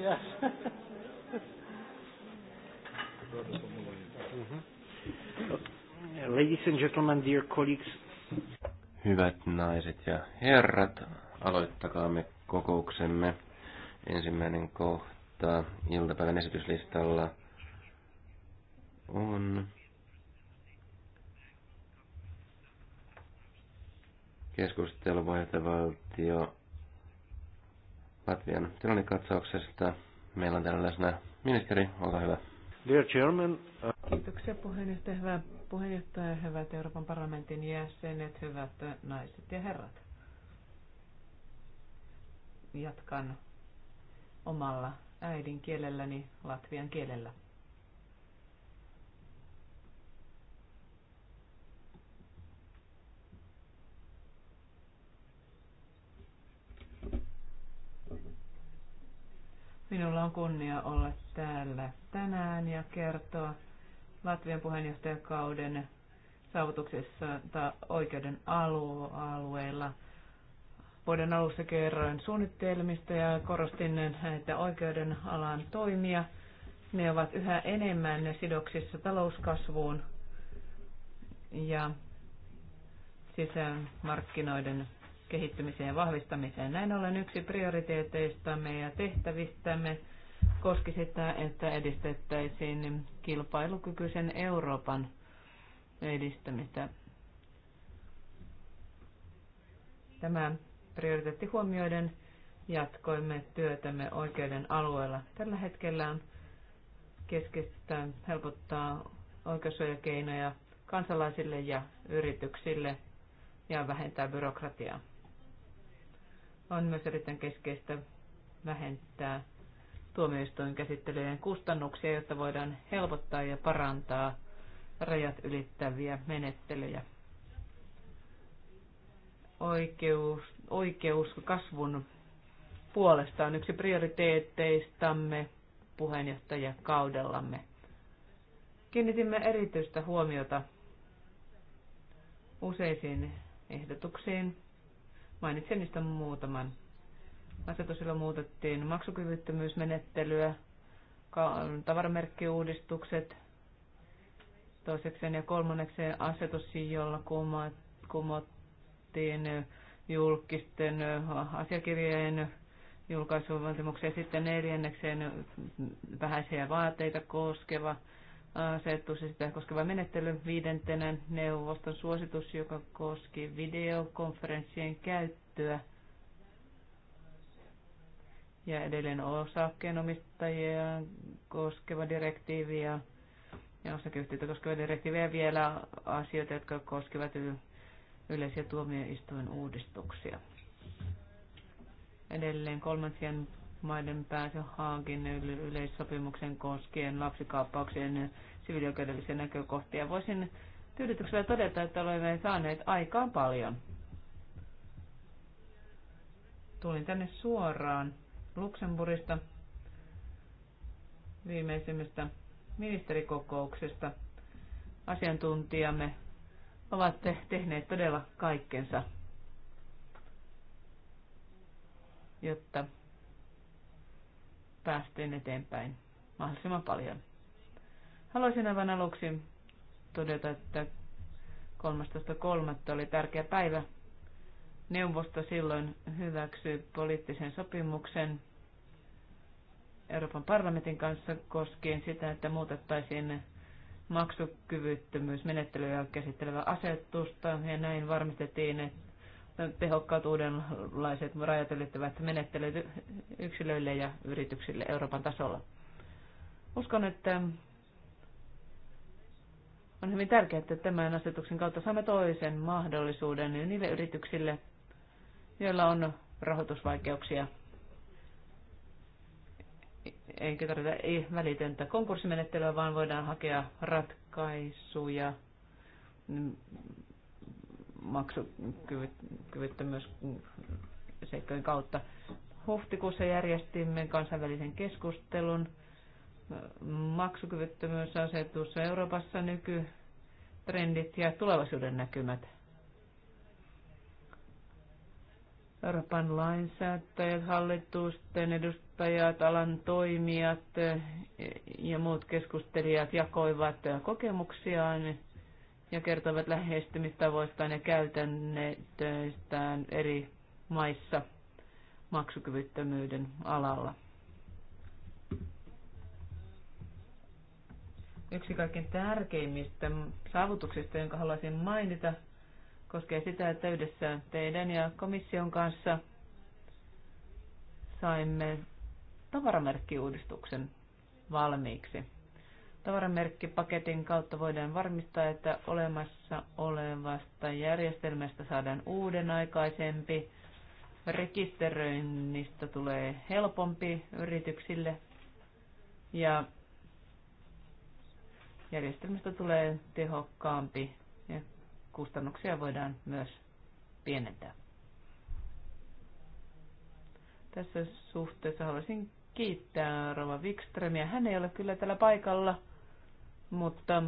Yes. Mm-hmm. Ladies and gentlemen, dear colleagues. Hyvät naiset ja herrat, aloittakaamme kokouksemme. Ensimmäinen kohta iltapäivän esityslistalla on keskustelu valtio Latvian tilannekatsauksesta. Meillä on täällä läsnä ministeri, olta hyvä. Dear Chairman. Uh, Kiitoksia puheenjohtaja, hyvä puheenjohtaja, hyvät Euroopan parlamentin jäsenet, hyvät naiset ja herrat. Jatkan omalla äidinkielelläni, latvian kielellä. Minulla on kunnia olla täällä tänään ja kertoa Latvian puheenjohtajakauden saavutuksessa oikeuden alueella. Vuoden alussa kerroin suunnittelmista ja korostin että oikeuden alan toimia. Ne ovat yhä enemmän ne sidoksissa talouskasvuun ja sisämarkkinoiden kehittymiseen ja vahvistamiseen. Näin ollen yksi prioriteeteistamme ja tehtävistämme koski sitä, että edistettäisiin kilpailukykyisen Euroopan edistämistä. Tämä prioriteetti huomioiden jatkoimme työtämme oikeuden alueella. Tällä hetkellä on keskeistä helpottaa oikeussuojakeinoja kansalaisille ja yrityksille ja vähentää byrokratiaa on myös erittäin keskeistä vähentää tuomioistuin käsittelyjen kustannuksia, jotta voidaan helpottaa ja parantaa rajat ylittäviä menettelyjä. Oikeus, oikeus kasvun puolesta on yksi prioriteetteistamme puheenjohtajakaudellamme. Kiinnitimme erityistä huomiota useisiin ehdotuksiin, Mainitsen niistä muutaman. Asetusilla muutettiin maksukyvyttömyysmenettelyä, tavaramerkkiuudistukset, toisekseen ja kolmannekseen asetus, jolla kumottiin julkisten asiakirjojen julkaisuvaatimuksia. Sitten neljännekseen vähäisiä vaateita koskeva asetus ja sitä koskeva menettely. Viidentenä neuvoston suositus, joka koski videokonferenssien käyttöä ja edelleen osakkeenomistajia koskeva direktiivi ja, ja osakeyhtiötä koskeva direktiivi ja vielä asioita, jotka koskevat yleisiä tuomioistuin uudistuksia. Edelleen kolmansien maiden pääsy Haagin yleissopimuksen koskien lapsikaappauksien siviilioikeudellisia näkökohtia. Voisin tyydytyksellä todeta, että olemme saaneet aikaan paljon. Tulin tänne suoraan Luxemburgista viimeisimmästä ministerikokouksesta. Asiantuntijamme ovat te- tehneet todella kaikkensa, jotta päästiin eteenpäin mahdollisimman paljon. Haluaisin aivan aluksi todeta, että 13.3. oli tärkeä päivä. Neuvosto silloin hyväksyi poliittisen sopimuksen Euroopan parlamentin kanssa koskien sitä, että muutettaisiin maksukyvyttömyysmenettelyä käsittelevää asetusta ja näin varmistettiin, että tehokkaat uudenlaiset rajat ylittävät menettelyt yksilöille ja yrityksille Euroopan tasolla. Uskon, että on hyvin tärkeää, että tämän asetuksen kautta saamme toisen mahdollisuuden niille yrityksille, joilla on rahoitusvaikeuksia. Eikä tarvita ei välitöntä konkurssimenettelyä, vaan voidaan hakea ratkaisuja maksukyvyttömyysseikkojen kautta. Huhtikuussa järjestimme kansainvälisen keskustelun maksukyvyttömyysasetus Euroopassa nykytrendit ja tulevaisuuden näkymät. Euroopan lainsäätäjät, hallitusten edustajat, alan toimijat ja muut keskustelijat jakoivat kokemuksiaan ja kertovat lähestymistavoistaan ja käytännöistään eri maissa maksukyvyttömyyden alalla. Yksi kaikkein tärkeimmistä saavutuksista, jonka haluaisin mainita, koskee sitä, että yhdessä teidän ja komission kanssa saimme tavaramerkkiuudistuksen valmiiksi. Tavaramerkkipaketin kautta voidaan varmistaa, että olemassa olevasta järjestelmästä saadaan uuden aikaisempi. Rekisteröinnistä tulee helpompi yrityksille ja järjestelmästä tulee tehokkaampi ja kustannuksia voidaan myös pienentää. Tässä suhteessa haluaisin kiittää Rova Wikströmiä. Hän ei ole kyllä täällä paikalla – mutta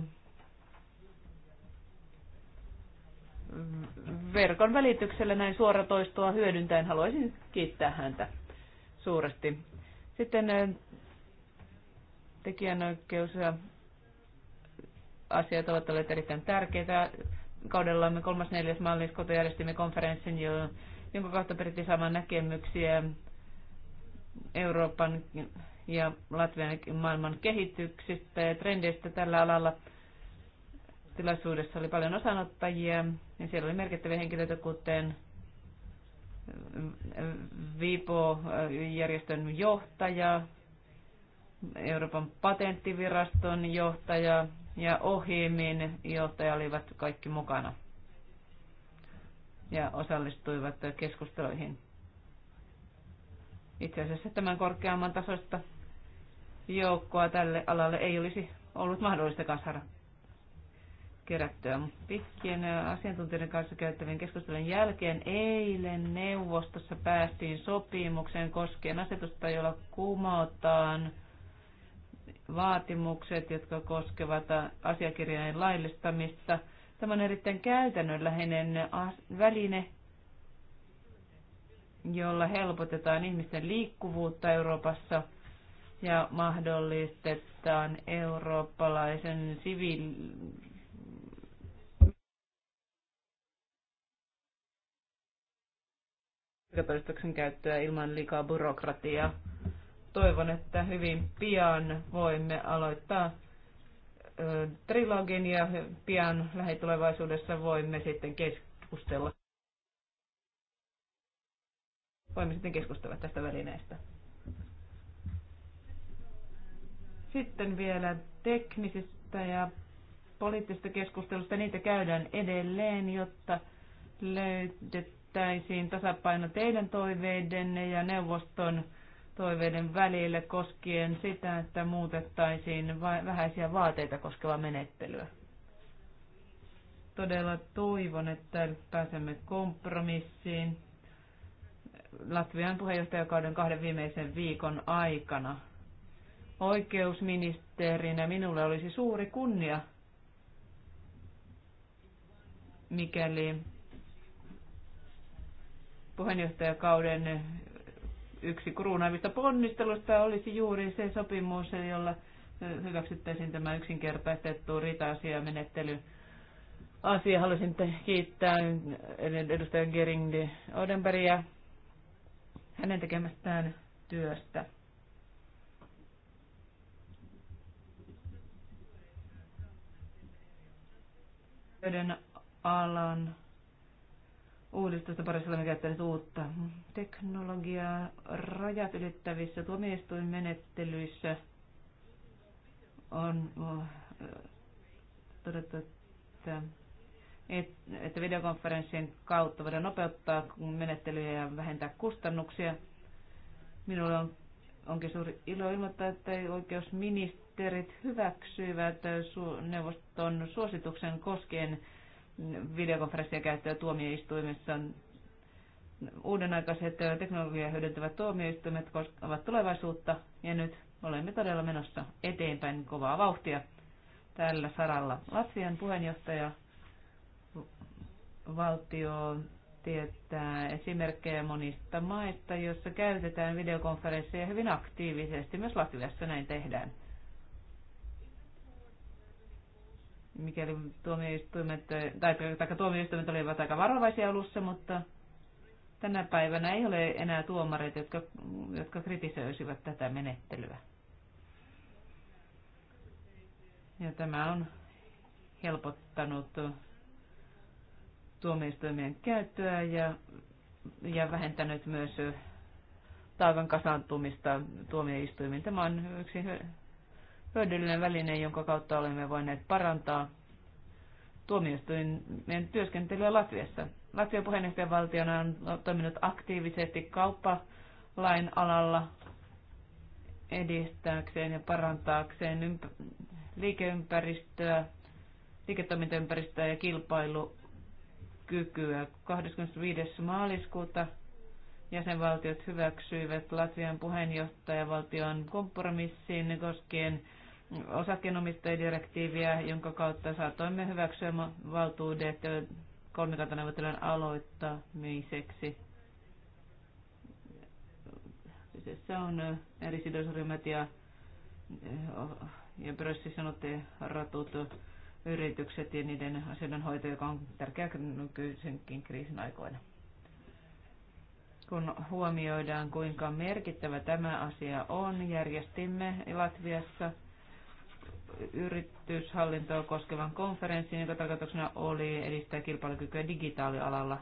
verkon välityksellä näin suoratoistoa hyödyntäen haluaisin kiittää häntä suuresti. Sitten tekijänoikeus ja asiat ovat olleet erittäin tärkeitä. Kaudellamme 3.4. maaliskuuta järjestimme konferenssin, jonka kautta pyrittiin saamaan näkemyksiä Euroopan ja Latvian maailman kehityksestä ja trendeistä tällä alalla. Tilaisuudessa oli paljon osanottajia ja siellä oli merkittäviä henkilöitä, kuten VIPO-järjestön johtaja, Euroopan patenttiviraston johtaja ja Ohimin johtaja olivat kaikki mukana ja osallistuivat keskusteluihin. Itse asiassa tämän korkeamman tasosta joukkoa tälle alalle ei olisi ollut mahdollista saada kerättyä. Pitkien asiantuntijoiden kanssa käyttävien keskustelun jälkeen eilen neuvostossa päästiin sopimukseen koskien asetusta, jolla kumotaan vaatimukset, jotka koskevat asiakirjojen laillistamista. Tämä on erittäin käytännönläheinen väline, jolla helpotetaan ihmisten liikkuvuutta Euroopassa – ja mahdollistetaan eurooppalaisen sivil... todistuksen käyttöä ilman liikaa byrokratiaa. Toivon, että hyvin pian voimme aloittaa trilogin ja pian lähitulevaisuudessa voimme sitten keskustella. Voimme sitten keskustella tästä välineestä. Sitten vielä teknisistä ja poliittisista keskustelusta, niitä käydään edelleen, jotta löydettäisiin tasapaino teidän toiveidenne ja neuvoston toiveiden välille koskien sitä, että muutettaisiin vähäisiä vaateita koskevaa menettelyä. Todella toivon, että pääsemme kompromissiin Latvian puheenjohtajakauden kahden viimeisen viikon aikana. Oikeusministerinä minulle olisi suuri kunnia, mikäli puheenjohtajakauden yksi kruunaavista ponnistelusta olisi juuri se sopimus, jolla hyväksyttäisiin tämä yksinkertaistettu rita-asiamenettely. Asia haluaisin kiittää edustaja Gering Odenbergia hänen tekemästään työstä. alan uudistusta parissa olemme käyttäneet uutta teknologiaa rajat ylittävissä tuomioistuinmenettelyissä on äh, todettu, että, että videokonferenssien kautta voidaan nopeuttaa menettelyjä ja vähentää kustannuksia. Minulla on, onkin suuri ilo ilmoittaa, että oikeusministeri ministerit hyväksyivät neuvoston suosituksen koskien videokonferenssien käyttöä tuomioistuimessa. Uudenaikaiset teknologiaa hyödyntävät tuomioistuimet ovat tulevaisuutta ja nyt olemme todella menossa eteenpäin kovaa vauhtia tällä saralla. Latvian puheenjohtaja valtio tietää esimerkkejä monista maista, joissa käytetään videokonferensseja hyvin aktiivisesti. Myös Latviassa näin tehdään. mikäli tuomioistuimet, tai, tai tuomioistuimet olivat aika varovaisia alussa, mutta tänä päivänä ei ole enää tuomareita, jotka, jotka kritisoisivat tätä menettelyä. Ja tämä on helpottanut tuomioistuimien käyttöä ja, ja vähentänyt myös taakan kasaantumista tuomioistuimiin. Tämä on yksi hyödyllinen väline, jonka kautta olemme voineet parantaa tuomioistuimen työskentelyä Latviassa. Latvia puheenjohtajavaltiona on toiminut aktiivisesti kauppalain alalla edistääkseen ja parantaakseen ymp- liikeympäristöä, liiketoimintaympäristöä ja kilpailukykyä. 25. maaliskuuta jäsenvaltiot hyväksyivät Latvian puheenjohtajavaltion kompromissiin, koskien osakkeenomistajadirektiiviä, jonka kautta saatoimme hyväksyä valtuudet kolmikantaneuvottelujen aloittamiseksi. Kyseessä on eri sidosryhmät ja, ja pörssissä ratut yritykset ja niiden asioiden hoito, joka on tärkeä nykyisenkin kriisin aikoina. Kun huomioidaan, kuinka merkittävä tämä asia on, järjestimme Latviassa – yrityshallintoa koskevan konferenssin, jonka tarkoituksena oli edistää kilpailukykyä digitaalialalla.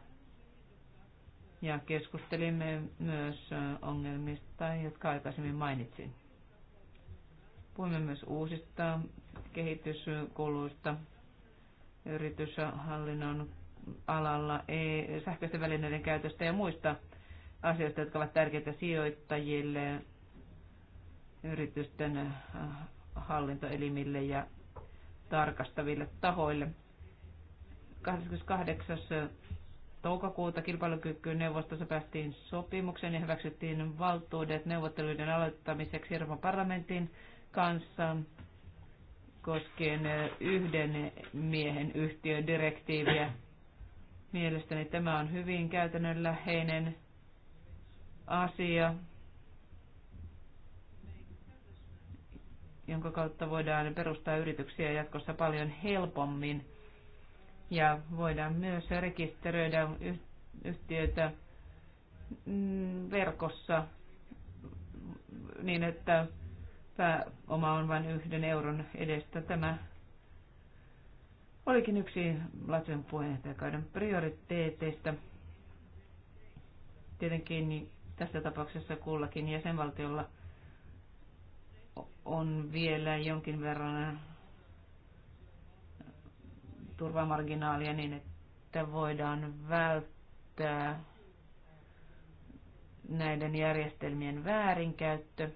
Ja keskustelimme myös ongelmista, jotka aikaisemmin mainitsin. Puhumme myös uusista kehityskuluista yrityshallinnon alalla, e- sähköisten välineiden käytöstä ja muista asioista, jotka ovat tärkeitä sijoittajille, yritysten hallintoelimille ja tarkastaville tahoille. 28. toukokuuta kilpailukykyneuvostossa päästiin sopimukseen ja hyväksyttiin valtuudet neuvotteluiden aloittamiseksi Euroopan parlamentin kanssa koskien yhden miehen yhtiödirektiiviä. Mielestäni tämä on hyvin käytännönläheinen asia jonka kautta voidaan perustaa yrityksiä jatkossa paljon helpommin. Ja voidaan myös rekisteröidä yhtiöitä mm, verkossa niin, että pääoma on vain yhden euron edestä. Tämä olikin yksi Latvian puheenjohtajakauden prioriteeteista. Tietenkin tässä tapauksessa kullakin jäsenvaltiolla – on vielä jonkin verran äh, turvamarginaalia niin, että voidaan välttää näiden järjestelmien väärinkäyttö.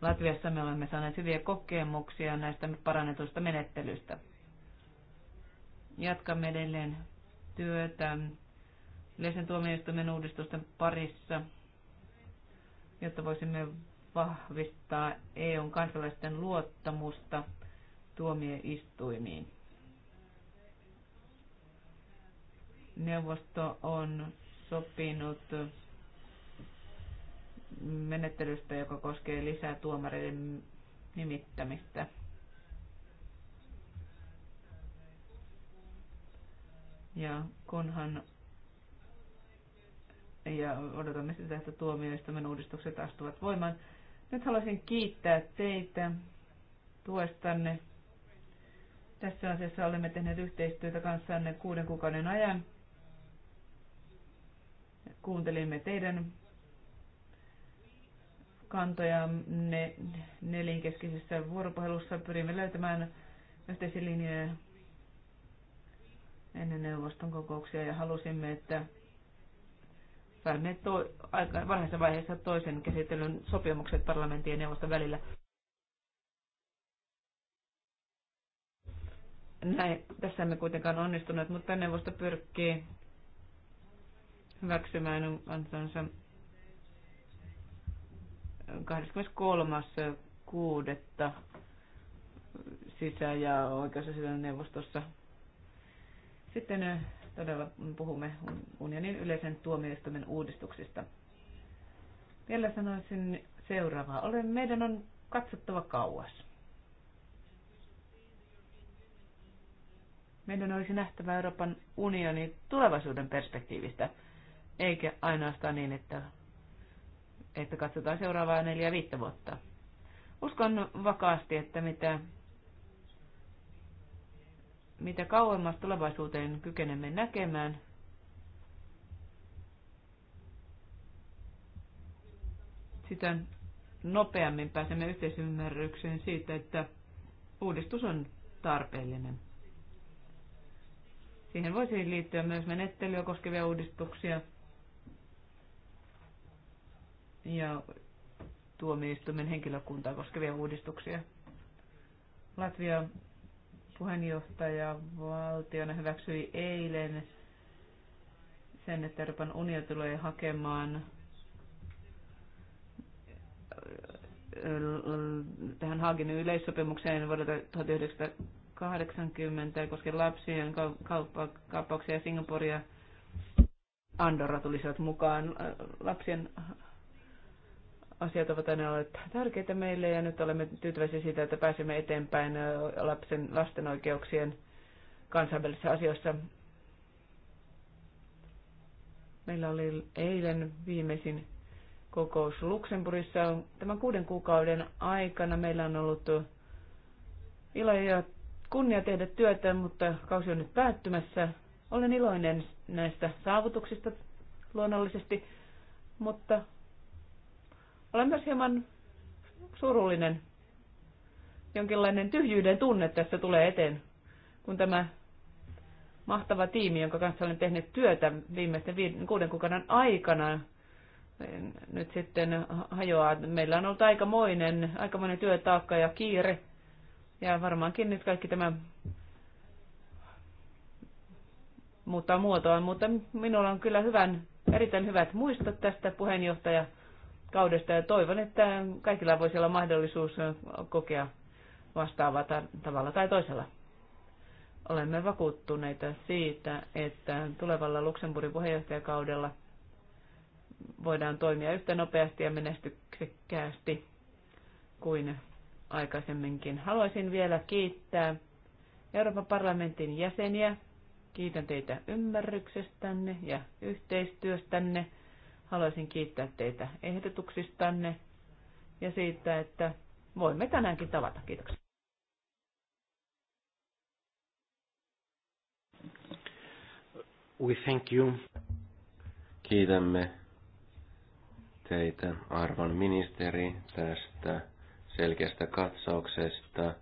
Latviassa me olemme saaneet hyviä kokemuksia näistä parannetuista menettelyistä. Jatkamme edelleen työtä yleisen tuomioistuimen uudistusten parissa, jotta voisimme vahvistaa EUn kansalaisten luottamusta tuomioistuimiin. Neuvosto on sopinut menettelystä, joka koskee lisää tuomareiden nimittämistä. Ja kunhan ja odotamme sitä, että tuomioistuimen uudistukset astuvat voimaan. Nyt haluaisin kiittää teitä tuestanne. Tässä asiassa olemme tehneet yhteistyötä kanssanne kuuden kuukauden ajan. Kuuntelimme teidän kantoja ne nelinkeskisessä vuoropuhelussa. Pyrimme löytämään yhteisiä linjoja ennen neuvoston kokouksia ja halusimme, että saaneet to- aika varhaisessa vaiheessa toisen käsittelyn sopimukset parlamentin ja neuvoston välillä. Näin, tässä emme kuitenkaan onnistuneet, mutta neuvosto pyrkii hyväksymään ansansa 23.6. sisä- ja oikeusasioiden neuvostossa. Sitten todella puhumme unionin yleisen tuomioistuimen uudistuksista. Vielä sanoisin seuraavaa. Olen, meidän on katsottava kauas. Meidän olisi nähtävä Euroopan unioni tulevaisuuden perspektiivistä, eikä ainoastaan niin, että, että katsotaan seuraavaa neljä viittä vuotta. Uskon vakaasti, että mitä mitä kauemmas tulevaisuuteen kykenemme näkemään, sitä nopeammin pääsemme yhteisymmärrykseen siitä, että uudistus on tarpeellinen. Siihen voisi liittyä myös menettelyä koskevia uudistuksia ja tuomioistuimen henkilökuntaa koskevia uudistuksia. Latvia Puheenjohtaja valtiona hyväksyi eilen sen, että Euroopan unio tulee hakemaan äh, tähän Haagin yleissopimukseen vuodelta 1980 koskien lapsien kauppauksia ja Singaporea. Andorra tulisivat mukaan äh, lapsien asiat ovat aina olleet tärkeitä meille ja nyt olemme tyytyväisiä siitä, että pääsemme eteenpäin lapsen, lasten oikeuksien kansainvälisissä asioissa. Meillä oli eilen viimeisin kokous Luxemburgissa. Tämän kuuden kuukauden aikana meillä on ollut ilo ja kunnia tehdä työtä, mutta kausi on nyt päättymässä. Olen iloinen näistä saavutuksista luonnollisesti, mutta olen myös hieman surullinen. Jonkinlainen tyhjyyden tunne tässä tulee eteen, kun tämä mahtava tiimi, jonka kanssa olen tehnyt työtä viimeisten viiden, kuuden kuukauden aikana, nyt sitten hajoaa. Meillä on ollut aikamoinen, aikamoinen työtaakka ja kiire. Ja varmaankin nyt kaikki tämä muuttaa muotoaan, mutta minulla on kyllä hyvän, erittäin hyvät muistot tästä puheenjohtaja kaudesta ja toivon, että kaikilla voisi olla mahdollisuus kokea vastaavaa tavalla tai toisella. Olemme vakuuttuneita siitä, että tulevalla Luxemburgin puheenjohtajakaudella voidaan toimia yhtä nopeasti ja menestyksekkäästi kuin aikaisemminkin. Haluaisin vielä kiittää Euroopan parlamentin jäseniä. Kiitän teitä ymmärryksestänne ja yhteistyöstänne Haluaisin kiittää teitä ehdotuksistanne ja siitä, että voimme tänäänkin tavata. Kiitoksia. We thank you. Kiitämme teitä, arvon ministeri, tästä selkeästä katsauksesta.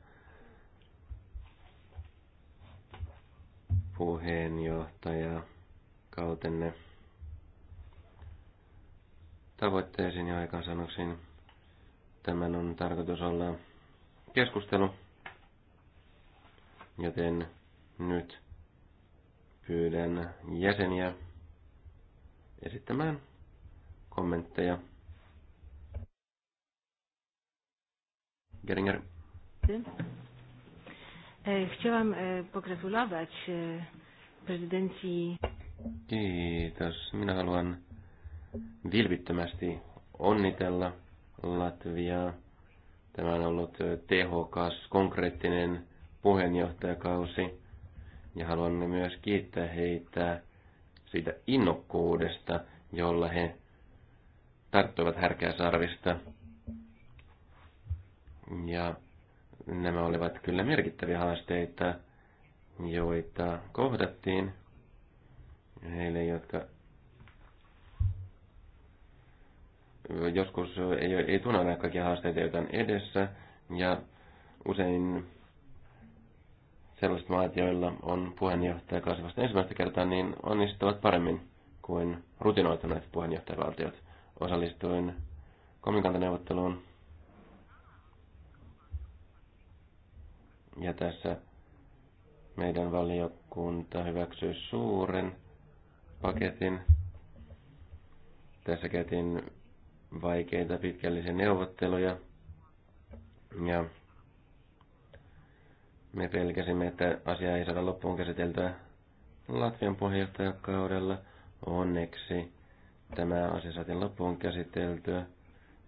Puheenjohtaja kautenne tavoitteisiin ja aikaansaannoksiin. Tämän on tarkoitus olla keskustelu, joten nyt pyydän jäseniä esittämään kommentteja. Geringer. E, chciałam e, pogratulować e, prezydencji. Kiitos. Minä haluan vilvittömästi onnitella Latviaa. Tämä on ollut tehokas, konkreettinen puheenjohtajakausi. Ja haluan myös kiittää heitä siitä innokkuudesta, jolla he tarttuivat härkää sarvista. Ja nämä olivat kyllä merkittäviä haasteita, joita kohdattiin heille, jotka joskus ei, ei tunne näitä kaikkia haasteita, joita on edessä, ja usein sellaiset maat, joilla on puheenjohtaja kasvasta ensimmäistä kertaa, niin onnistuvat paremmin kuin rutinoituneet puheenjohtajavaltiot. Osallistuin komikantaneuvotteluun ja tässä meidän valiokunta hyväksyi suuren paketin. Tässä käytiin vaikeita pitkällisiä neuvotteluja. Ja me pelkäsimme, että asia ei saada loppuun käsiteltyä Latvian puheenjohtajakaudella. Onneksi tämä asia saatiin loppuun käsiteltyä.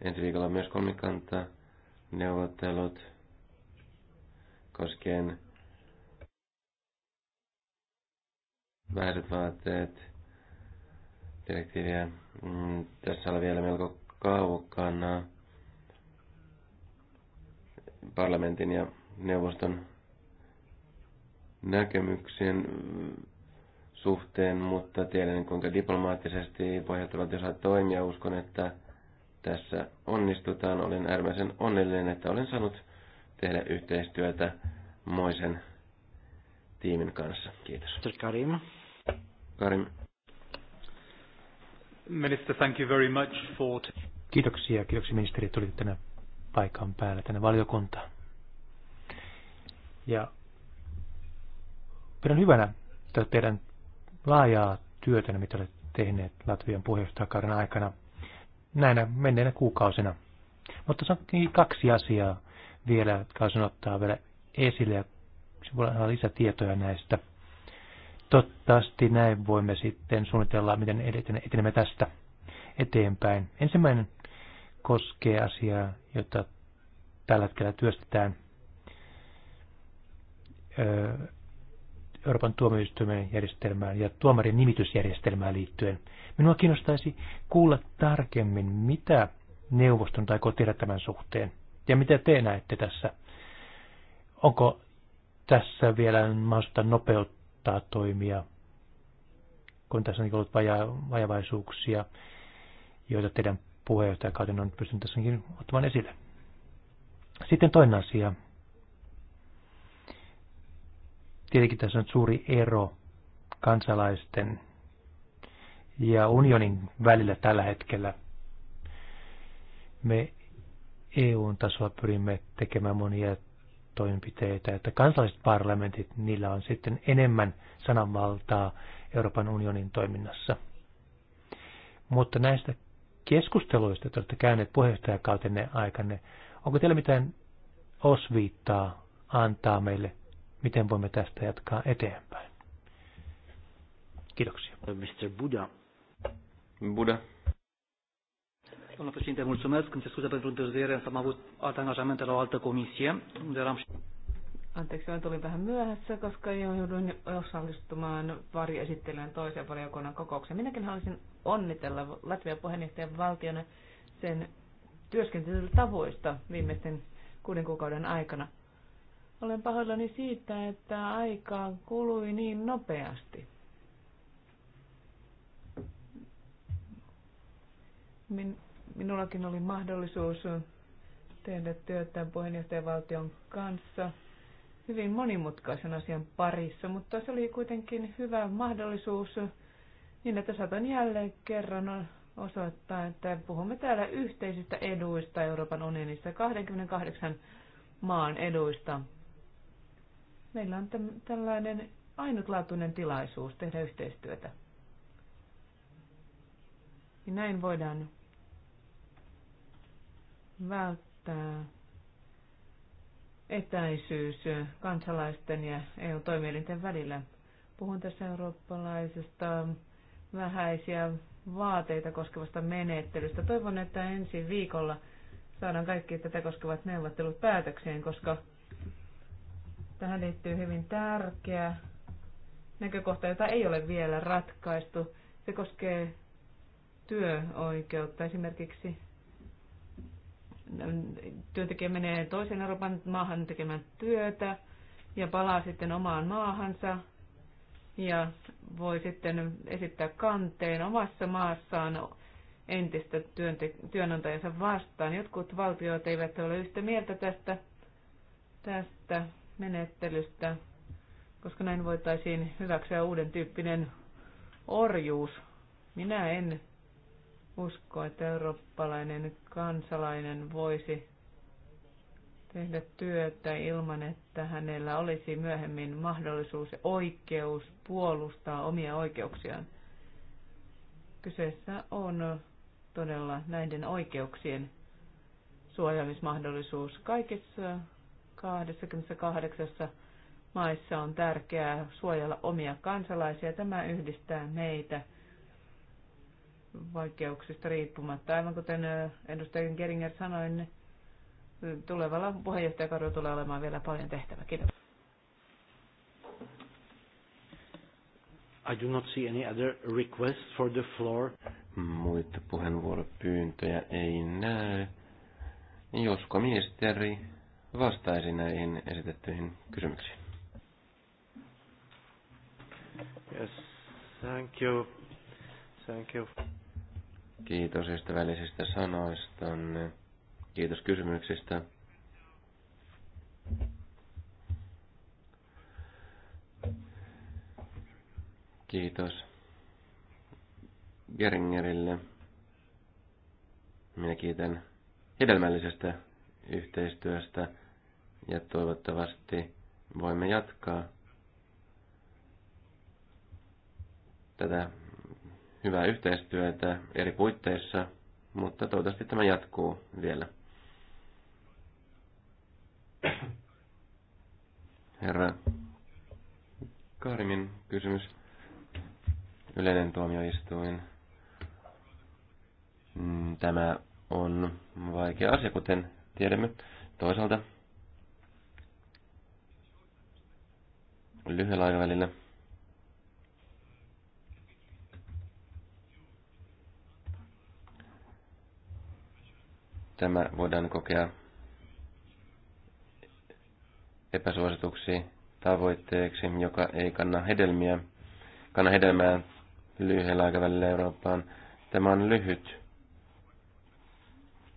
Ensi viikolla myös kolmikanta neuvottelut koskien vähäiset vaatteet direktiiviä. Mm, tässä oli vielä melko kaukana parlamentin ja neuvoston näkemyksen suhteen, mutta tiedän kuinka diplomaattisesti pohjoittavaltio saa toimia. Uskon, että tässä onnistutaan. Olen äärimmäisen onnellinen, että olen saanut tehdä yhteistyötä Moisen tiimin kanssa. Kiitos. Karim. Karim. Minister, thank you very much for... Kiitoksia, kiitoksia ministeri, että tulitte tänne paikan päälle, tänne valiokuntaan. Ja pidän hyvänä teidän laajaa työtä, mitä olette tehneet Latvian puheenjohtajakauden aikana näinä menneinä kuukausina. Mutta se on kaksi asiaa vielä, jotka olisin ottaa vielä esille se voi olla lisätietoja näistä. Toivottavasti näin voimme sitten suunnitella, miten etenemme tästä eteenpäin. Ensimmäinen koskee asiaa, jota tällä hetkellä työstetään Euroopan tuomioistuimen järjestelmään ja tuomarin nimitysjärjestelmään liittyen. Minua kiinnostaisi kuulla tarkemmin, mitä neuvoston tai tehdä tämän suhteen ja mitä te näette tässä. Onko tässä vielä mahdollista nopeuttaa toimia, kun tässä on ollut vajavaisuuksia, joita teidän puheenjohtajakauden on pystynyt tässäkin ottamaan esille. Sitten toinen asia. Tietenkin tässä on suuri ero kansalaisten ja unionin välillä tällä hetkellä. Me EU-tasolla pyrimme tekemään monia toimenpiteitä, että kansalliset parlamentit, niillä on sitten enemmän sananvaltaa Euroopan unionin toiminnassa. Mutta näistä keskusteluista, joita olette käyneet puheenjohtajakautenne aikanne, onko teillä mitään osviittaa antaa meille, miten voimme tästä jatkaa eteenpäin? Kiitoksia. Mr. Buddha. Buddha. Domnul președinte, mulțumesc. Îmi se scuze pentru întârziere, însă am avut alte angajamente la o altă comisie, unde eram Anteeksi, mä tulin vähän myöhässä, koska jouduin osallistumaan pari esittelijän toisen valiokunnan kokoukseen. Minäkin haluaisin onnitella Latvian puheenjohtajan valtiona sen työskentelytavoista viimeisten kuuden kuukauden aikana. Olen pahoillani siitä, että aika kului niin nopeasti. Min, minullakin oli mahdollisuus tehdä työtä puheenjohtajavaltion kanssa hyvin monimutkaisen asian parissa, mutta se oli kuitenkin hyvä mahdollisuus niin että saatan jälleen kerran osoittaa, että puhumme täällä yhteisistä eduista Euroopan unionista, 28 maan eduista. Meillä on tällainen ainutlaatuinen tilaisuus tehdä yhteistyötä. Ja näin voidaan välttää etäisyys kansalaisten ja EU-toimielinten välillä. Puhun tässä eurooppalaisesta vähäisiä vaateita koskevasta menettelystä. Toivon, että ensi viikolla saadaan kaikki tätä koskevat neuvottelut päätökseen, koska tähän liittyy hyvin tärkeä näkökohta, jota ei ole vielä ratkaistu. Se koskee työoikeutta. Esimerkiksi työntekijä menee toisen Euroopan maahan tekemään työtä ja palaa sitten omaan maahansa ja voi sitten esittää kanteen omassa maassaan entistä työnantajansa vastaan. Jotkut valtiot eivät ole yhtä mieltä tästä, tästä menettelystä, koska näin voitaisiin hyväksyä uuden tyyppinen orjuus. Minä en usko, että eurooppalainen kansalainen voisi tehdä työtä ilman, että hänellä olisi myöhemmin mahdollisuus ja oikeus puolustaa omia oikeuksiaan. Kyseessä on todella näiden oikeuksien suojaamismahdollisuus. Kaikissa 28 maissa on tärkeää suojella omia kansalaisia. Tämä yhdistää meitä vaikeuksista riippumatta. Aivan kuten edustajan Geringer sanoi, niin tulevalla puheenjohtajakaudella tulee olemaan vielä paljon tehtävää. Kiitos. I do not see any other request for the floor. Muita puheenvuoropyyntöjä ei näy. Josko ministeri vastaisi näihin esitettyihin kysymyksiin? Yes, thank you. Thank you. Kiitos ystävällisistä sanoista. Kiitos kysymyksistä. Kiitos Geringerille. Minä kiitän hedelmällisestä yhteistyöstä ja toivottavasti voimme jatkaa tätä hyvää yhteistyötä eri puitteissa, mutta toivottavasti tämä jatkuu vielä. Herra Karimin kysymys. Yleinen tuomioistuin. Mm, tämä on vaikea asia, kuten tiedämme. Toisaalta lyhyellä aikavälillä tämä voidaan kokea epäsuosituksi tavoitteeksi, joka ei kanna hedelmiä, kanna hedelmää lyhyellä aikavälillä Eurooppaan. Tämä on lyhyt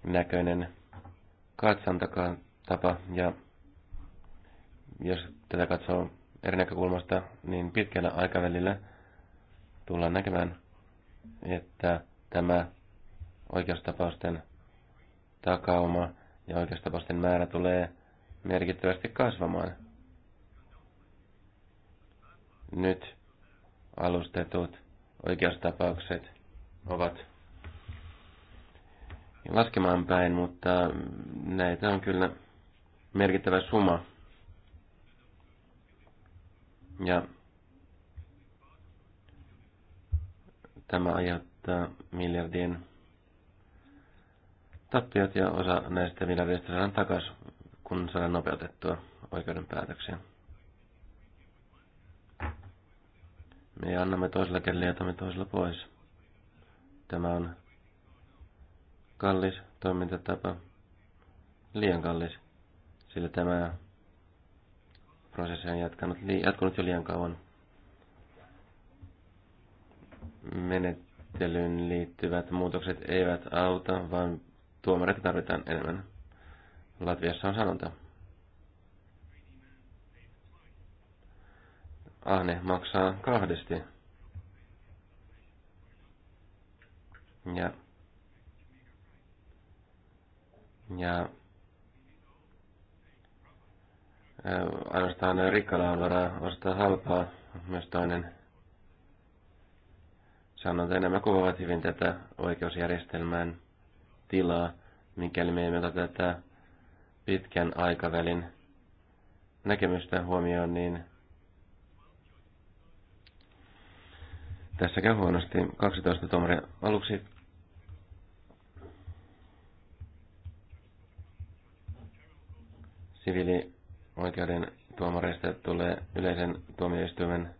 näköinen katsantakatapa ja jos tätä katsoo eri näkökulmasta, niin pitkällä aikavälillä tullaan näkemään, että tämä oikeustapausten takauma ja oikeustapausten määrä tulee merkittävästi kasvamaan. Nyt alustetut oikeustapaukset ovat laskemaan päin, mutta näitä on kyllä merkittävä suma. Ja tämä aiheuttaa miljardien tappiot ja osa näistä miljardista saadaan takaisin kun saadaan nopeutettua oikeuden päätöksiä. Me annamme toisella kelle ja jätämme toisella pois. Tämä on kallis toimintatapa, liian kallis, sillä tämä prosessi on jatkanut, jatkunut jo liian kauan. Menettelyyn liittyvät muutokset eivät auta, vaan tuomareita tarvitaan enemmän. Latviassa on sanonta. Ahne maksaa kahdesti. Ja, ja ainoastaan rikkailla on varaa ostaa halpaa, myös toinen sanonta. Nämä kuvaavat hyvin tätä oikeusjärjestelmän tilaa, mikäli me emme ota tätä pitkän aikavälin näkemystä huomioon, niin tässä käy huonosti. 12 tuomaria aluksi siviilioikeuden tuomareista tulee yleisen tuomioistuimen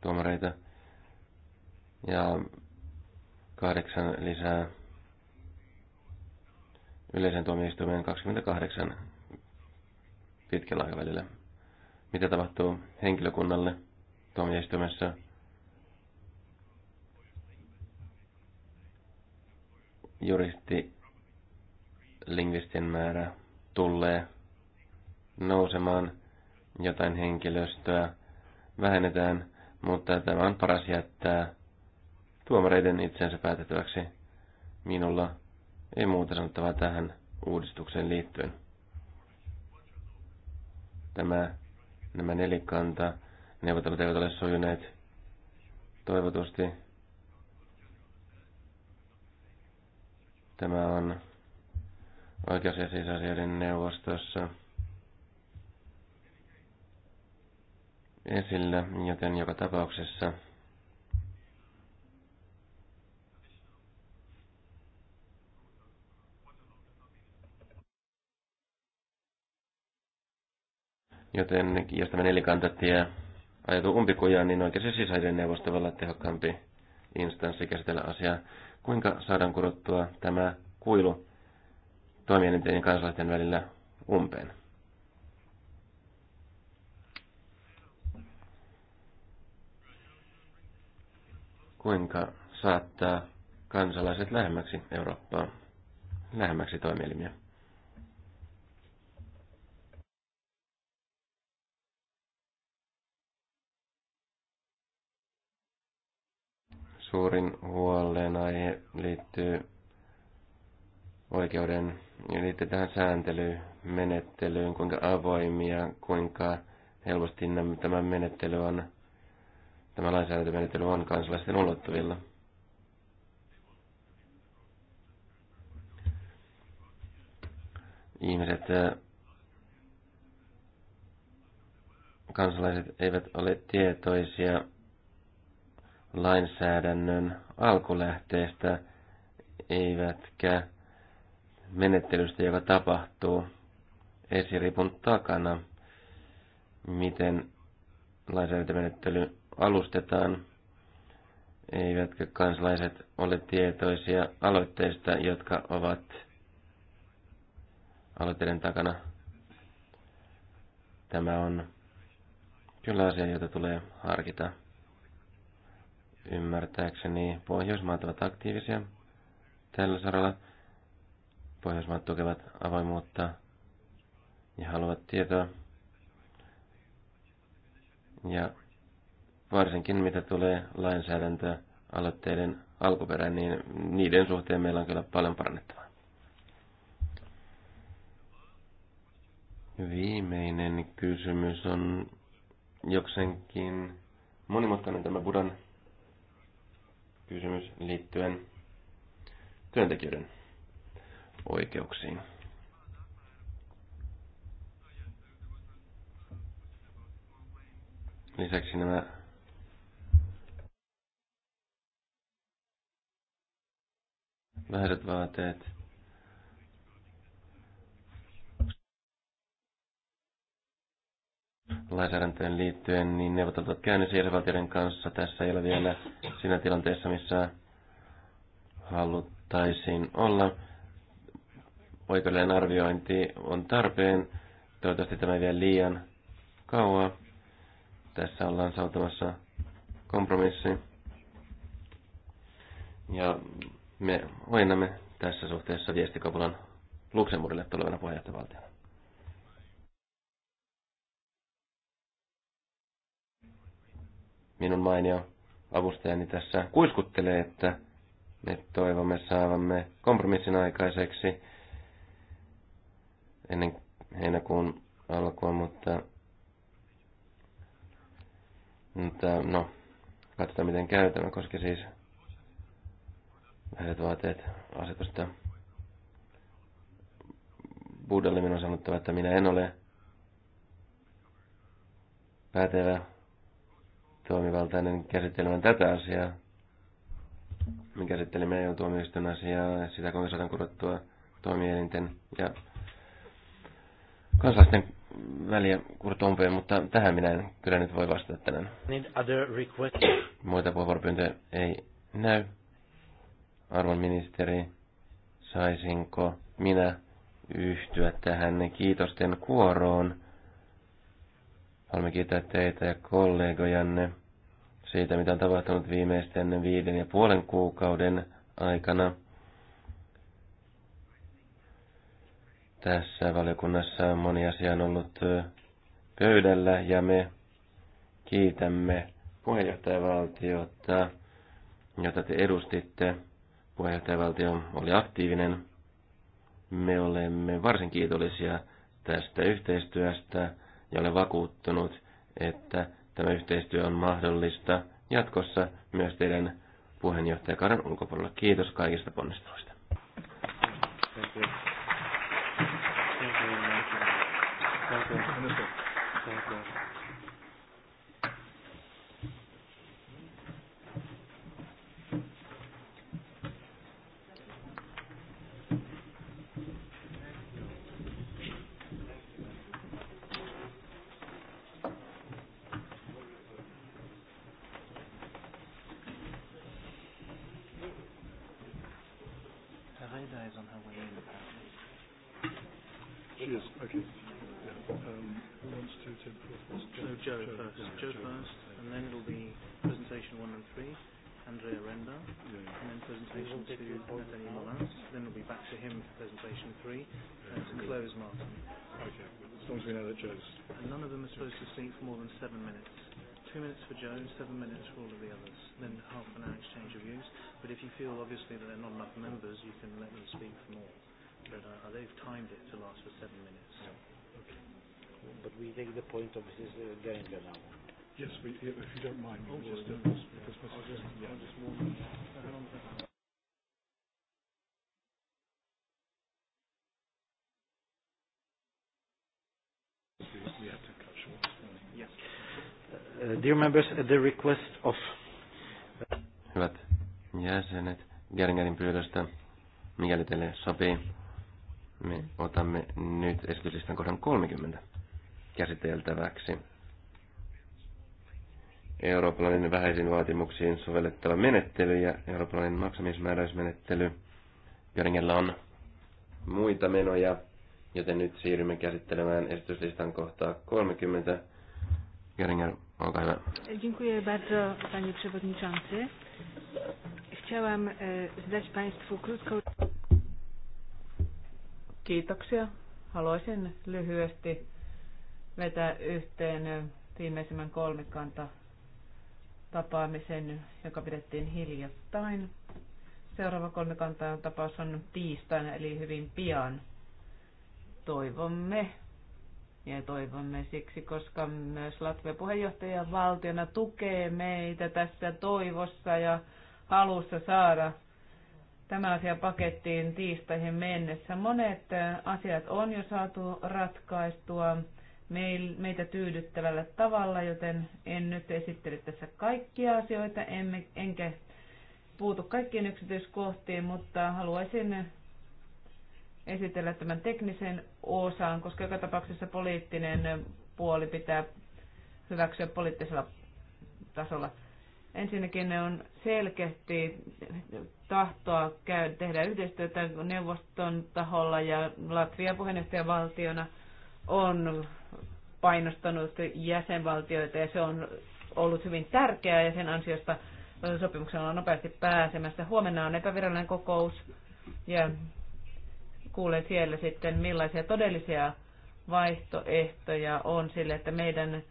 tuomareita ja kahdeksan lisää yleisen tuomioistuimen 28 pitkällä aikavälillä. Mitä tapahtuu henkilökunnalle tuomioistuimessa? Juristi lingvistien määrä tulee nousemaan, jotain henkilöstöä vähennetään, mutta tämä on paras jättää tuomareiden itsensä päätettäväksi. Minulla ei muuta sanottavaa tähän uudistukseen liittyen. Tämä, nämä nelikanta neuvottelut eivät ole sojuneet toivotusti. Tämä on oikeus- ja sisäasioiden neuvostossa esillä, joten joka tapauksessa Joten jos tämä nelikantatie ajatuu umpikujaan, niin oikein se sisäinen neuvosto voi olla tehokkaampi instanssi käsitellä asiaa. Kuinka saadaan kurottua tämä kuilu toimielinten ja kansalaisten välillä umpeen? Kuinka saattaa kansalaiset lähemmäksi Eurooppaa, lähemmäksi toimielimiä? suurin huolenaihe liittyy oikeuden ja liittyy tähän sääntelymenettelyyn, kuinka avoimia, kuinka helposti tämä menettely on, tämä lainsäädäntömenettely on kansalaisten ulottuvilla. Ihmiset, äh, kansalaiset eivät ole tietoisia lainsäädännön alkulähteestä, eivätkä menettelystä, joka tapahtuu esiripun takana, miten lainsäädäntömenettely alustetaan, eivätkä kansalaiset ole tietoisia aloitteista, jotka ovat aloitteiden takana. Tämä on kyllä asia, jota tulee harkita. Ymmärtääkseni Pohjoismaat ovat aktiivisia tällä saralla. Pohjoismaat tukevat avoimuutta ja haluavat tietoa. Ja varsinkin mitä tulee lainsäädäntöaloitteiden alkuperään, niin niiden suhteen meillä on kyllä paljon parannettavaa. Viimeinen kysymys on jokseenkin monimutkainen tämä Budan kysymys liittyen työntekijöiden oikeuksiin. Lisäksi nämä vähäiset vaateet lainsäädäntöön liittyen, niin neuvottelut ovat käynnissä jäsenvaltioiden kanssa. Tässä ei ole vielä siinä tilanteessa, missä haluttaisiin olla. Oikeudellinen arviointi on tarpeen. Toivottavasti tämä ei vielä liian kauan. Tässä ollaan saatamassa kompromissi. Ja me ojennamme tässä suhteessa viestikapulan Luxemburgille tulevana puheenjohtajavaltiona. minun mainio avustajani tässä kuiskuttelee, että me toivomme saavamme kompromissin aikaiseksi ennen heinäkuun alkua, mutta, mutta no, katsotaan miten käy tämä, koska siis lähdet vaateet asetusta Buddhalle minun on sanottava, että minä en ole pätevä toimivaltainen käsittelemään tätä asiaa. Me käsittelemme jo tuomioistuin asiaa, sitä kuinka saadaan kurottua toimielinten ja kansalaisten väliä kurtumpia, mutta tähän minä en kyllä nyt voi vastata tänään. Muita puheenvuoropyyntöjä ei näy. Arvon ministeri, saisinko minä yhtyä tähän kiitosten kuoroon? Haluamme kiittää teitä ja kollegojanne siitä, mitä on tapahtunut viimeisten viiden ja puolen kuukauden aikana tässä valiokunnassa moni asia on ollut pöydällä ja me kiitämme puheenjohtajavaltiota, jota te edustitte. Puheenjohtajavaltio oli aktiivinen. Me olemme varsin kiitollisia tästä yhteistyöstä ja olen vakuuttunut, että tämä yhteistyö on mahdollista jatkossa myös teidän puheenjohtajakauden ulkopuolella. Kiitos kaikista ponnisteluista. Thank you. Yes, we, if you don't mind, oh, just, uh, because this morning. We have this morning. dear members, at the request of... Hyvät jäsenet, Geringerin pyydöstä, mikäli teille sopii, me otamme nyt esityslistan kohdan 30 käsiteltäväksi eurooppalainen vähäisiin vaatimuksiin sovellettava menettely ja eurooppalainen maksamismääräysmenettely. Göringellä on muita menoja, joten nyt siirrymme käsittelemään esityslistan kohtaa 30. Göringer, olkaa hyvä. Dziękuję bardzo, panie przewodniczący. Chciałam e, zdać państwu krótką... Kiitoksia. Haluaisin lyhyesti vetää yhteen e, viimeisimmän kolmikanta tapaamisen, joka pidettiin hiljattain. Seuraava kolmikantajan tapaus on tiistaina, eli hyvin pian. Toivomme, ja toivomme siksi, koska myös Latvian puheenjohtajan valtiona tukee meitä tässä toivossa ja halussa saada tämä asia pakettiin tiistaihin mennessä. Monet asiat on jo saatu ratkaistua meitä tyydyttävällä tavalla, joten en nyt esittele tässä kaikkia asioita, emme, enkä puutu kaikkiin yksityiskohtiin, mutta haluaisin esitellä tämän teknisen osan, koska joka tapauksessa poliittinen puoli pitää hyväksyä poliittisella tasolla. Ensinnäkin ne on selkeästi tahtoa käy, tehdä yhteistyötä neuvoston taholla ja Latvia puheenjohtajavaltiona valtiona on painostanut jäsenvaltioita ja se on ollut hyvin tärkeää ja sen ansiosta sopimuksella on nopeasti pääsemässä. Huomenna on epävirallinen kokous ja kuulen siellä sitten millaisia todellisia vaihtoehtoja on sille, että meidän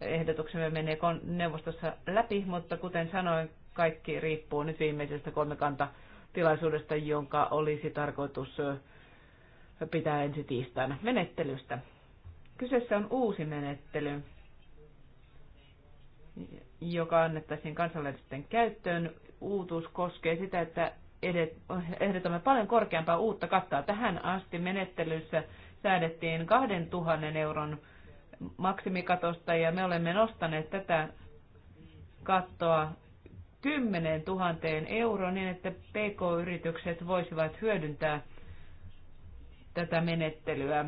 ehdotuksemme menee neuvostossa läpi, mutta kuten sanoin, kaikki riippuu nyt viimeisestä tilaisuudesta, jonka olisi tarkoitus pitää ensi tiistaina menettelystä. Kyseessä on uusi menettely, joka annettaisiin kansalaisten käyttöön. Uutuus koskee sitä, että ehdotamme paljon korkeampaa uutta kattaa. Tähän asti menettelyssä säädettiin 2000 euron maksimikatosta ja me olemme nostaneet tätä kattoa 10 000 euroon niin, että pk-yritykset voisivat hyödyntää tätä menettelyä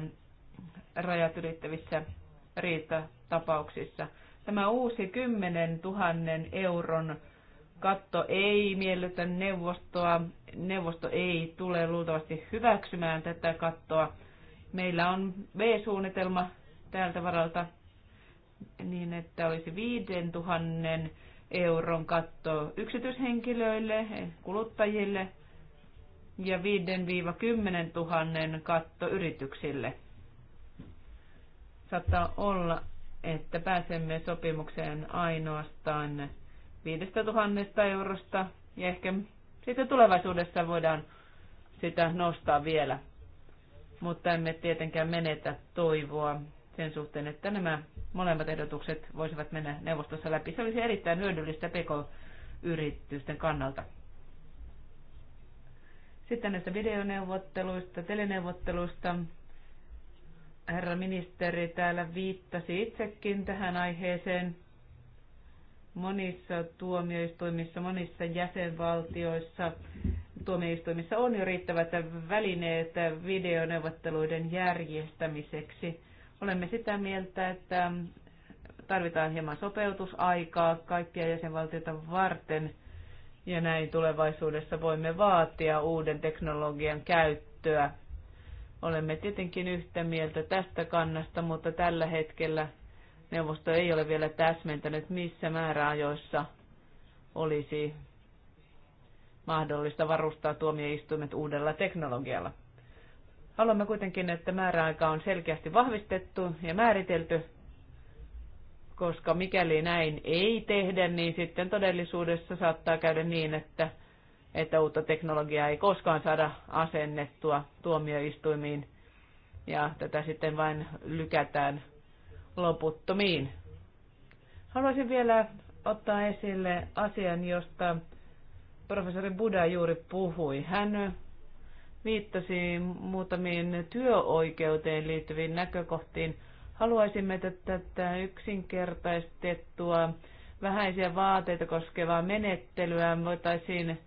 rajat ylittävissä riitatapauksissa. Tämä uusi 10 000 euron katto ei miellytä neuvostoa. Neuvosto ei tule luultavasti hyväksymään tätä kattoa. Meillä on B-suunnitelma tältä varalta niin, että olisi 5000 euron katto yksityishenkilöille, kuluttajille ja 5-10 000 katto yrityksille. Saattaa olla, että pääsemme sopimukseen ainoastaan 5000 eurosta ja ehkä sitten tulevaisuudessa voidaan sitä nostaa vielä. Mutta emme tietenkään menetä toivoa sen suhteen, että nämä molemmat ehdotukset voisivat mennä neuvostossa läpi. Se olisi erittäin hyödyllistä PK-yritysten kannalta. Sitten näistä videoneuvotteluista, teleneuvotteluista. Herra ministeri täällä viittasi itsekin tähän aiheeseen. Monissa tuomioistuimissa, monissa jäsenvaltioissa tuomioistuimissa on jo riittävät välineet videoneuvotteluiden järjestämiseksi. Olemme sitä mieltä, että tarvitaan hieman sopeutusaikaa kaikkia jäsenvaltioita varten, ja näin tulevaisuudessa voimme vaatia uuden teknologian käyttöä Olemme tietenkin yhtä mieltä tästä kannasta, mutta tällä hetkellä neuvosto ei ole vielä täsmentänyt, missä määräajoissa olisi mahdollista varustaa tuomioistuimet uudella teknologialla. Haluamme kuitenkin, että määräaika on selkeästi vahvistettu ja määritelty, koska mikäli näin ei tehdä, niin sitten todellisuudessa saattaa käydä niin, että että uutta teknologiaa ei koskaan saada asennettua tuomioistuimiin ja tätä sitten vain lykätään loputtomiin. Haluaisin vielä ottaa esille asian, josta professori Buda juuri puhui. Hän viittasi muutamiin työoikeuteen liittyviin näkökohtiin. Haluaisimme tätä yksinkertaistettua vähäisiä vaateita koskevaa menettelyä voitaisiin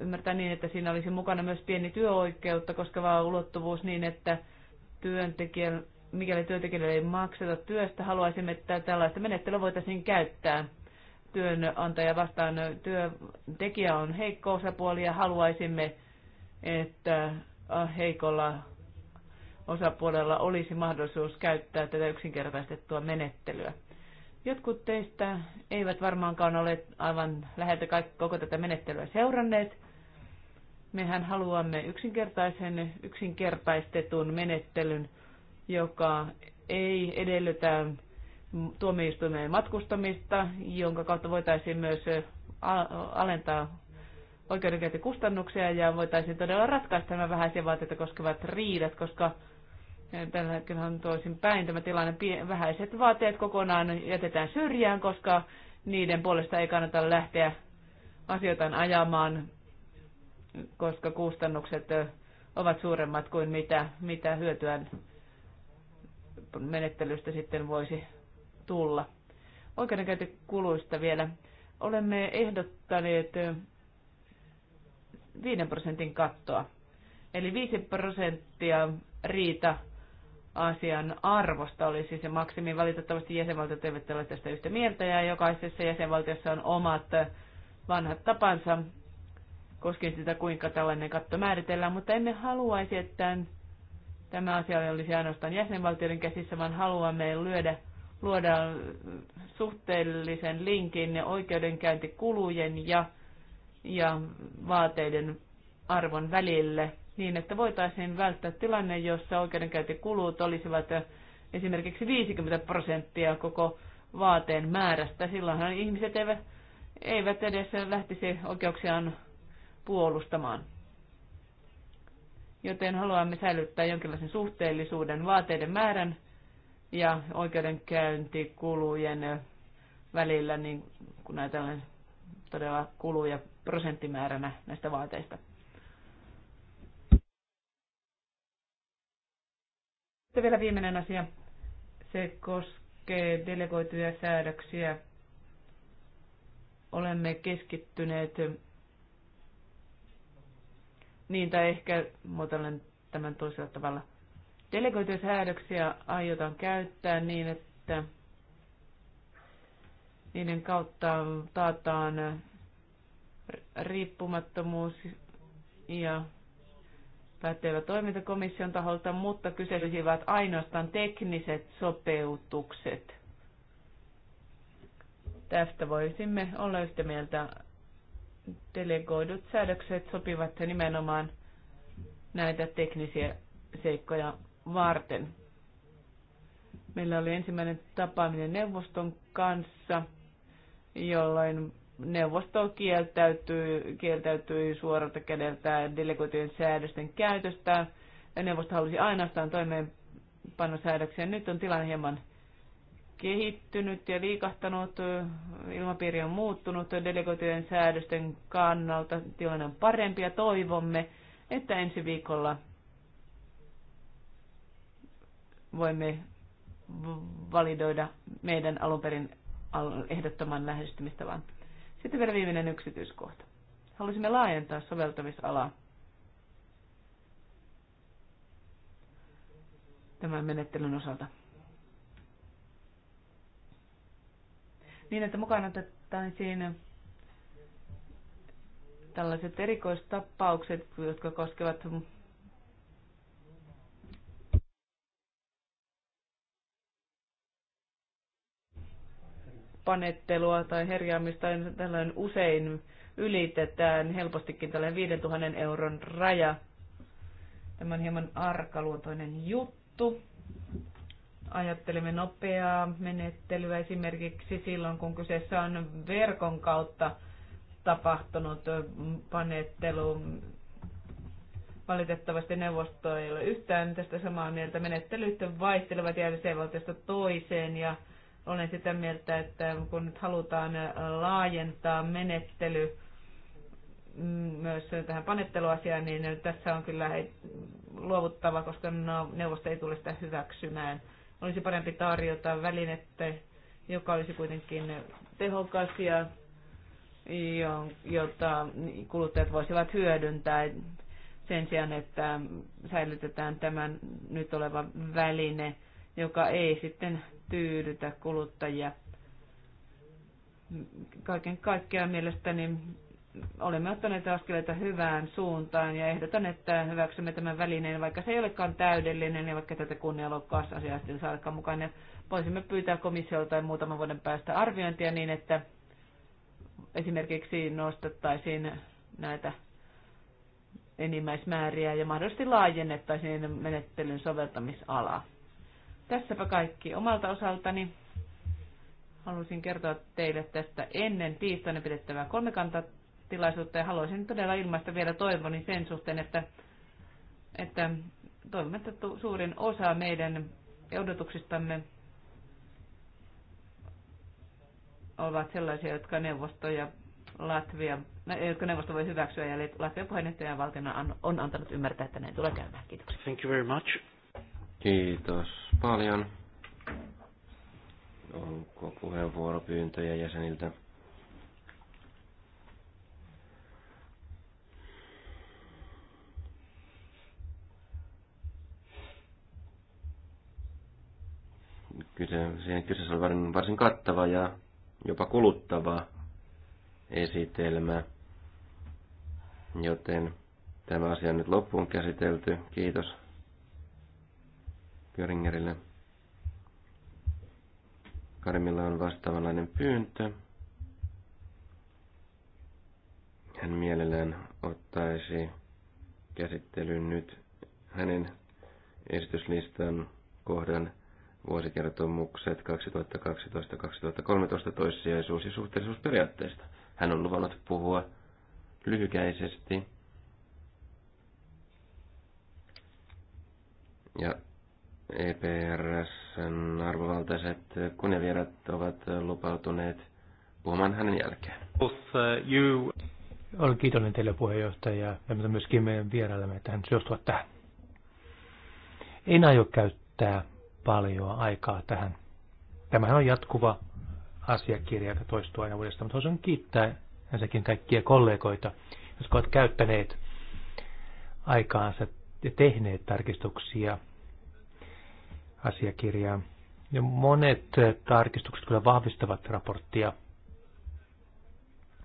ymmärtää niin, että siinä olisi mukana myös pieni työoikeutta koskeva ulottuvuus niin, että työntekijän, mikäli työntekijä ei makseta työstä, haluaisimme, että tällaista menettelyä voitaisiin käyttää työnantaja vastaan. Työntekijä on heikko osapuoli ja haluaisimme, että heikolla osapuolella olisi mahdollisuus käyttää tätä yksinkertaistettua menettelyä. Jotkut teistä eivät varmaankaan ole aivan läheltä koko tätä menettelyä seuranneet. Mehän haluamme yksinkertaisen, yksinkertaistetun menettelyn, joka ei edellytä tuomioistuimeen matkustamista, jonka kautta voitaisiin myös alentaa oikeudenkäyntikustannuksia ja voitaisiin todella ratkaista nämä vähäisiä vaateita koskevat riidat, koska Tällä hetkellä on toisin päin tämä tilanne. Vähäiset vaatteet kokonaan jätetään syrjään, koska niiden puolesta ei kannata lähteä asioitaan ajamaan, koska kustannukset ovat suuremmat kuin mitä, mitä hyötyä menettelystä sitten voisi tulla. Oikeudenkäyntikuluista vielä. Olemme ehdottaneet 5 prosentin kattoa. Eli 5 prosenttia riita asian arvosta olisi siis se maksimi. Valitettavasti jäsenvaltiot eivät ole tästä yhtä mieltä ja jokaisessa jäsenvaltiossa on omat vanhat tapansa koskien sitä, kuinka tällainen katto määritellään, mutta emme haluaisi, että tämä asia olisi ainoastaan jäsenvaltioiden käsissä, vaan haluamme lyödä, luoda suhteellisen linkin oikeudenkäyntikulujen ja, ja vaateiden arvon välille – niin, että voitaisiin välttää tilanne, jossa oikeudenkäyntikulut olisivat esimerkiksi 50 prosenttia koko vaateen määrästä. Silloinhan ihmiset eivät, eivät edes lähtisi oikeuksiaan puolustamaan. Joten haluamme säilyttää jonkinlaisen suhteellisuuden vaateiden määrän ja oikeudenkäyntikulujen välillä, niin kun näitä todella kuluja prosenttimääränä näistä vaateista. Sitten vielä viimeinen asia. Se koskee delegoituja säädöksiä. Olemme keskittyneet, niin tai ehkä muotoilen tämän toisella tavalla. Delegoituja säädöksiä aiotaan käyttää niin, että niiden kautta taataan riippumattomuus ja pätevä toiminta taholta, mutta kyselisivät ainoastaan tekniset sopeutukset. Tästä voisimme olla yhtä mieltä. Delegoidut säädökset sopivat nimenomaan näitä teknisiä seikkoja varten. Meillä oli ensimmäinen tapaaminen neuvoston kanssa, jolloin neuvosto kieltäytyi, kieltäytyi suoralta kädeltä delegoitujen säädösten käytöstä. Neuvosto halusi ainoastaan toimeenpanosäädöksiä. Nyt on tilanne hieman kehittynyt ja liikahtanut, ilmapiiri on muuttunut delegoitujen säädösten kannalta, tilanne on parempi ja toivomme, että ensi viikolla voimme validoida meidän alunperin ehdottoman lähestymistavan. Sitten vielä viimeinen yksityiskohta. Haluaisimme laajentaa soveltamisalaa tämän menettelyn osalta. Niin, että mukana otettaisiin tällaiset erikoistapaukset, jotka koskevat panettelua tai herjaamista niin tällöin usein ylitetään helpostikin tällainen 5000 euron raja. Tämä on hieman arkaluontoinen juttu. Ajattelemme nopeaa menettelyä esimerkiksi silloin, kun kyseessä on verkon kautta tapahtunut panettelu. Valitettavasti neuvosto ei ole yhtään tästä samaa mieltä. Menettelyt vaihtelevat jäädä toiseen ja olen sitä mieltä, että kun nyt halutaan laajentaa menettely myös tähän panetteluasiaan, niin tässä on kyllä luovuttava, koska no, neuvosto ei tule sitä hyväksymään. Olisi parempi tarjota välinettä, joka olisi kuitenkin tehokas ja jota kuluttajat voisivat hyödyntää sen sijaan, että säilytetään tämän nyt oleva väline, joka ei sitten tyydytä kuluttajia. Kaiken kaikkiaan mielestäni olemme ottaneet askeleita hyvään suuntaan ja ehdotan, että hyväksymme tämän välineen, vaikka se ei olekaan täydellinen ja vaikka tätä kunnianloukkaus asiaa sitten saadakaan mukaan. Ja voisimme pyytää komissiolta muutaman vuoden päästä arviointia niin, että esimerkiksi nostettaisiin näitä enimmäismääriä ja mahdollisesti laajennettaisiin menettelyn soveltamisalaa. Tässäpä kaikki omalta osaltani. Haluaisin kertoa teille tästä ennen tiistaina pidettävää kolmikantatilaisuutta ja haluaisin todella ilmaista vielä toivoni sen suhteen, että, että toivon, että suurin osa meidän odotuksistamme ovat sellaisia, jotka neuvosto ja Latvia, no, jotka neuvosto voi hyväksyä, ja Latvian puheenjohtajan valtiona on antanut ymmärtää, että näin tulee käymään. Kiitoksia. Thank you very much. Kiitos paljon. Onko puheenvuoropyyntöjä jäseniltä? Kyse, siihen kyseessä oli varsin kattava ja jopa kuluttava esitelmä, joten tämä asia on nyt loppuun käsitelty. Kiitos Göringerille. Karimilla on vastaavanlainen pyyntö. Hän mielellään ottaisi käsittelyyn nyt hänen esityslistan kohdan vuosikertomukset 2012-2013 toissijaisuus- ja suhteellisuusperiaatteista. Hän on luvannut puhua lyhykäisesti ja EPRSn arvovaltaiset kunnianvierat ovat lupautuneet puhumaan hänen jälkeen. Olen kiitollinen teille puheenjohtaja ja myöskin meidän vieraillemme, että hän suostuvat tähän. En aio käyttää paljon aikaa tähän. Tämähän on jatkuva asiakirja, joka toistuu aina uudestaan, mutta haluaisin kiittää ensinnäkin kaikkia kollegoita, jotka ovat käyttäneet aikaansa ja tehneet tarkistuksia asiakirjaa. Ja monet tarkistukset kyllä vahvistavat raporttia,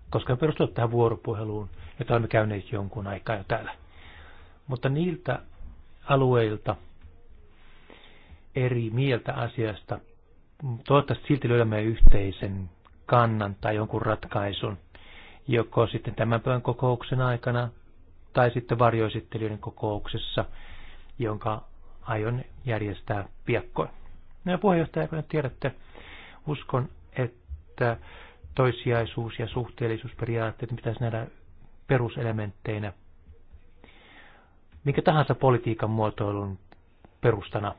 koska ne perustuvat tähän vuoropuheluun, jota olemme käyneet jonkun aikaa jo täällä. Mutta niiltä alueilta eri mieltä asiasta, toivottavasti silti löydämme yhteisen kannan tai jonkun ratkaisun, joko sitten tämän päivän kokouksen aikana tai sitten varjoesittelijöiden kokouksessa, jonka aion järjestää piakkoin. No puheenjohtaja, kun tiedätte, uskon, että toissijaisuus- ja suhteellisuusperiaatteet pitäisi nähdä peruselementteinä mikä tahansa politiikan muotoilun perustana.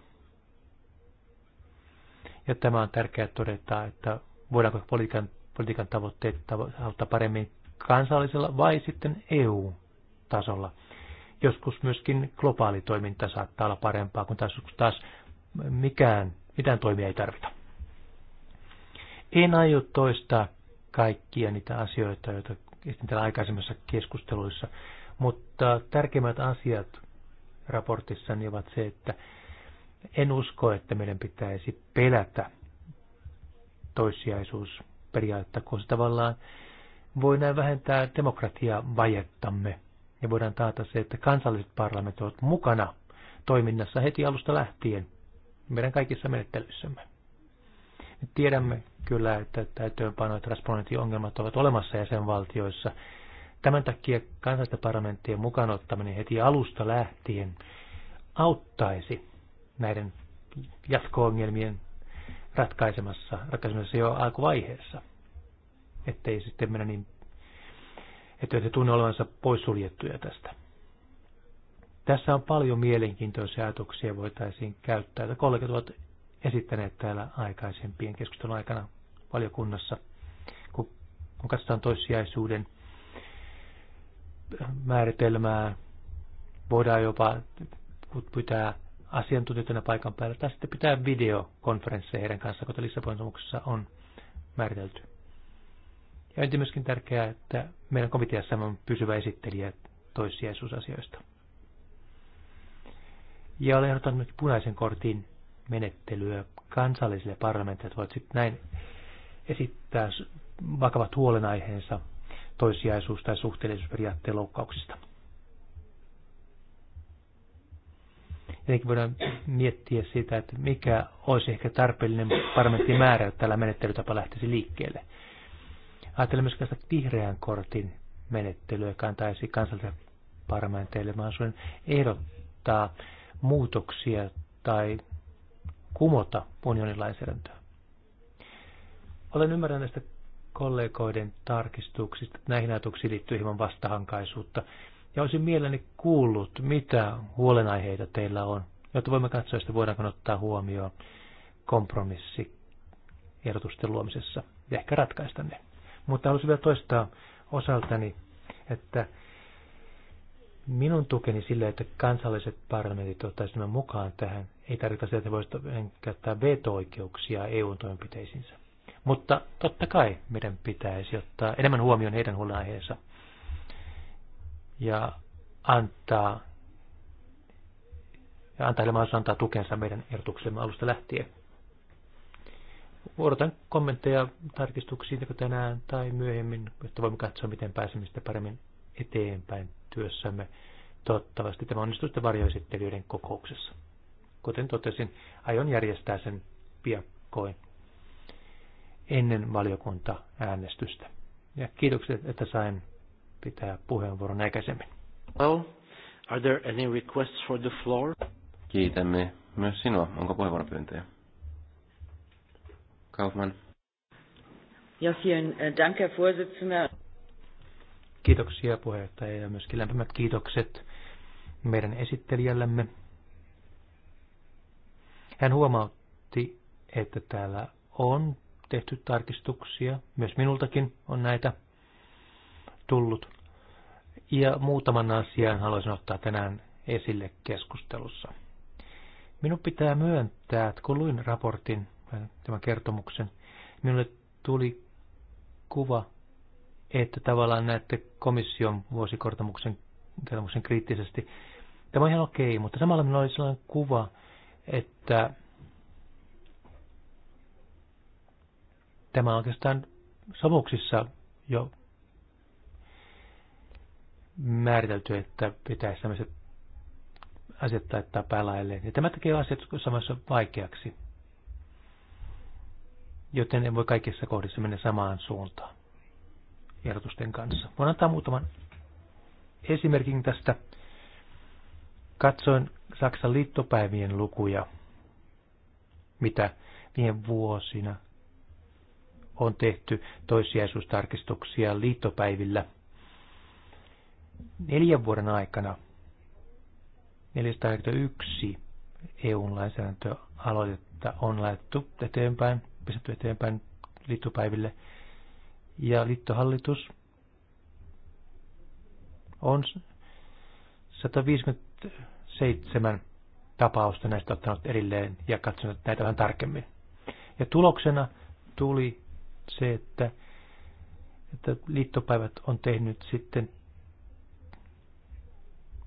Ja tämä on tärkeää todeta, että voidaanko politiikan, politiikan tavoitteet saavuttaa paremmin kansallisella vai sitten EU-tasolla. Joskus myöskin globaali toiminta saattaa olla parempaa, kun taas, kun taas mikään, mitään toimia ei tarvita. En aio toistaa kaikkia niitä asioita, joita täällä aikaisemmissa keskusteluissa, mutta tärkeimmät asiat raportissani ovat se, että en usko, että meidän pitäisi pelätä toissijaisuusperiaatetta, kun se tavallaan voi näin vähentää demokratiavajettamme ja niin voidaan taata se, että kansalliset parlamentit ovat mukana toiminnassa heti alusta lähtien meidän kaikissa menettelyissämme. Me tiedämme kyllä, että täytöönpano- ja transponointiongelmat ovat olemassa jäsenvaltioissa. Tämän takia kansallisten parlamenttien mukaan ottaminen heti alusta lähtien auttaisi näiden jatko-ongelmien ratkaisemassa, ratkaisemassa jo alkuvaiheessa, ettei sitten mennä niin että te tunne olevansa poissuljettuja tästä. Tässä on paljon mielenkiintoisia ajatuksia voitaisiin käyttää, joita kollegat ovat esittäneet täällä aikaisempien keskustelun aikana valiokunnassa, kun, kun katsotaan toissijaisuuden määritelmää, voidaan jopa pitää asiantuntijoita paikan päällä, tai sitten pitää videokonferensseja heidän kanssa, kuten Lissabonin on määritelty. Ja on myöskin tärkeää, että meidän komiteassa on pysyvä esittelijä toissijaisuusasioista. Ja olen ehdottanut punaisen kortin menettelyä kansallisille parlamentille, että voit sitten näin esittää vakavat huolenaiheensa toissijaisuus- tai suhteellisuusperiaatteen loukkauksista. Tietenkin voidaan miettiä sitä, että mikä olisi ehkä tarpeellinen parlamentin määrä, että tällä menettelytapa lähtisi liikkeelle. Ajattelen myös tästä vihreän kortin menettelyä, joka antaisi kansalliselle parlamenteille mahdollisuuden ehdottaa muutoksia tai kumota unionin lainsäädäntöä. Olen ymmärtänyt näistä kollegoiden tarkistuksista, että näihin ajatuksiin liittyy hieman vastahankaisuutta. Ja olisin mielelläni kuullut, mitä huolenaiheita teillä on, jotta voimme katsoa, että voidaanko ottaa huomioon kompromissi ehdotusten luomisessa ja ehkä ratkaista ne. Mutta haluaisin vielä toistaa osaltani, että minun tukeni sille, että kansalliset parlamentit ottaisivat mukaan tähän, ei tarkoita sitä, että voisi käyttää veto-oikeuksia EU-toimenpiteisiinsä. Mutta totta kai meidän pitäisi ottaa enemmän huomioon heidän huolenaiheensa ja antaa, ja antaa heille antaa tukensa meidän ehdotuksemme alusta lähtien odotan kommentteja tarkistuksia joko tänään tai myöhemmin, että voimme katsoa, miten pääsemme sitä paremmin eteenpäin työssämme. Toivottavasti tämä onnistuu sitten varjoesittelijöiden kokouksessa. Kuten totesin, aion järjestää sen piakkoin ennen valiokunta-äänestystä. Ja kiitokset, että sain pitää puheenvuoron aikaisemmin. Well, are there any requests for the floor? Kiitämme myös sinua. Onko puheenvuoropyyntöjä? Kaufmann. Ja vielen äh, Dank, Herr Vorsitzender. Kiitoksia puheenjohtaja ja myöskin lämpimät kiitokset meidän esittelijällemme. Hän huomautti, että täällä on tehty tarkistuksia, myös minultakin on näitä tullut. Ja muutaman asian haluaisin ottaa tänään esille keskustelussa. Minun pitää myöntää, että kun luin raportin, Äh, tämän kertomuksen, minulle tuli kuva, että tavallaan näette komission vuosikertomuksen kertomuksen kriittisesti. Tämä on ihan okei, mutta samalla minulla oli sellainen kuva, että tämä on oikeastaan sovuksissa jo määritelty, että pitäisi tämmöiset asiat taittaa päälailleen. Ja tämä tekee asiat samassa vaikeaksi joten en voi kaikissa kohdissa mennä samaan suuntaan ehdotusten kanssa. Voin antaa muutaman esimerkin tästä. Katsoin Saksan liittopäivien lukuja, mitä viime vuosina on tehty toissijaisuustarkistuksia liittopäivillä. Neljän vuoden aikana 491 eu lainsäädäntöaloitetta on laitettu eteenpäin – pistetty eteenpäin liittopäiville. Ja liittohallitus on 157 tapausta näistä ottanut erilleen ja katsonut näitä vähän tarkemmin. Ja tuloksena tuli se, että, että liittopäivät on tehnyt sitten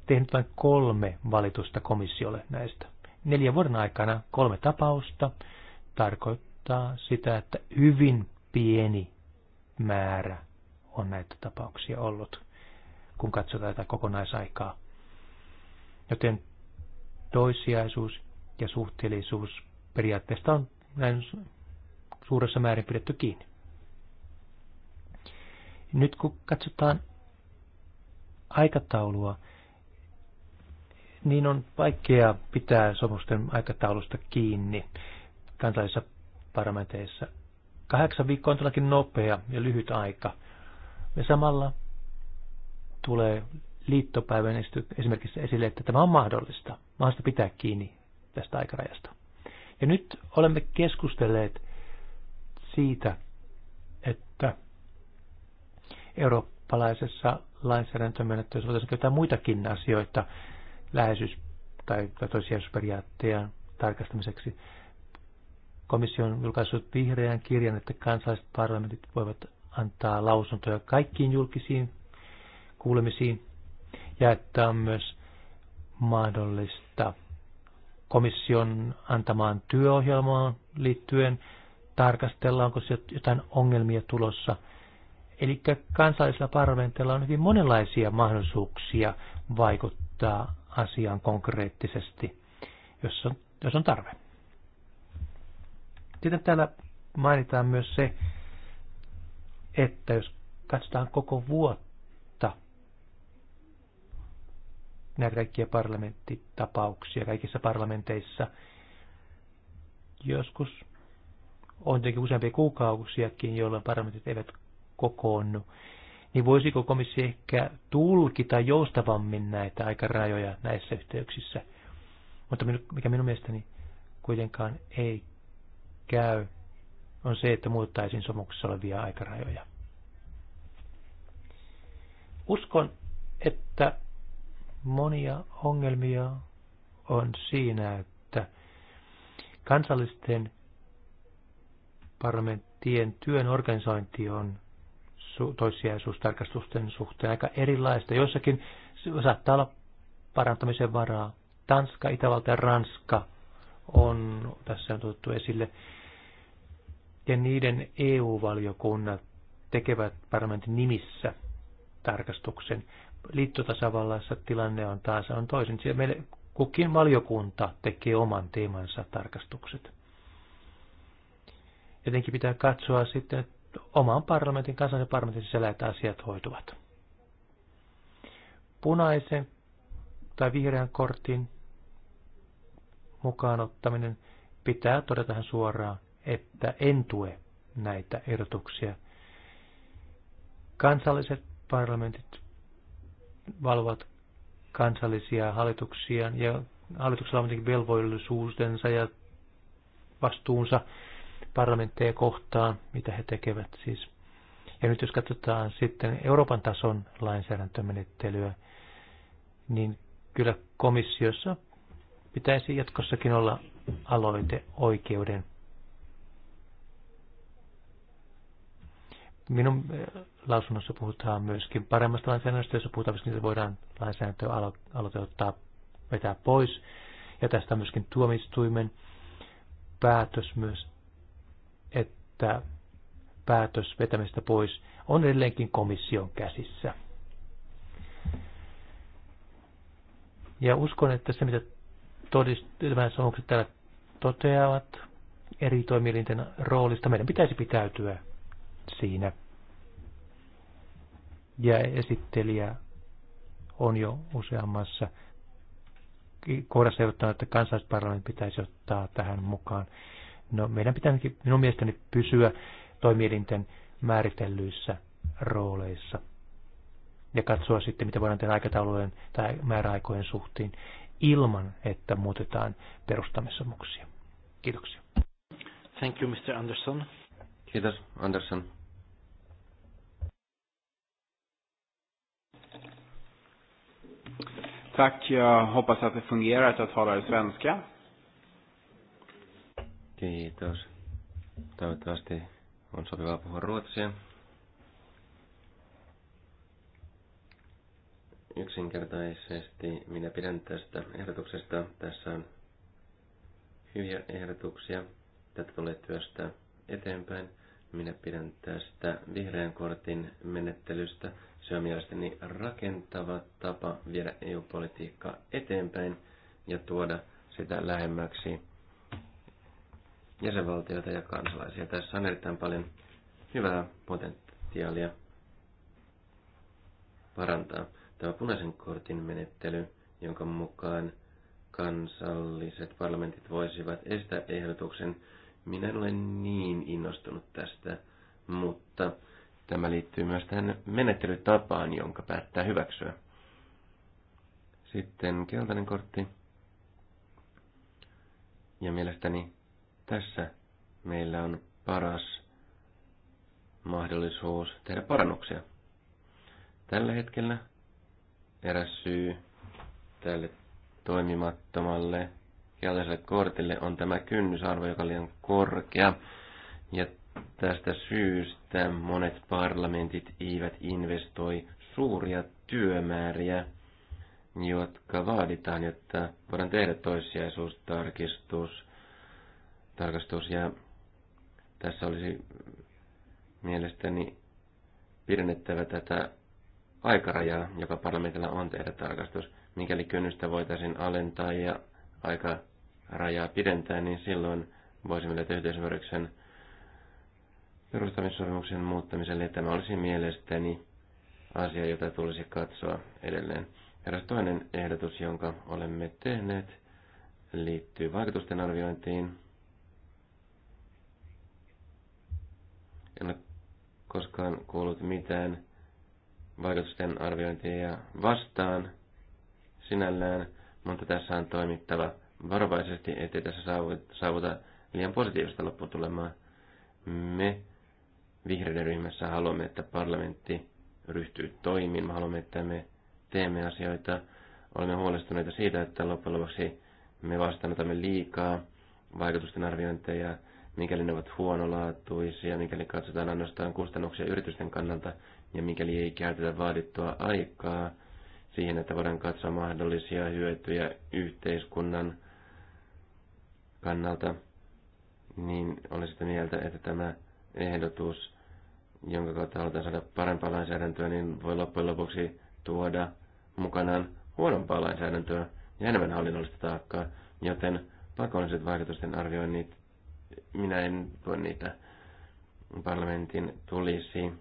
tehnyt vain kolme valitusta komissiolle näistä. neljä vuoden aikana kolme tapausta tarkoittaa tarkoittaa sitä, että hyvin pieni määrä on näitä tapauksia ollut, kun katsotaan tätä kokonaisaikaa. Joten toissijaisuus ja suhteellisuus periaatteesta on näin suuressa määrin pidetty kiinni. Nyt kun katsotaan aikataulua, niin on vaikea pitää sopimusten aikataulusta kiinni Kansallisessa parameteissa. Kahdeksan viikkoa on todellakin nopea ja lyhyt aika. Ja samalla tulee liittopäivän esimerkiksi esille, että tämä on mahdollista. Mahdollista pitää kiinni tästä aikarajasta. Ja nyt olemme keskustelleet siitä, että eurooppalaisessa lainsäädäntömenettelyssä voitaisiin käyttää muitakin asioita läheisyys- tai, tai tarkastamiseksi. Komissio on julkaissut vihreän kirjan, että kansalliset parlamentit voivat antaa lausuntoja kaikkiin julkisiin kuulemisiin ja että on myös mahdollista komission antamaan työohjelmaan liittyen tarkastella, onko se jotain ongelmia tulossa. Eli kansallisilla parlamenteilla on hyvin monenlaisia mahdollisuuksia vaikuttaa asiaan konkreettisesti, jos on, jos on tarve. Sitten täällä mainitaan myös se, että jos katsotaan koko vuotta näitä kaikkia parlamenttitapauksia kaikissa parlamenteissa, joskus on tietenkin useampia kuukausiakin, jolloin parlamentit eivät kokoonnu, niin voisiko komissio ehkä tulkita joustavammin näitä aikarajoja näissä yhteyksissä? Mutta mikä minun mielestäni kuitenkaan ei käy, on se, että muuttaisiin somuksessa olevia aikarajoja. Uskon, että monia ongelmia on siinä, että kansallisten parlamenttien työn organisointi on toissijaisuustarkastusten suhteen aika erilaista. Joissakin saattaa olla parantamisen varaa. Tanska, Itävalta ja Ranska on tässä on tuotettu esille ja niiden EU-valiokunnat tekevät parlamentin nimissä tarkastuksen. Liittotasavallassa tilanne on taas on toisin. Siellä meille kukin valiokunta tekee oman teemansa tarkastukset. Jotenkin pitää katsoa sitten oman parlamentin, kansallisen parlamentin sisällä, että asiat hoituvat. Punaisen tai vihreän kortin mukaan ottaminen pitää todeta suoraan, että en tue näitä ehdotuksia. Kansalliset parlamentit valvovat kansallisia hallituksia ja hallituksella on tietenkin velvollisuutensa ja vastuunsa parlamentteja kohtaan, mitä he tekevät siis. Ja nyt jos katsotaan sitten Euroopan tason lainsäädäntömenettelyä, niin kyllä komissiossa pitäisi jatkossakin olla aloite oikeuden Minun eh, lausunnossa puhutaan myöskin paremmasta lainsäädännöstä, jossa puhutaan, että niitä voidaan lainsäädäntöä alo vetää pois. Ja tästä on myöskin tuomistuimen päätös myös, että päätös vetämistä pois on edelleenkin komission käsissä. Ja uskon, että se mitä todistelmäsomukset täällä toteavat eri toimielinten roolista, meidän pitäisi pitäytyä siinä ja esittelijä on jo useammassa kohdassa ehdottanut, että kansallisparlamentti pitäisi ottaa tähän mukaan. No, meidän pitää minun mielestäni pysyä toimielinten määritellyissä rooleissa ja katsoa sitten, mitä voidaan tehdä aikataulujen tai määräaikojen suhteen ilman, että muutetaan perustamissopimuksia. Kiitoksia. Thank you, Mr. Anderson. Kiitos, Anderson. Tack. Jag hoppas att det fungerar att jag talar svenska. Kiitos. Toivottavasti on sopivaa puhua ruotsia. Yksinkertaisesti minä pidän tästä ehdotuksesta. Tässä on hyviä ehdotuksia. Tätä tulee työstä eteenpäin. Minä pidän tästä vihreän kortin menettelystä. Se on mielestäni rakentava tapa viedä EU-politiikkaa eteenpäin ja tuoda sitä lähemmäksi jäsenvaltioita ja kansalaisia. Tässä on erittäin paljon hyvää potentiaalia parantaa. Tämä punaisen kortin menettely, jonka mukaan kansalliset parlamentit voisivat estää ehdotuksen. Minä en ole niin innostunut tästä, mutta Tämä liittyy myös tähän menettelytapaan, jonka päättää hyväksyä. Sitten keltainen kortti. Ja mielestäni tässä meillä on paras mahdollisuus tehdä parannuksia. Tällä hetkellä eräs syy tälle toimimattomalle keltaiselle kortille on tämä kynnysarvo, joka on liian korkea. Ja Tästä syystä monet parlamentit eivät investoi suuria työmääriä, jotka vaaditaan, jotta voidaan tehdä toissijaisuustarkistus. Tarkastus, ja tässä olisi mielestäni pidennettävä tätä aikarajaa, joka parlamentilla on tehdä tarkastus. Mikäli kynnystä voitaisiin alentaa ja aikarajaa pidentää, niin silloin voisimme löytää yhteisymmärryksen perustamissopimuksen muuttamiselle. Tämä olisi mielestäni asia, jota tulisi katsoa edelleen. Eräs toinen ehdotus, jonka olemme tehneet, liittyy vaikutusten arviointiin. En ole koskaan kuullut mitään vaikutusten arviointia vastaan sinällään, mutta tässä on toimittava varovaisesti, ettei tässä saavuta liian positiivista lopputulemaa. Me vihreiden ryhmässä haluamme, että parlamentti ryhtyy toimiin. Me haluamme, että me teemme asioita. Olemme huolestuneita siitä, että loppujen lopuksi me vastaanotamme liikaa vaikutusten arviointeja, mikäli ne ovat huonolaatuisia, mikäli katsotaan ainoastaan kustannuksia yritysten kannalta ja mikäli ei käytetä vaadittua aikaa siihen, että voidaan katsoa mahdollisia hyötyjä yhteiskunnan kannalta, niin olen sitä mieltä, että tämä ehdotus, jonka kautta halutaan saada parempaa lainsäädäntöä, niin voi loppujen lopuksi tuoda mukanaan huonompaa lainsäädäntöä ja enemmän hallinnollista taakkaa, joten pakolliset vaikutusten arvioinnit, minä en voi niitä parlamentin tulisi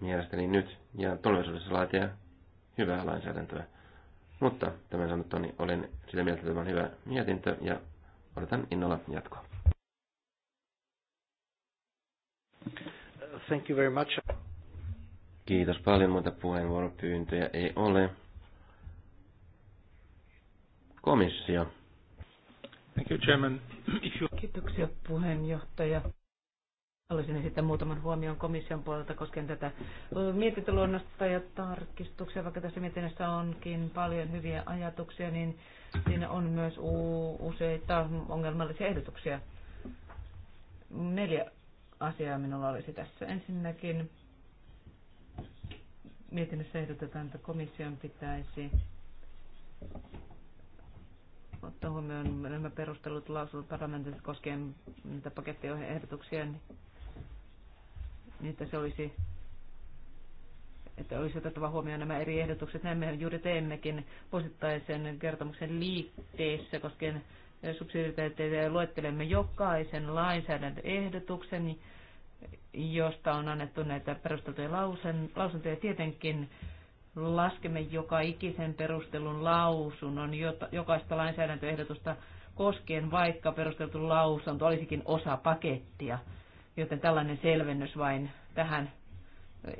mielestäni nyt ja tulevaisuudessa laatia hyvää lainsäädäntöä. Mutta tämän sanottuani olen sitä mieltä, että tämä on hyvä mietintö ja odotan innolla jatkoa. Thank you very much. Kiitos paljon, muita puheenvuoropyyntöjä ei ole. Komissio. Thank you, Chairman. Kiitoksia puheenjohtaja. Haluaisin esittää muutaman huomion komission puolelta koskien tätä mietintöluonnosta ja tarkistuksia. Vaikka tässä mietinnössä onkin paljon hyviä ajatuksia, niin siinä on myös useita ongelmallisia ehdotuksia. Neljä asiaa minulla olisi tässä. Ensinnäkin mietinnössä ehdotetaan, että komission pitäisi ottaa huomioon nämä perustelut lausunut parlamentissa koskien niitä paketti-ehdotuksia, niin että se olisi että olisi otettava huomioon nämä eri ehdotukset. Näin me juuri teemmekin vuosittaisen kertomuksen liitteessä koskien subsidiariteetteja ja luettelemme jokaisen lainsäädäntöehdotuksen, josta on annettu näitä perusteltuja lausuntoja. Tietenkin laskemme joka ikisen perustelun lausunnon jokaista lainsäädäntöehdotusta koskien, vaikka perusteltu lausunto olisikin osa pakettia. Joten tällainen selvennys vain tähän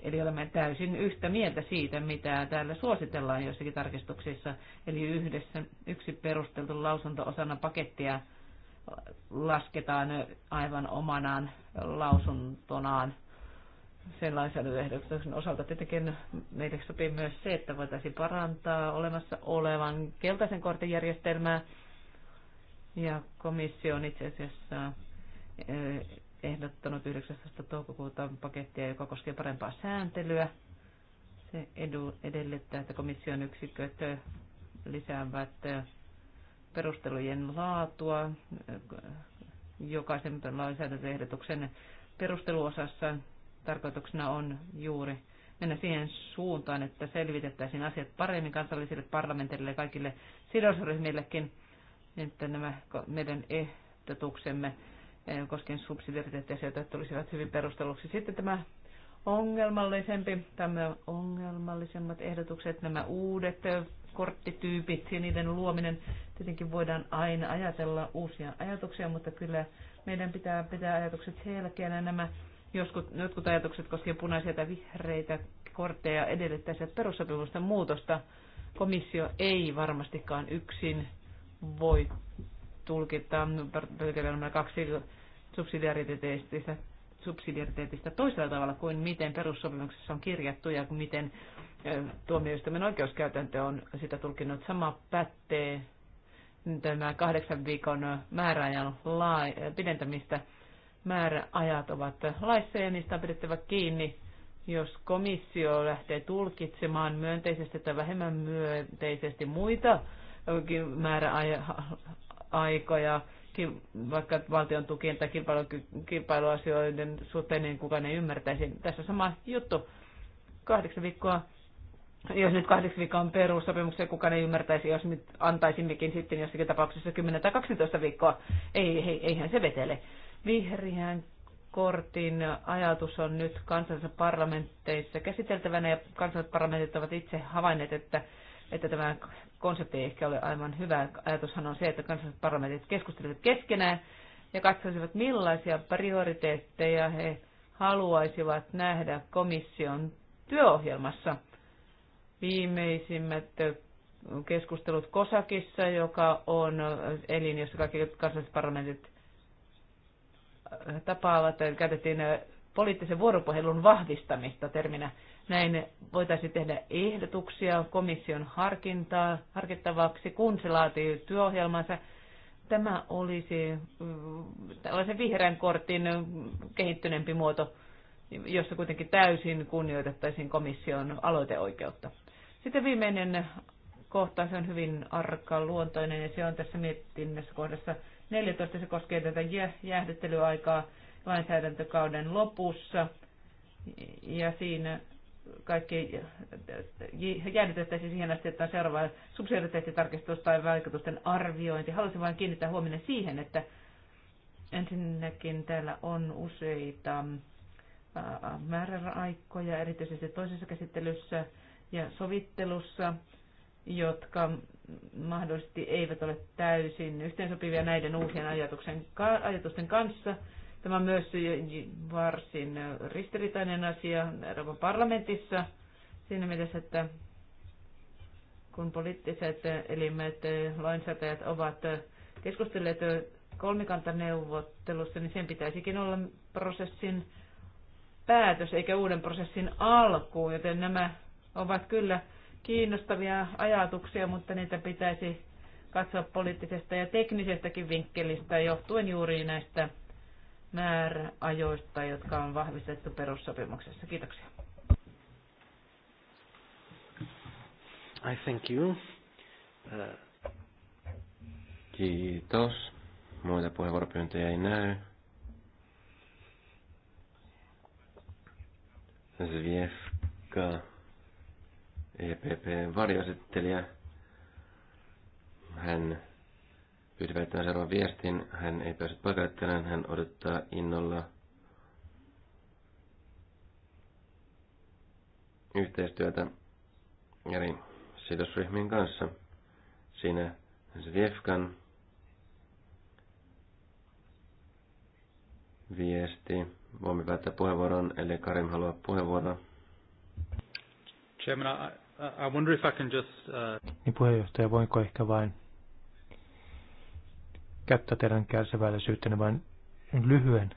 Eli olemme täysin yhtä mieltä siitä, mitä täällä suositellaan joissakin tarkistuksissa. Eli yhdessä yksi perusteltu lausunto osana pakettia lasketaan aivan omanaan lausuntonaan sen lainsäädäntöehdotuksen osalta. Tietenkin meille sopii myös se, että voitaisiin parantaa olemassa olevan keltaisen kortin järjestelmää. Ja komissio on itse asiassa ehdottanut 19. toukokuuta pakettia, joka koskee parempaa sääntelyä. Se edu, edellyttää, että komission yksiköt lisäävät perustelujen laatua jokaisen lainsäädäntöehdotuksen perusteluosassa. Tarkoituksena on juuri mennä siihen suuntaan, että selvitettäisiin asiat paremmin kansallisille parlamentille ja kaikille sidosryhmillekin, että nämä meidän ehdotuksemme Eh, koskien subsidiariteettiasioita, jotka tulisivat hyvin perusteluksi. Sitten tämä ongelmallisempi, tämä ongelmallisemmat ehdotukset, nämä uudet eh, korttityypit ja niiden luominen. Tietenkin voidaan aina ajatella uusia ajatuksia, mutta kyllä meidän pitää pitää ajatukset selkeänä. Nämä joskus, jotkut ajatukset koskien punaisia tai vihreitä kortteja edellyttäisiä perussopimusten muutosta. Komissio ei varmastikaan yksin voi tulkita pykälä 2 subsidiariteetistä, subsidiariteetista toisella tavalla kuin miten perussopimuksessa on kirjattu ja miten tuomioistuimen oikeuskäytäntö on sitä tulkinnut. Sama pätee tämä kahdeksan viikon määräajan pidentämistä. Määräajat ovat laissa ja niistä on pidettävä kiinni jos komissio lähtee tulkitsemaan myönteisesti tai vähemmän myönteisesti muita määräajan aikoja, vaikka valtion tukien tai kilpailu, kilpailuasioiden suhteen, niin kukaan ei ymmärtäisi. Tässä sama juttu. Kahdeksan viikkoa jos nyt viikkoa on perussopimuksia kukaan ei ymmärtäisi, jos nyt antaisimmekin sitten jossakin tapauksessa 10 tai 12 viikkoa, ei, ei, eihän se vetele. Vihreän kortin ajatus on nyt kansallisissa parlamentteissa käsiteltävänä ja kansalliset parlamentit ovat itse havainneet, että, että tämä konsepti ei ehkä ole aivan hyvä. Ajatushan on se, että kansalliset parlamentit keskustelevat keskenään ja katsoisivat millaisia prioriteetteja he haluaisivat nähdä komission työohjelmassa. Viimeisimmät keskustelut Kosakissa, joka on elin, jossa kaikki kansalliset parlamentit tapaavat. Käytettiin poliittisen vuoropuhelun vahvistamista terminä. Näin voitaisiin tehdä ehdotuksia komission harkintaa, harkittavaksi, kun se laatii työohjelmansa. Tämä olisi mm, tällaisen vihreän kortin kehittyneempi muoto, jossa kuitenkin täysin kunnioitettaisiin komission aloiteoikeutta. Sitten viimeinen kohta, se on hyvin arka luontoinen ja se on tässä mietinnässä kohdassa 14, se koskee tätä jäähdyttelyaikaa lainsäädäntökauden lopussa ja siinä kaikki jäädytettäisiin siihen asti, että on seuraava subsidiariteettitarkistus tai vaikutusten arviointi. Haluaisin vain kiinnittää huomioon siihen, että ensinnäkin täällä on useita määräaikoja, erityisesti toisessa käsittelyssä ja sovittelussa, jotka mahdollisesti eivät ole täysin yhteensopivia näiden uusien ajatuksen, ajatusten kanssa – Tämä on myös varsin ristiriitainen asia Euroopan parlamentissa siinä mielessä, että kun poliittiset elimet, lainsäätäjät ovat keskustelleet kolmikantaneuvottelussa, niin sen pitäisikin olla prosessin päätös eikä uuden prosessin alku, joten nämä ovat kyllä kiinnostavia ajatuksia, mutta niitä pitäisi katsoa poliittisesta ja teknisestäkin vinkkelistä johtuen juuri näistä määräajoista, jotka on vahvistettu perussopimuksessa. Kiitoksia. I thank you. Uh... Kiitos. Muita puheenvuoropyyntöjä ei näy. Zviefka, EPP-varjoesittelijä. Hän pyydi välittämään seuraavan viestin. Hän ei päässyt paikalle tänään, hän odottaa innolla yhteistyötä eri sidosryhmien kanssa. Siinä Zviefkan viesti. Voimme päättää puheenvuoron, eli Karim haluaa puheenvuoroa. Chairman, I, I wonder if I can just... Uh... Niin puheenjohtaja, voinko ehkä vain käyttää teidän kärsivällisyyttänne vain lyhyen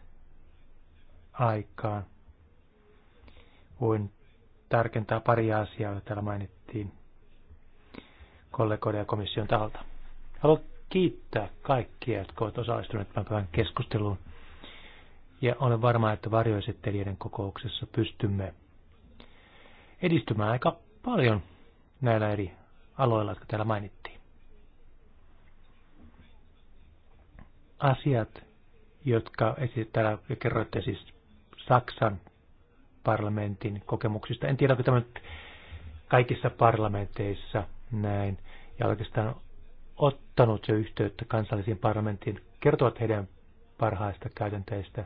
aikaan. Voin tarkentaa pari asiaa, joita täällä mainittiin kollegoiden ja komission taholta. Haluan kiittää kaikkia, jotka ovat osallistuneet tämän keskusteluun. Ja olen varma, että varjoesittelijöiden kokouksessa pystymme edistymään aika paljon näillä eri aloilla, jotka täällä mainittiin. asiat, jotka täällä kerroitte siis Saksan parlamentin kokemuksista. En tiedä, onko tämä nyt kaikissa parlamenteissa näin, ja oikeastaan ottanut jo yhteyttä kansallisiin parlamenttiin, kertovat heidän parhaista käytänteistä.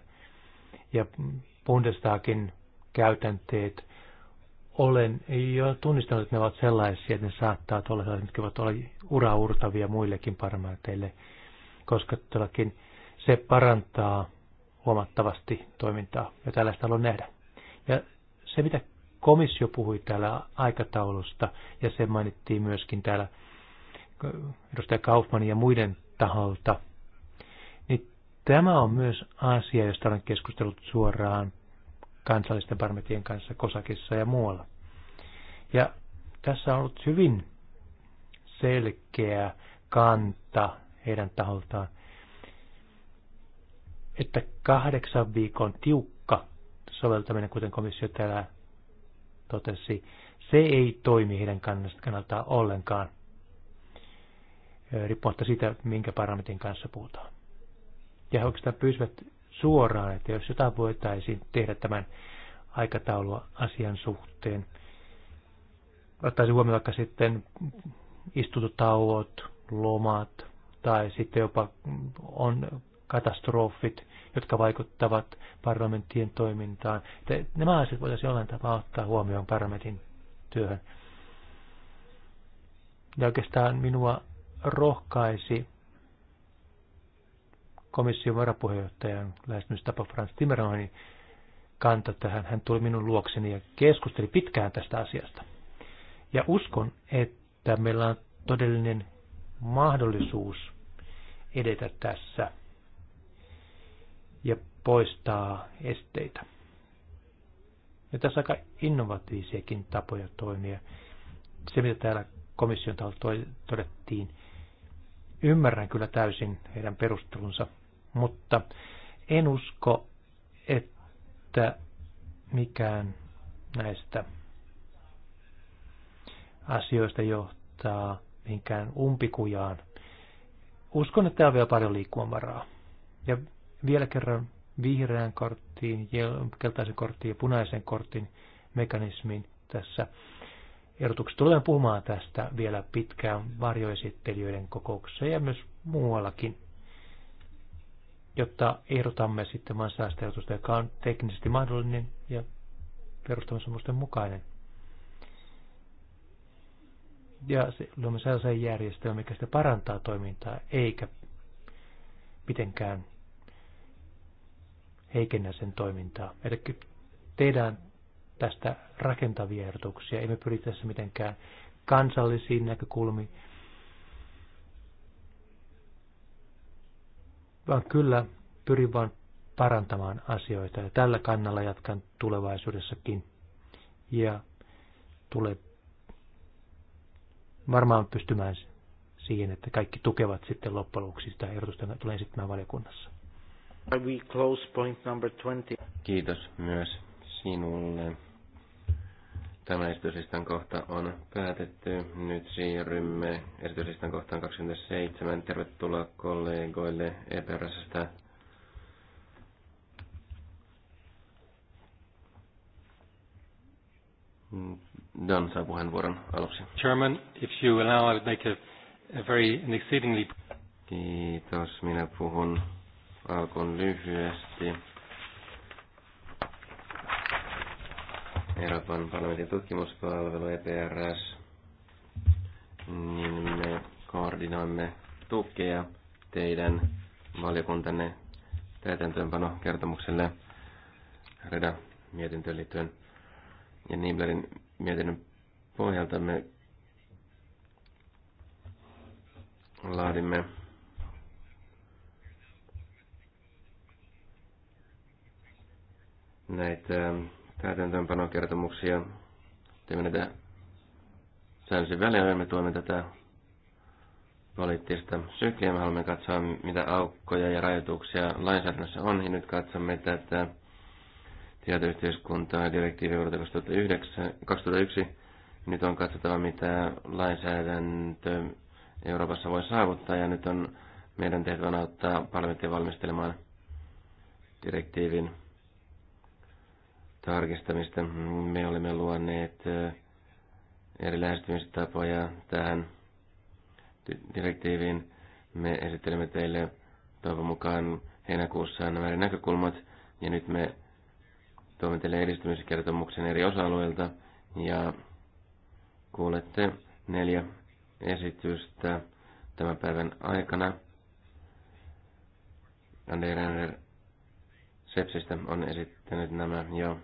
Ja Bundestagin käytänteet olen jo tunnistanut, että ne ovat sellaisia, että ne saattaa olla sellaisia, mitkä voivat olla uraurtavia muillekin parlamenteille koska todellakin se parantaa huomattavasti toimintaa, ja tällaista haluan nähdä. Ja se, mitä komissio puhui täällä aikataulusta, ja se mainittiin myöskin täällä edustaja Kaufmanin ja muiden taholta, niin tämä on myös asia, josta olen keskustellut suoraan kansallisten parmetien kanssa Kosakissa ja muualla. Ja tässä on ollut hyvin selkeä kanta heidän taholtaan, että kahdeksan viikon tiukka soveltaminen, kuten komissio täällä totesi, se ei toimi heidän kannaltaan ollenkaan, riippumatta siitä, minkä parametin kanssa puhutaan. Ja oikeastaan pyysivät suoraan, että jos jotain voitaisiin tehdä tämän aikataulua asian suhteen, ottaisiin huomioon vaikka sitten istututauot, lomat, tai sitten jopa on katastrofit, jotka vaikuttavat parlamenttien toimintaan. Että nämä asiat voitaisiin jollain tapaa ottaa huomioon parlamentin työhön. Ja oikeastaan minua rohkaisi komission varapuheenjohtajan lähestymistapa Frans Timmermanin kanta tähän. Hän tuli minun luokseni ja keskusteli pitkään tästä asiasta. Ja uskon, että meillä on todellinen mahdollisuus edetä tässä ja poistaa esteitä. Ja tässä aika innovatiivisiakin tapoja toimia. Se, mitä täällä komission taholla todettiin, ymmärrän kyllä täysin heidän perustelunsa, mutta en usko, että mikään näistä asioista johtaa mihinkään umpikujaan. Uskon, että täällä on vielä paljon liikkumavaraa. Ja vielä kerran vihreän korttiin, keltaisen korttiin ja punaisen kortin mekanismin tässä erotuksessa. Tulemme puhumaan tästä vielä pitkään varjoesittelijöiden kokouksessa ja myös muuallakin, jotta ehdotamme sitten maan joka on teknisesti mahdollinen ja perustamisen mukainen ja luomme sellaisen järjestelmän, mikä sitä parantaa toimintaa, eikä mitenkään heikennä sen toimintaa. Eli tehdään tästä rakentavia ehdotuksia, emme pyri tässä mitenkään kansallisiin näkökulmiin, vaan kyllä pyrin vain parantamaan asioita ja tällä kannalla jatkan tulevaisuudessakin ja tulee varmaan pystymään siihen, että kaikki tukevat sitten loppujen lopuksi sitä ehdotusta, joka tulee esittämään valiokunnassa. We close point number 20. Kiitos myös sinulle. Tämä esityslistan kohta on päätetty. Nyt siirrymme esityslistan kohtaan 27. Tervetuloa kollegoille Mm. Dan saa puheenvuoron aluksi. Chairman, if you allow, I would make a, a very an exceedingly... Kiitos, minä puhun alkuun lyhyesti. Euroopan parlamentin tutkimuspalvelu EPRS, niin me koordinoimme tukea teidän valiokuntanne täytäntöönpanokertomukselle Reda mietintöön liittyen ja Niblerin mietinnön pohjalta me laadimme näitä täytäntöönpanokertomuksia. Teemme näitä säännöllisen väliajoin, me tuomme tätä poliittista sykliä. Me haluamme katsoa, mitä aukkoja ja rajoituksia lainsäädännössä on, ja nyt katsomme tätä tietoyhteiskuntaa direktiivi vuodelta 2001. Nyt on katsottava, mitä lainsäädäntö Euroopassa voi saavuttaa, ja nyt on meidän tehtävänä auttaa parlamenttia valmistelemaan direktiivin tarkistamista. Me olemme luonneet eri lähestymistapoja tähän direktiiviin. Me esittelemme teille toivon mukaan heinäkuussa nämä eri näkökulmat, ja nyt me tuomme teille edistymiskertomuksen eri osa-alueilta ja kuulette neljä esitystä tämän päivän aikana. Andrei Renner Sepsistä on esittänyt nämä jo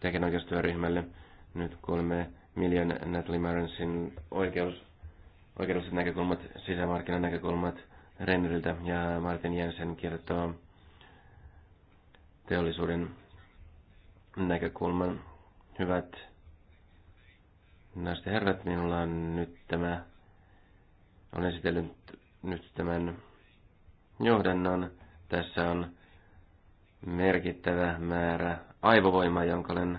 tekijänoikeustyöryhmälle. Nyt kuulemme Million Natalie Marensin oikeus, oikeudelliset näkökulmat, sisämarkkinan näkökulmat Renneriltä ja Martin Jensen kertoo teollisuuden näkökulman. Hyvät naiset ja herrat, minulla on nyt tämä, olen esitellyt nyt tämän johdannon. Tässä on merkittävä määrä aivovoimaa, jonka olen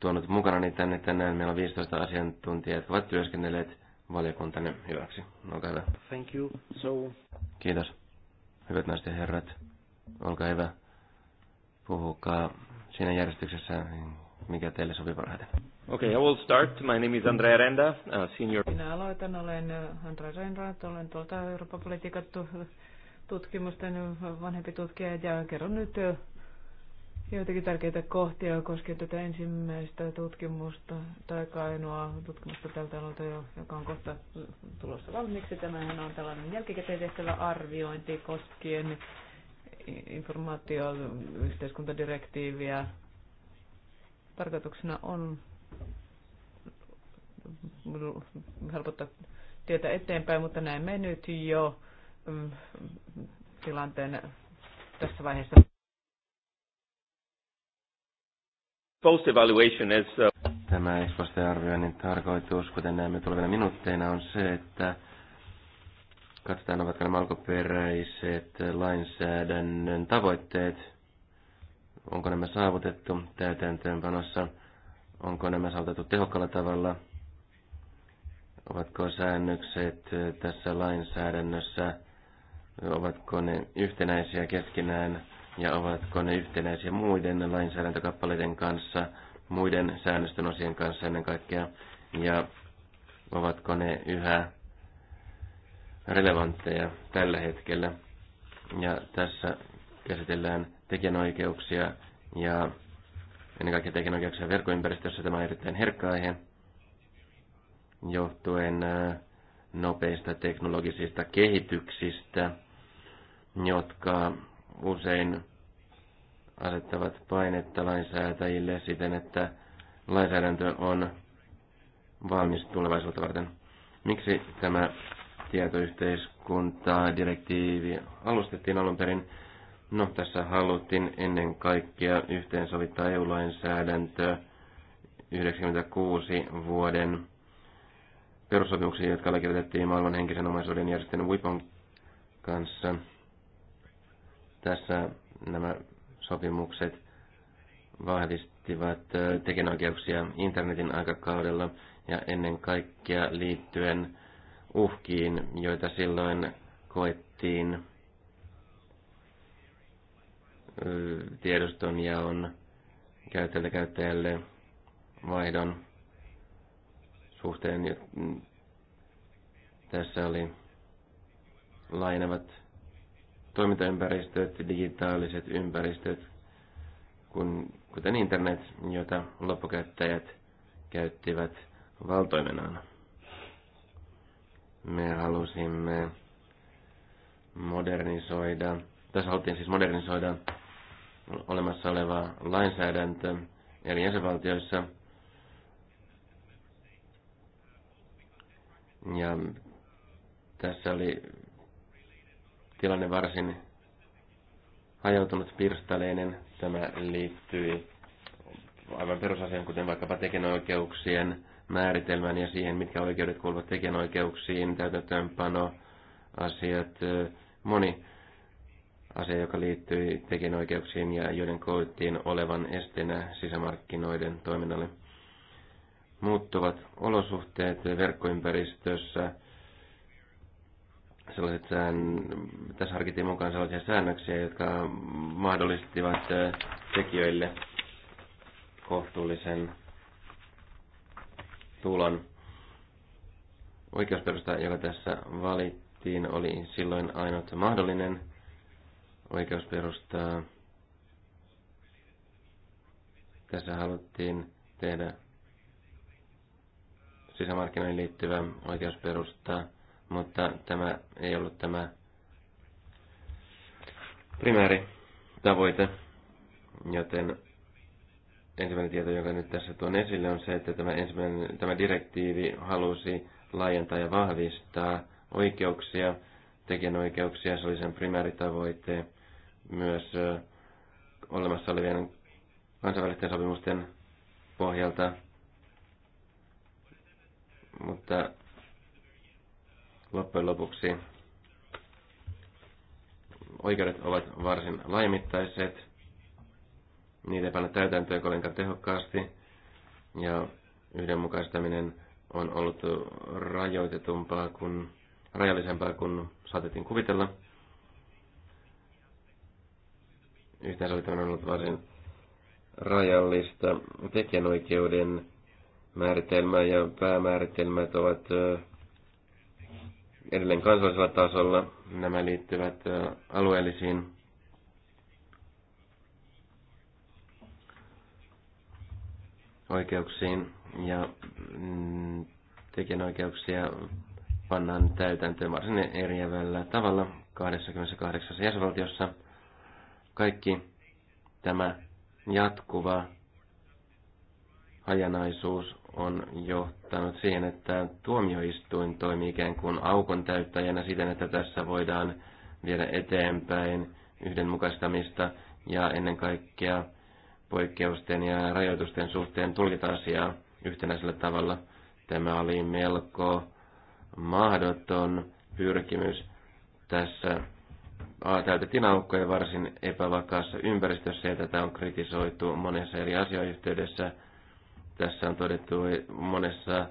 tuonut mukanani tänne tänään. Meillä on 15 asiantuntijaa, jotka ovat työskennelleet valiokuntanne hyväksi. Olkaa hyvä. Thank you. So... Kiitos. Hyvät naiset ja herrat, olkaa hyvä. Puhukaa siinä järjestyksessä, niin mikä teille sopii parhaiten. Okay, I will start. My name is Andrea Renda, uh, senior... Minä aloitan, olen äh, Andrea Renda, olen tuolta Euroopan politiikan tutkimusten vanhempi tutkija ja kerron nyt äh, joitakin tärkeitä kohtia koskien tätä ensimmäistä tutkimusta tai kainoa tutkimusta tältä alalta, joka on kohta äh, tulossa valmiiksi. Tämähän on tällainen jälkikäteen tehtävä arviointi koskien informaatioyhteiskuntadirektiiviä. Tarkoituksena on helpottaa tietä eteenpäin, mutta näemme nyt jo mm, tilanteen tässä vaiheessa. Post-evaluation is, uh, Tämä ex arvioinnin tarkoitus, kuten näemme tulevina minuutteina, on se, että Katsotaan, ovatko nämä alkuperäiset lainsäädännön tavoitteet, onko nämä saavutettu täytäntöönpanossa, onko nämä saavutettu tehokkaalla tavalla, ovatko säännökset tässä lainsäädännössä, ovatko ne yhtenäisiä keskenään ja ovatko ne yhtenäisiä muiden lainsäädäntökappaleiden kanssa, muiden säännösten osien kanssa ennen kaikkea, ja ovatko ne yhä relevantteja tällä hetkellä. Ja tässä käsitellään tekijänoikeuksia ja ennen kaikkea tekijänoikeuksia verkkoympäristössä. Tämä on erittäin herkkä aihe johtuen äh, nopeista teknologisista kehityksistä, jotka usein asettavat painetta lainsäätäjille siten, että lainsäädäntö on valmis tulevaisuutta varten. Miksi tämä tietoyhteiskuntaa direktiivi alustettiin alun perin. No, tässä haluttiin ennen kaikkea yhteensovittaa EU-lainsäädäntö 96 vuoden perussopimuksia, jotka allekirjoitettiin maailman henkisen omaisuuden järjestön WIPON kanssa. Tässä nämä sopimukset vahvistivat tekijänoikeuksia internetin aikakaudella ja ennen kaikkea liittyen uhkiin, joita silloin koettiin tiedoston ja on käyttäjältä käyttäjälle vaihdon suhteen. Tässä oli lainavat toimintaympäristöt, digitaaliset ympäristöt, kun, kuten internet, jota loppukäyttäjät käyttivät valtoimenaan. Me halusimme modernisoida, tässä haluttiin siis modernisoida olemassa oleva lainsäädäntö eri jäsenvaltioissa. Ja tässä oli tilanne varsin hajautunut pirstaleinen. Tämä liittyi aivan perusasian, kuten vaikkapa tekijänoikeuksien määritelmän ja siihen, mitkä oikeudet kuuluvat tekijänoikeuksiin, täytäntöönpano, asiat, moni asia, joka liittyy tekijänoikeuksiin ja joiden koettiin olevan estenä sisämarkkinoiden toiminnalle. Muuttuvat olosuhteet verkkoympäristössä, sellaiset sään, tässä harkittiin mukaan sellaisia säännöksiä, jotka mahdollistivat tekijöille kohtuullisen tulon. Oikeusperusta, joka tässä valittiin, oli silloin ainut mahdollinen oikeusperusta. Tässä haluttiin tehdä sisämarkkinoihin liittyvä oikeusperusta, mutta tämä ei ollut tämä primääri tavoite, joten ensimmäinen tieto, jonka nyt tässä tuon esille, on se, että tämä, ensimmäinen, tämä direktiivi halusi laajentaa ja vahvistaa oikeuksia, tekijänoikeuksia, se oli sen primääritavoite, myös olemassa olevien kansainvälisten sopimusten pohjalta. Mutta loppujen lopuksi oikeudet ovat varsin laimittaiset niitä ei panna täytäntöön kovinkaan tehokkaasti ja yhdenmukaistaminen on ollut rajoitetumpaa kuin, rajallisempaa kuin saatettiin kuvitella. Yhteensovittaminen on ollut varsin rajallista. Tekijänoikeuden määritelmä ja päämääritelmät ovat edelleen kansallisella tasolla. Nämä liittyvät alueellisiin oikeuksiin ja mm, tekijänoikeuksia pannaan täytäntöön varsin eriävällä tavalla 28 jäsenvaltiossa. Kaikki tämä jatkuva hajanaisuus on johtanut siihen, että tuomioistuin toimii ikään kuin aukon täyttäjänä siten, että tässä voidaan viedä eteenpäin yhdenmukaistamista ja ennen kaikkea poikkeusten ja rajoitusten suhteen tulkita asiaa yhtenäisellä tavalla. Tämä oli melko mahdoton pyrkimys tässä täytettiin aukkoja varsin epävakaassa ympäristössä ja tätä on kritisoitu monessa eri asiayhteydessä. Tässä on todettu monessa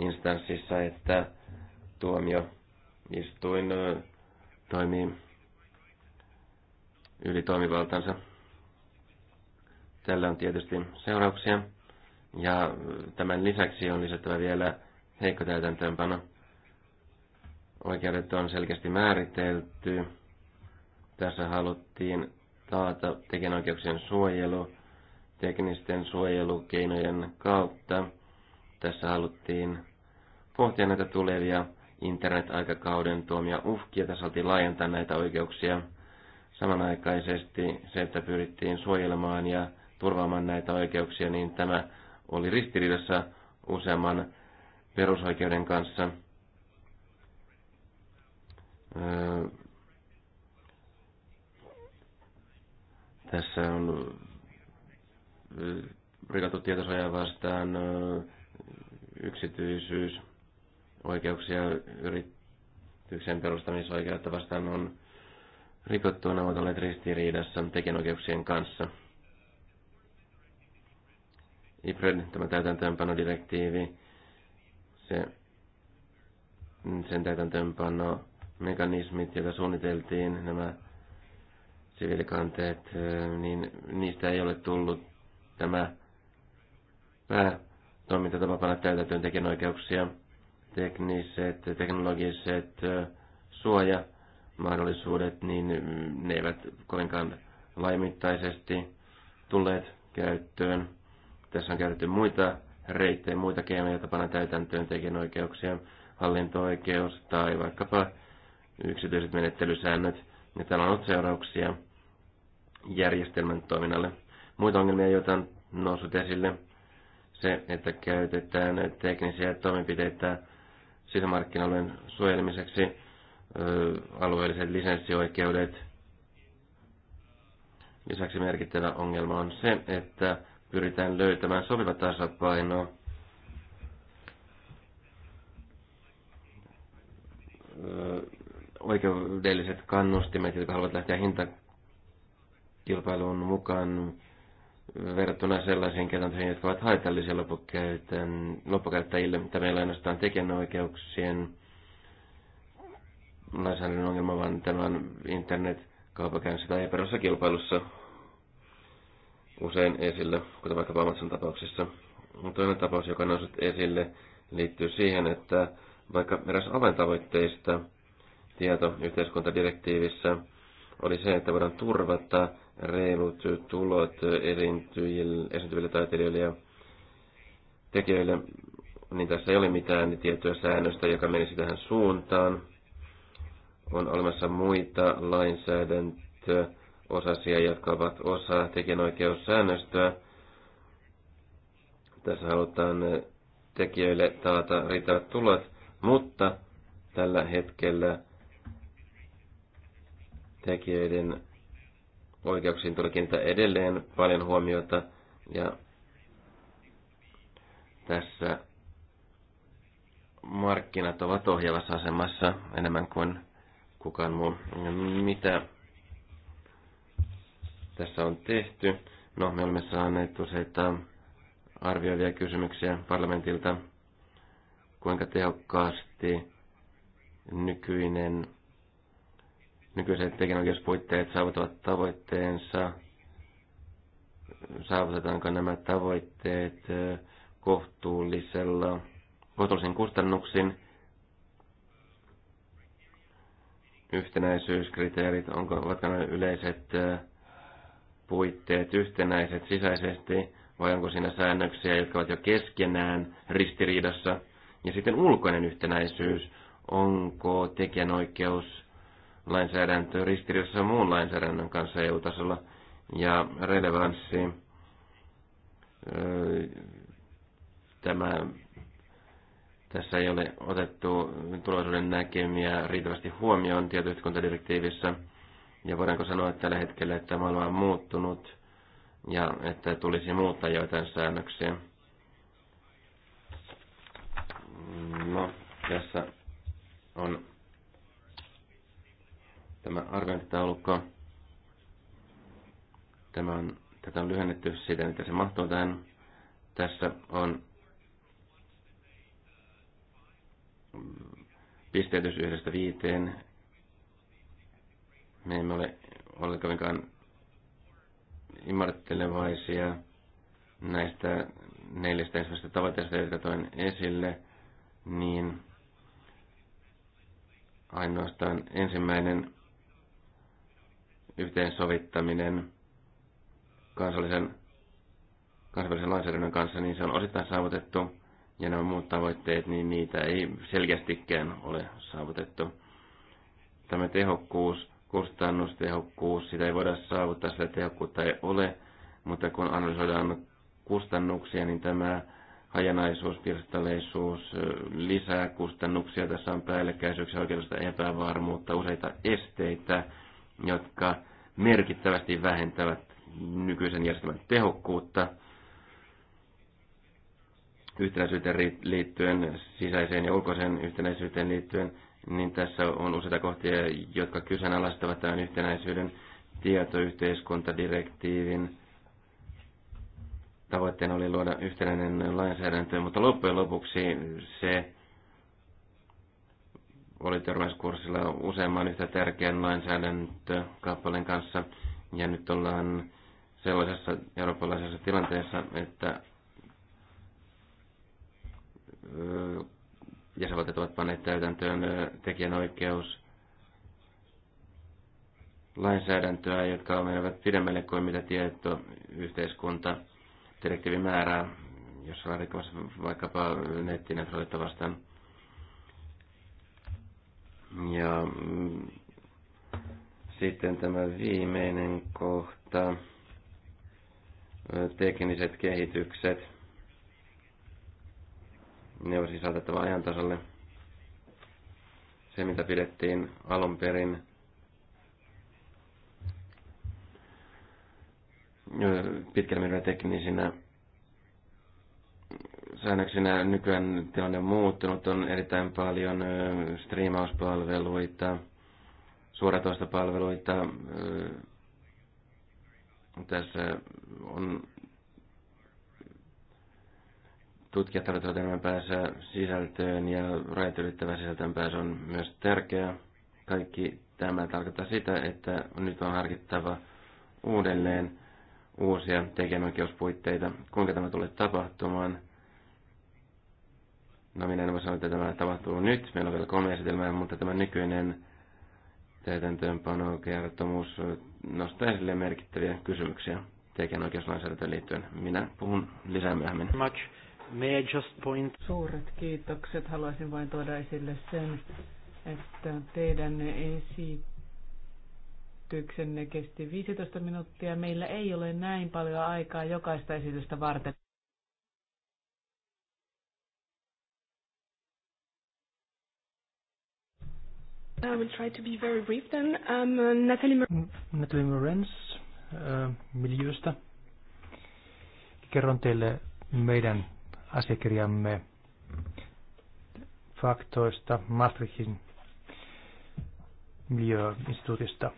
instanssissa, että istuin toimii yli toimivaltansa. Tällä on tietysti seurauksia. Ja tämän lisäksi on lisättävä vielä heikko täytäntöönpano. Oikeudet on selkeästi määritelty. Tässä haluttiin taata tekijänoikeuksien suojelu teknisten suojelukeinojen kautta. Tässä haluttiin pohtia näitä tulevia internet-aikakauden tuomia uhkia. Tässä haluttiin laajentaa näitä oikeuksia samanaikaisesti se, että pyrittiin suojelemaan ja turvaamaan näitä oikeuksia, niin tämä oli ristiriidassa useamman perusoikeuden kanssa. Tässä on rikottu tietosuojaa vastaan yksityisyys, oikeuksia, yrityksen perustamisoikeutta vastaan on rikottu, ne ovat olleet ristiriidassa tekijänoikeuksien kanssa. IPRED, tämä täytäntöönpanodirektiivi, se, sen täytäntöönpano mekanismit, joita suunniteltiin, nämä siviilikanteet, niin niistä ei ole tullut tämä päätoimintatapa panna täytäntöön tekijänoikeuksia, tekniset, teknologiset suoja, mahdollisuudet, niin ne eivät kovinkaan laimittaisesti tulleet käyttöön. Tässä on käytetty muita reittejä, muita keinoja tapana täytäntöön tekijänoikeuksia, hallinto-oikeus tai vaikkapa yksityiset menettelysäännöt. Ja täällä on ollut seurauksia järjestelmän toiminnalle. Muita ongelmia, joita on noussut esille, se, että käytetään teknisiä toimenpiteitä sisämarkkinoiden suojelmiseksi, alueelliset lisenssioikeudet. Lisäksi merkittävä ongelma on se, että pyritään löytämään sopiva tasapaino oikeudelliset kannustimet, jotka haluavat lähteä hintakilpailuun mukaan verrattuna sellaisiin käytäntöihin, jotka ovat haitallisia loppukäyttäjille. Tämä meillä ainoastaan tekijänoikeuksien lainsäädännön ongelma, vaan tämän internet kaupakäynnissä tai epäreilussa kilpailussa usein esille, kuten vaikka Pamatsan tapauksessa. Toinen tapaus, joka nousi esille, liittyy siihen, että vaikka eräs avaintavoitteista yhteiskuntadirektiivissä oli se, että voidaan turvata reilut tulot esiintyville taiteilijoille ja tekijöille, niin tässä ei ole mitään tiettyä säännöstä, joka menisi tähän suuntaan. On olemassa muita lainsäädäntöä osasia, jotka ovat osa tekijänoikeussäännöstöä. Tässä halutaan eh, tekijöille taata riittävät tulot, mutta tällä hetkellä tekijöiden oikeuksiin tulee kiinnittää edelleen paljon huomiota ja tässä markkinat ovat ohjaavassa asemassa enemmän kuin kukaan muu. Mitä tässä on tehty. No, me olemme saaneet useita arvioivia kysymyksiä parlamentilta, kuinka tehokkaasti nykyinen, nykyiset tekijänoikeuspuitteet saavutavat tavoitteensa, saavutetaanko nämä tavoitteet kohtuullisella, kohtuullisen kustannuksin, yhtenäisyyskriteerit, onko, ovatko ne yleiset puitteet yhtenäiset sisäisesti, vai onko siinä säännöksiä, jotka ovat jo keskenään ristiriidassa? Ja sitten ulkoinen yhtenäisyys, onko tekijänoikeus lainsäädäntö ristiriidassa muun lainsäädännön kanssa EU-tasolla? Ja relevanssi, tämä, tässä ei ole otettu tulevaisuuden näkemiä riittävästi huomioon tietoyhteiskuntadirektiivissä. direktiivissä ja voidaanko sanoa tällä hetkellä, että maailma on muuttunut ja että tulisi muuttaa joitain säännöksiä? No, tässä on tämä arviointitaulukko. Tämä on, tätä on lyhennetty siitä, mitä se mahtuu tähän. Tässä on pisteytys yhdestä viiteen me emme ole ollenkaan kovinkaan imarttelevaisia näistä neljästä ensimmäisestä tavoitteesta, jotka toin esille, niin ainoastaan ensimmäinen yhteensovittaminen kansallisen, kansallisen lainsäädännön kanssa, niin se on osittain saavutettu, ja nämä muut tavoitteet, niin niitä ei selkeästikään ole saavutettu. Tämä tehokkuus kustannustehokkuus, sitä ei voida saavuttaa, sitä tehokkuutta ei ole, mutta kun analysoidaan kustannuksia, niin tämä hajanaisuus, pirstaleisuus lisää kustannuksia. Tässä on päällekkäisyyksiä, oikeudellista epävarmuutta, useita esteitä, jotka merkittävästi vähentävät nykyisen järjestelmän tehokkuutta. Yhtenäisyyteen liittyen, sisäiseen ja ulkoiseen yhtenäisyyteen liittyen, niin tässä on useita kohtia, jotka kyseenalaistavat tämän yhtenäisyyden tietoyhteiskuntadirektiivin. Tavoitteena oli luoda yhtenäinen lainsäädäntö, mutta loppujen lopuksi se oli törmäyskurssilla useamman yhtä tärkeän lainsäädäntökappaleen kanssa. Ja nyt ollaan sellaisessa eurooppalaisessa tilanteessa, että jäsenvaltiot ovat panneet täytäntöön tekijänoikeus lainsäädäntöä, jotka menevät pidemmälle kuin mitä tieto yhteiskunta direktiivin määrää, jos ollaan rikkomassa vaikkapa nettineutraalitta vastaan. Ja mm, sitten tämä viimeinen kohta, tekniset kehitykset – ne olisi saatettava ajan tasalle. Se, mitä pidettiin alun perin pitkälle teknisinä säännöksinä nykyään tilanne on muuttunut, on erittäin paljon striimauspalveluita, suoratoistopalveluita. Tässä on Tutkijat tarvitsevat enemmän päässä sisältöön ja rajat ylittävä sisältöön päässä on myös tärkeää. Kaikki tämä tarkoittaa sitä, että nyt on harkittava uudelleen uusia tekijänoikeuspuitteita. Kuinka tämä tulee tapahtumaan? No minä en voi sanoa, että tämä tapahtuu nyt. Meillä on vielä kolme esitelmää, mutta tämä nykyinen täytäntöönpanokertomus nostaa esille merkittäviä kysymyksiä tekijänoikeuslainsäädäntöön liittyen. Minä puhun lisää myöhemmin. Much. May I just point... Suuret kiitokset. Haluaisin vain tuoda esille sen, että teidän esityksenne kesti 15 minuuttia. Meillä ei ole näin paljon aikaa jokaista esitystä varten. I will try to be very brief then. Um, Natalie, Mor- Natalie Morens uh, Miljöstä. Kerron teille meidän asiakirjamme faktoista Maastrichtin miljöinstituutista.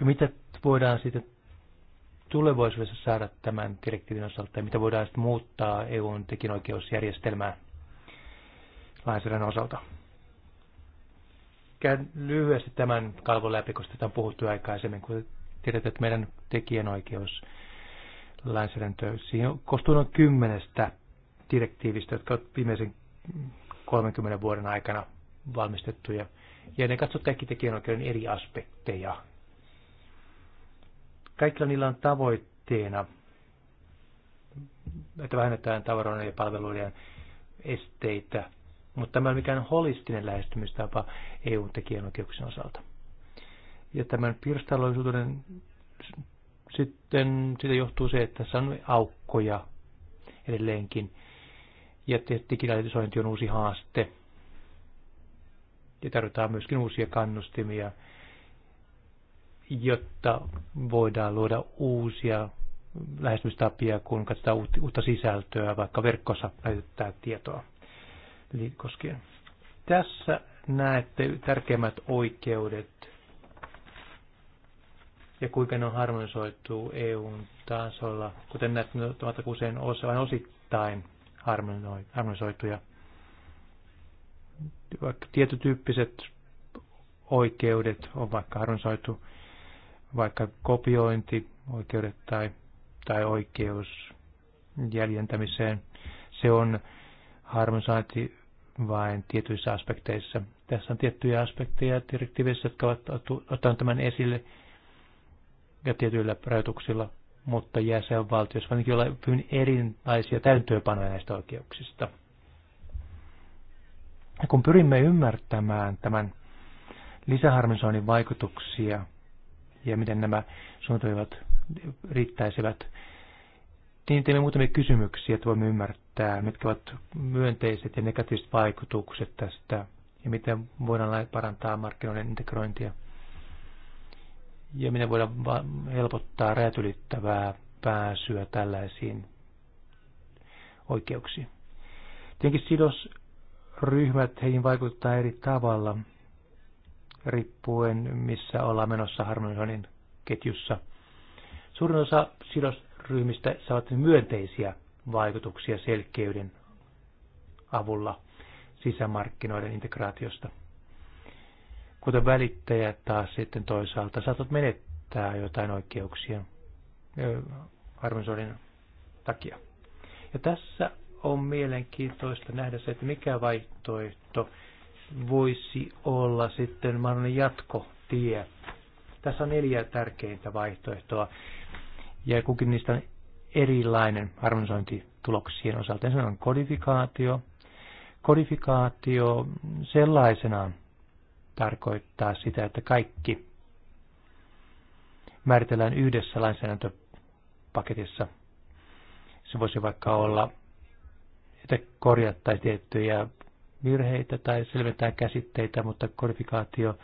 Ja mitä voidaan sitten tulevaisuudessa saada tämän direktiivin osalta ja mitä voidaan sitten muuttaa EUn tekinoikeusjärjestelmää lainsäädännön osalta? Käyn lyhyesti tämän kalvon läpi, koska tästä on puhuttu aikaisemmin, kun tiedät, että meidän tekijänoikeus lainsäädäntöä. Siihen koostuu noin kymmenestä direktiivistä, jotka ovat viimeisen 30 vuoden aikana valmistettuja. Ja ne katsovat kaikki tekijänoikeuden eri aspekteja. Kaikilla niillä on tavoitteena, että vähennetään tavaroiden ja palveluiden esteitä, mutta tämä ei ole mikään holistinen lähestymistapa eu tekijänoikeuksien osalta. Ja tämän pirstaloisuuden sitten siitä johtuu se, että tässä on aukkoja edelleenkin. Ja digitalisointi on uusi haaste. Ja tarvitaan myöskin uusia kannustimia, jotta voidaan luoda uusia lähestymistapia, kun katsotaan uutta sisältöä, vaikka verkkossa näytetään tietoa koskien. Tässä näette tärkeimmät oikeudet ja kuinka ne on harmonisoitu EUn tasolla, kuten näitä ovat usein osa, vain osittain harmonisoituja. Vaikka tietotyyppiset oikeudet on vaikka harmonisoitu, vaikka kopiointi, oikeudet tai, tai oikeus jäljentämiseen, se on harmonisointi vain tietyissä aspekteissa. Tässä on tiettyjä aspekteja direktiivissä, jotka ovat ottaneet tämän esille, ja tietyillä rajoituksilla, mutta jäsenvaltioissa ainakin olla hyvin erilaisia täytäntöönpanoja näistä oikeuksista. Ja kun pyrimme ymmärtämään tämän lisäharmonisoinnin vaikutuksia ja miten nämä suunnitelmat riittäisivät, niin teemme muutamia kysymyksiä, että voimme ymmärtää, mitkä ovat myönteiset ja negatiiviset vaikutukset tästä ja miten voidaan parantaa markkinoiden integrointia ja minä voidaan helpottaa rajat ylittävää pääsyä tällaisiin oikeuksiin. Tietenkin sidosryhmät, heihin vaikuttaa eri tavalla, riippuen missä ollaan menossa harmonisoinnin ketjussa. Suurin osa sidosryhmistä saavat myönteisiä vaikutuksia selkeyden avulla sisämarkkinoiden integraatiosta mutta välittäjät taas sitten toisaalta saatat menettää jotain oikeuksia harmonisoinnin takia. Ja tässä on mielenkiintoista nähdä se, että mikä vaihtoehto voisi olla sitten mahdollinen jatkotie. Tässä on neljä tärkeintä vaihtoehtoa ja kukin niistä on erilainen harmonisointituloksien osalta. Ensin on kodifikaatio. Kodifikaatio sellaisenaan tarkoittaa sitä, että kaikki määritellään yhdessä lainsäädäntöpaketissa. Se voisi vaikka olla, että korjattaisiin tiettyjä virheitä tai selventää käsitteitä, mutta kodifikaatio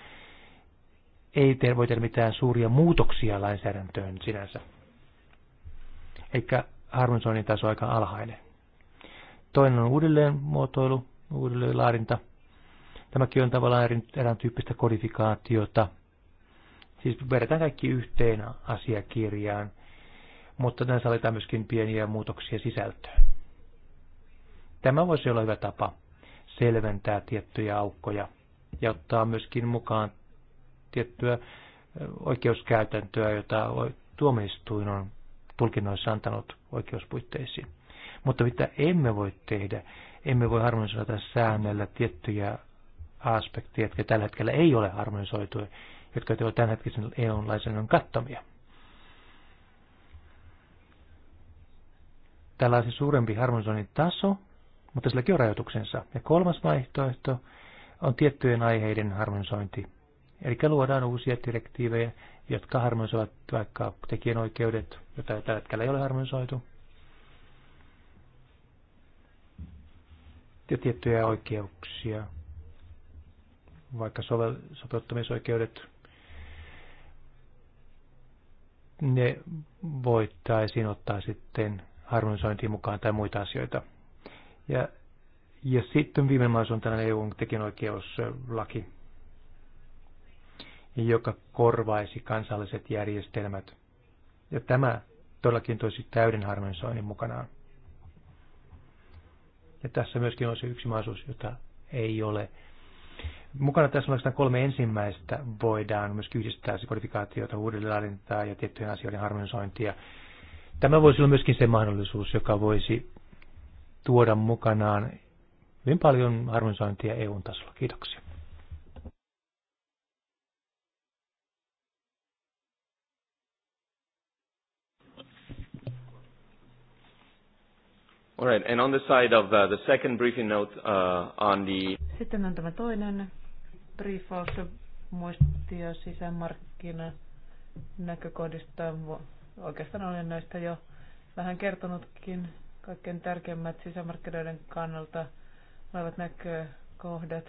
ei voi tehdä mitään suuria muutoksia lainsäädäntöön sinänsä. Eikä harmonisoinnin taso aika alhainen. Toinen on uudelleenmuotoilu, uudelleenlaadinta. Tämäkin on tavallaan eri, erään tyyppistä kodifikaatiota. Siis verrataan kaikki yhteen asiakirjaan, mutta tässä sallitaan myöskin pieniä muutoksia sisältöön. Tämä voisi olla hyvä tapa selventää tiettyjä aukkoja ja ottaa myöskin mukaan tiettyä oikeuskäytäntöä, jota tuomioistuin on tulkinnoissa antanut oikeuspuitteisiin. Mutta mitä emme voi tehdä, emme voi harmonisoida säännellä tiettyjä aspektia, jotka tällä hetkellä ei ole harmonisoituja, jotka ovat hetkisen EU-lainsäädännön kattamia. Tällä on siis suurempi harmonisoinnin taso, mutta silläkin on rajoituksensa. Ja kolmas vaihtoehto on tiettyjen aiheiden harmonisointi. Eli luodaan uusia direktiivejä, jotka harmonisoivat vaikka tekijänoikeudet, joita tällä hetkellä ei ole harmonisoitu. Ja tiettyjä oikeuksia, vaikka sovel- sopeuttamisoikeudet, ne voittaisiin ottaa sitten harmonisointiin mukaan tai muita asioita. Ja, ja sitten viime maassa e on tällainen EUn tekinoikeuslaki, joka korvaisi kansalliset järjestelmät. Ja tämä todellakin toisi täyden harmonisoinnin mukanaan. Ja tässä myöskin on se yksi mahdollisuus, jota ei ole Mukana tässä on kolme ensimmäistä voidaan myös yhdistää kodifikaatiota, uudelleenlaadintaa ja tiettyjen asioiden harmonisointia. Tämä voisi olla myöskin se mahdollisuus, joka voisi tuoda mukanaan hyvin paljon harmonisointia eu tasolla. Kiitoksia. All right. And on the side of uh, the second briefing note uh, on the... Sitten on tämä toinen briefaus muistio sisämarkkina näkökohdista. Oikeastaan olen näistä jo vähän kertonutkin. Kaikkein tärkeimmät sisämarkkinoiden kannalta olevat näkökohdat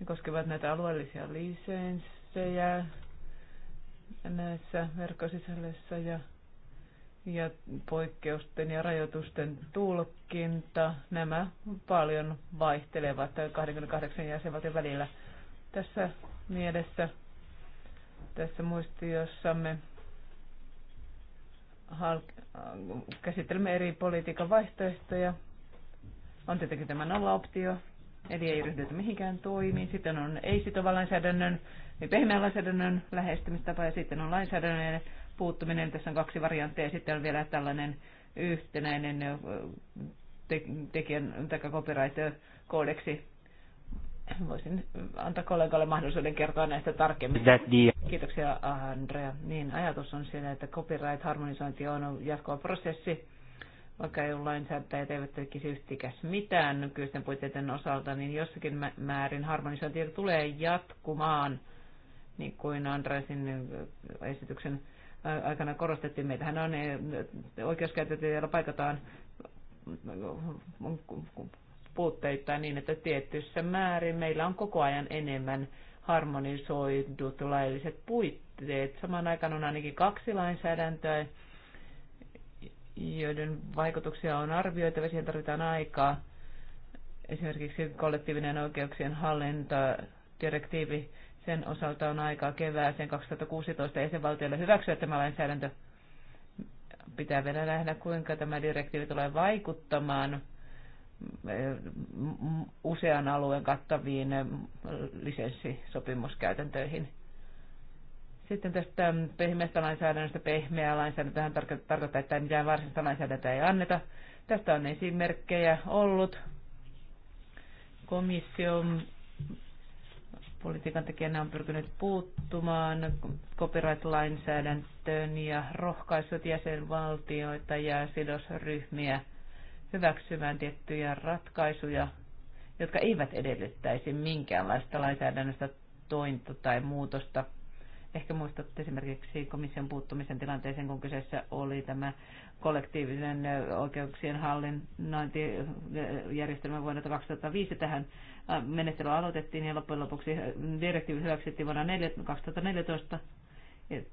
ne koskevat näitä alueellisia lisenssejä näissä verkkosisällöissä ja ja poikkeusten ja rajoitusten tulkinta, nämä paljon vaihtelevat 28 jäsenvaltion välillä. Tässä mielessä, tässä muistiossamme käsittelemme eri politiikan vaihtoehtoja. On tietenkin tämä null-optio, eli ei ryhdytä mihinkään toimiin. Sitten on ei-sitova lainsäädännön, niin pehmeän lainsäädännön lähestymistapa ja sitten on lainsäädännön puuttuminen. Tässä on kaksi varianttia ja sitten on vielä tällainen yhtenäinen tekijän tai copyright-koodeksi. Voisin antaa kollegalle mahdollisuuden kertoa näistä tarkemmin. Kiitoksia Andrea. Niin, ajatus on siinä, että copyright-harmonisointi on jatkuva prosessi. Vaikka EU-lainsäätäjät eivät tekisi yhtikäs mitään nykyisten puitteiden osalta, niin jossakin määrin harmonisointi tulee jatkumaan, niin kuin Andresin esityksen aikana korostettiin. Meillähän on eh, oikeuskäytäntöjä, joilla paikataan puutteita niin, että tietyssä määrin meillä on koko ajan enemmän harmonisoidut lailliset puitteet. Samaan aikaan on ainakin kaksi lainsäädäntöä, joiden vaikutuksia on arvioitava, siihen tarvitaan aikaa. Esimerkiksi kollektiivinen oikeuksien hallinta, direktiivi sen osalta on aikaa kevääseen 2016 jäsenvaltiolle hyväksyä tämä lainsäädäntö. Pitää vielä nähdä, kuinka tämä direktiivi tulee vaikuttamaan eh, usean alueen kattaviin eh, lisenssisopimuskäytäntöihin. Sitten tästä pehmeästä lainsäädännöstä. Pehmeä lainsäädäntöhän tarkoittaa, että mitään varsinaista lainsäädäntöä ei anneta. Tästä on esimerkkejä ollut. Komission politiikan tekijänä on pyrkinyt puuttumaan copyright-lainsäädäntöön ja rohkaissut jäsenvaltioita ja sidosryhmiä hyväksymään tiettyjä ratkaisuja, jotka eivät edellyttäisi minkäänlaista lainsäädännöstä tointa tai muutosta. Ehkä muistatte esimerkiksi komission puuttumisen tilanteeseen, kun kyseessä oli tämä kollektiivinen oikeuksien hallinnointijärjestelmä vuonna 2005. Tähän menettely aloitettiin ja loppujen lopuksi äh, direktiivi hyväksyttiin vuonna 2014.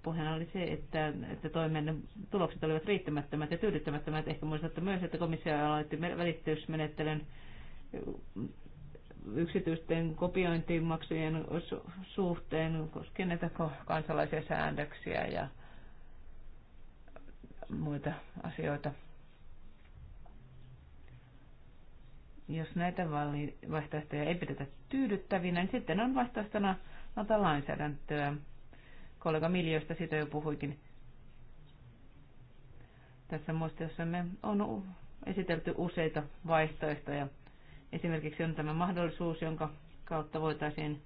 Pohjana oli se, että, että toimen tulokset olivat riittämättömät ja tyydyttämättömät. Ehkä muistatte myös, että komissio aloitti välittyysmenettelyn äh, yksityisten kopiointimaksujen suhteen koskien näitä kansalaisia säännöksiä ja muita asioita. Jos näitä vaihtoehtoja ei pidetä tyydyttävinä, niin sitten on vastaustana nata lainsäädäntöä. Kollega Miljoista siitä jo puhuikin. Tässä muistiossamme on esitelty useita vaihtoehtoja. Esimerkiksi on tämä mahdollisuus, jonka kautta voitaisiin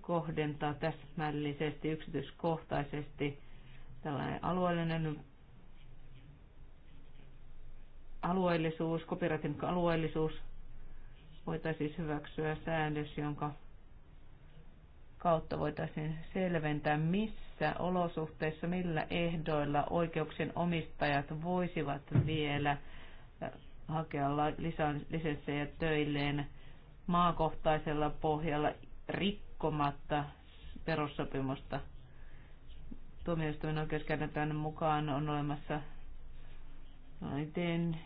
kohdentaa täsmällisesti, yksityiskohtaisesti tällainen alueellinen alueellisuus, copyrightin alueellisuus voitaisiin hyväksyä säännös, jonka kautta voitaisiin selventää, missä olosuhteissa, millä ehdoilla oikeuksien omistajat voisivat vielä äh, hakea lisenssejä töilleen maakohtaisella pohjalla rikkomatta perussopimusta. Tuomioistuimen oikeuskäytäntöön mukaan on olemassa no niin, teen,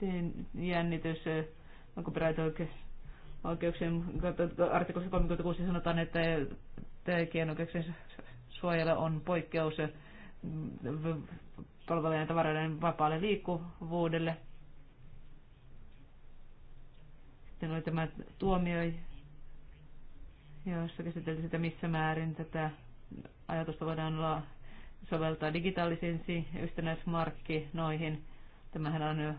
teen jännitys äh, alkuperäisoikeuksien artikossa 36 sanotaan, että tekijänoikeuksien suojella on poikkeus mm, palvelujen ja tavaroiden vapaalle liikkuvuudelle. Sitten oli tämä tuomio, jossa käsiteltiin sitä, missä määrin tätä ajatusta voidaan soveltaa digitaalisiin yhtenäismarkkinoihin. Tämähän on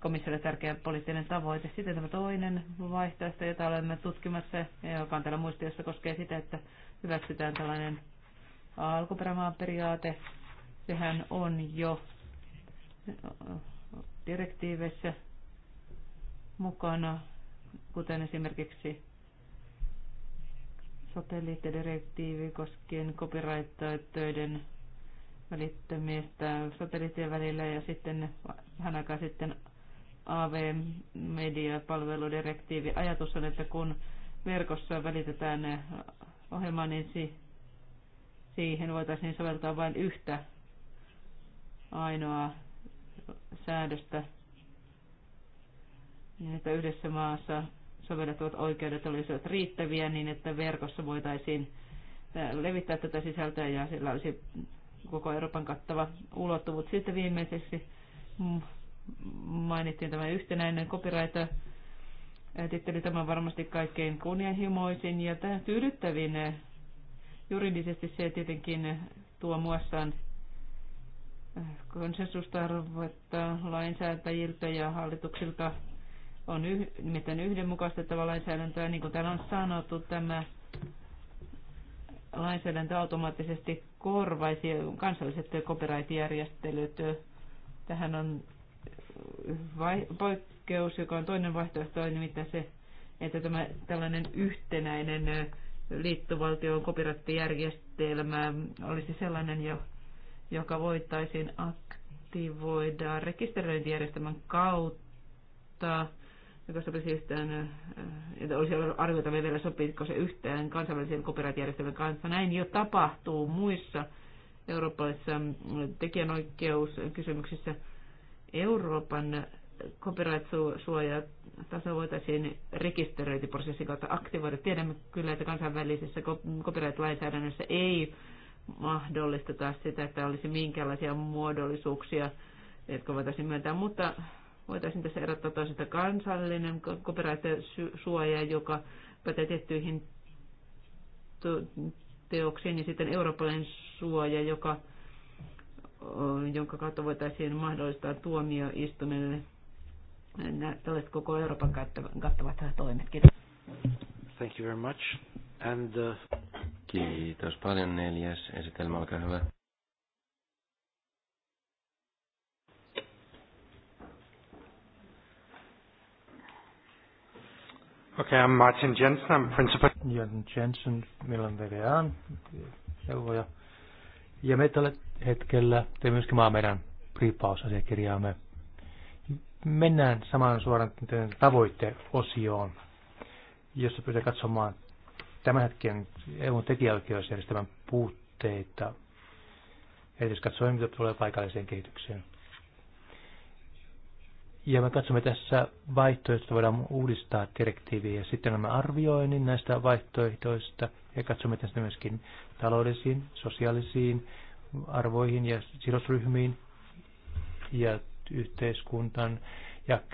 komissiolle tärkeä poliittinen tavoite. Sitten tämä toinen vaihtoehto, jota olemme tutkimassa, joka on täällä muistiossa, koskee sitä, että hyväksytään tällainen alkuperämaan periaate. Sehän on jo direktiiveissä mukana, kuten esimerkiksi satelliittidirektiivi koskien copyright-töiden välittämistä satelliittien välillä ja sitten vähän aikaa sitten AV-mediapalveludirektiivi. Ajatus on, että kun verkossa välitetään ohjelma, niin siihen voitaisiin soveltaa vain yhtä ainoaa säädöstä, niin että yhdessä maassa sovellettavat oikeudet olisivat riittäviä niin, että verkossa voitaisiin levittää tätä sisältöä ja sillä olisi koko Euroopan kattava ulottuvuus. Sitten viimeiseksi mm, mainittiin tämä yhtenäinen copyright titteli. Tämä on varmasti kaikkein kunnianhimoisin ja tyydyttävin. Juridisesti se tietenkin tuo muassaan konsensustarvetta lainsäätäjiltä ja hallituksilta on yh, nimittäin yhdenmukaistettava lainsäädäntöä. Niin kuin täällä on sanottu, tämä lainsäädäntö automaattisesti korvaisi kansalliset copyright-järjestelyt. Tähän on vai, poikkeus, joka on toinen vaihtoehto, on nimittäin se, että tämä tällainen yhtenäinen liittovaltion kopirattijärjestelmä olisi sellainen, jo, joka voitaisiin aktivoida rekisteröintijärjestelmän kautta, joka sopisi yhtään, että olisi arvioitava vielä sopiiko se yhtään kansainvälisen kopirattijärjestelmän kanssa. Näin jo tapahtuu muissa eurooppalaisissa tekijänoikeuskysymyksissä. kysymyksissä Euroopan copyright taso voitaisiin rekisteröintiprosessin kautta aktivoida. Tiedämme kyllä, että kansainvälisessä copyright-lainsäädännössä ei mahdollisteta sitä, että olisi minkäänlaisia muodollisuuksia, jotka voitaisiin myöntää, mutta voitaisiin tässä erottaa toisesta kansallinen copyright-suoja, joka pätee tiettyihin teoksiin, ja sitten eurooppalainen suoja, joka jonka kautta voitaisiin mahdollistaa tuomioistuimelle tällaiset koko Euroopan kattavat toimet. Kiitos. Thank you very much. And, uh... Kiitos paljon. Neljäs esitelmä, olkaa hyvä. Okay, I'm Martin Jensen, I'm principal. Jörn Jensen, Milan DVAn neuvoja. Ja me tällä hetkellä teemme myöskin meidän riippausasiakirjaamme, Mennään samaan suoraan tavoitteosioon, jossa pyritään katsomaan tämän hetken EUn tekijäoikeusjärjestelmän puutteita, jos katsoo, mitä tulee paikalliseen kehitykseen. Ja me katsomme tässä vaihtoehtoista, voidaan uudistaa direktiiviä ja sitten olemme arvioinnin näistä vaihtoehtoista ja katsomme tästä myöskin taloudellisiin, sosiaalisiin arvoihin ja sidosryhmiin ja yhteiskuntan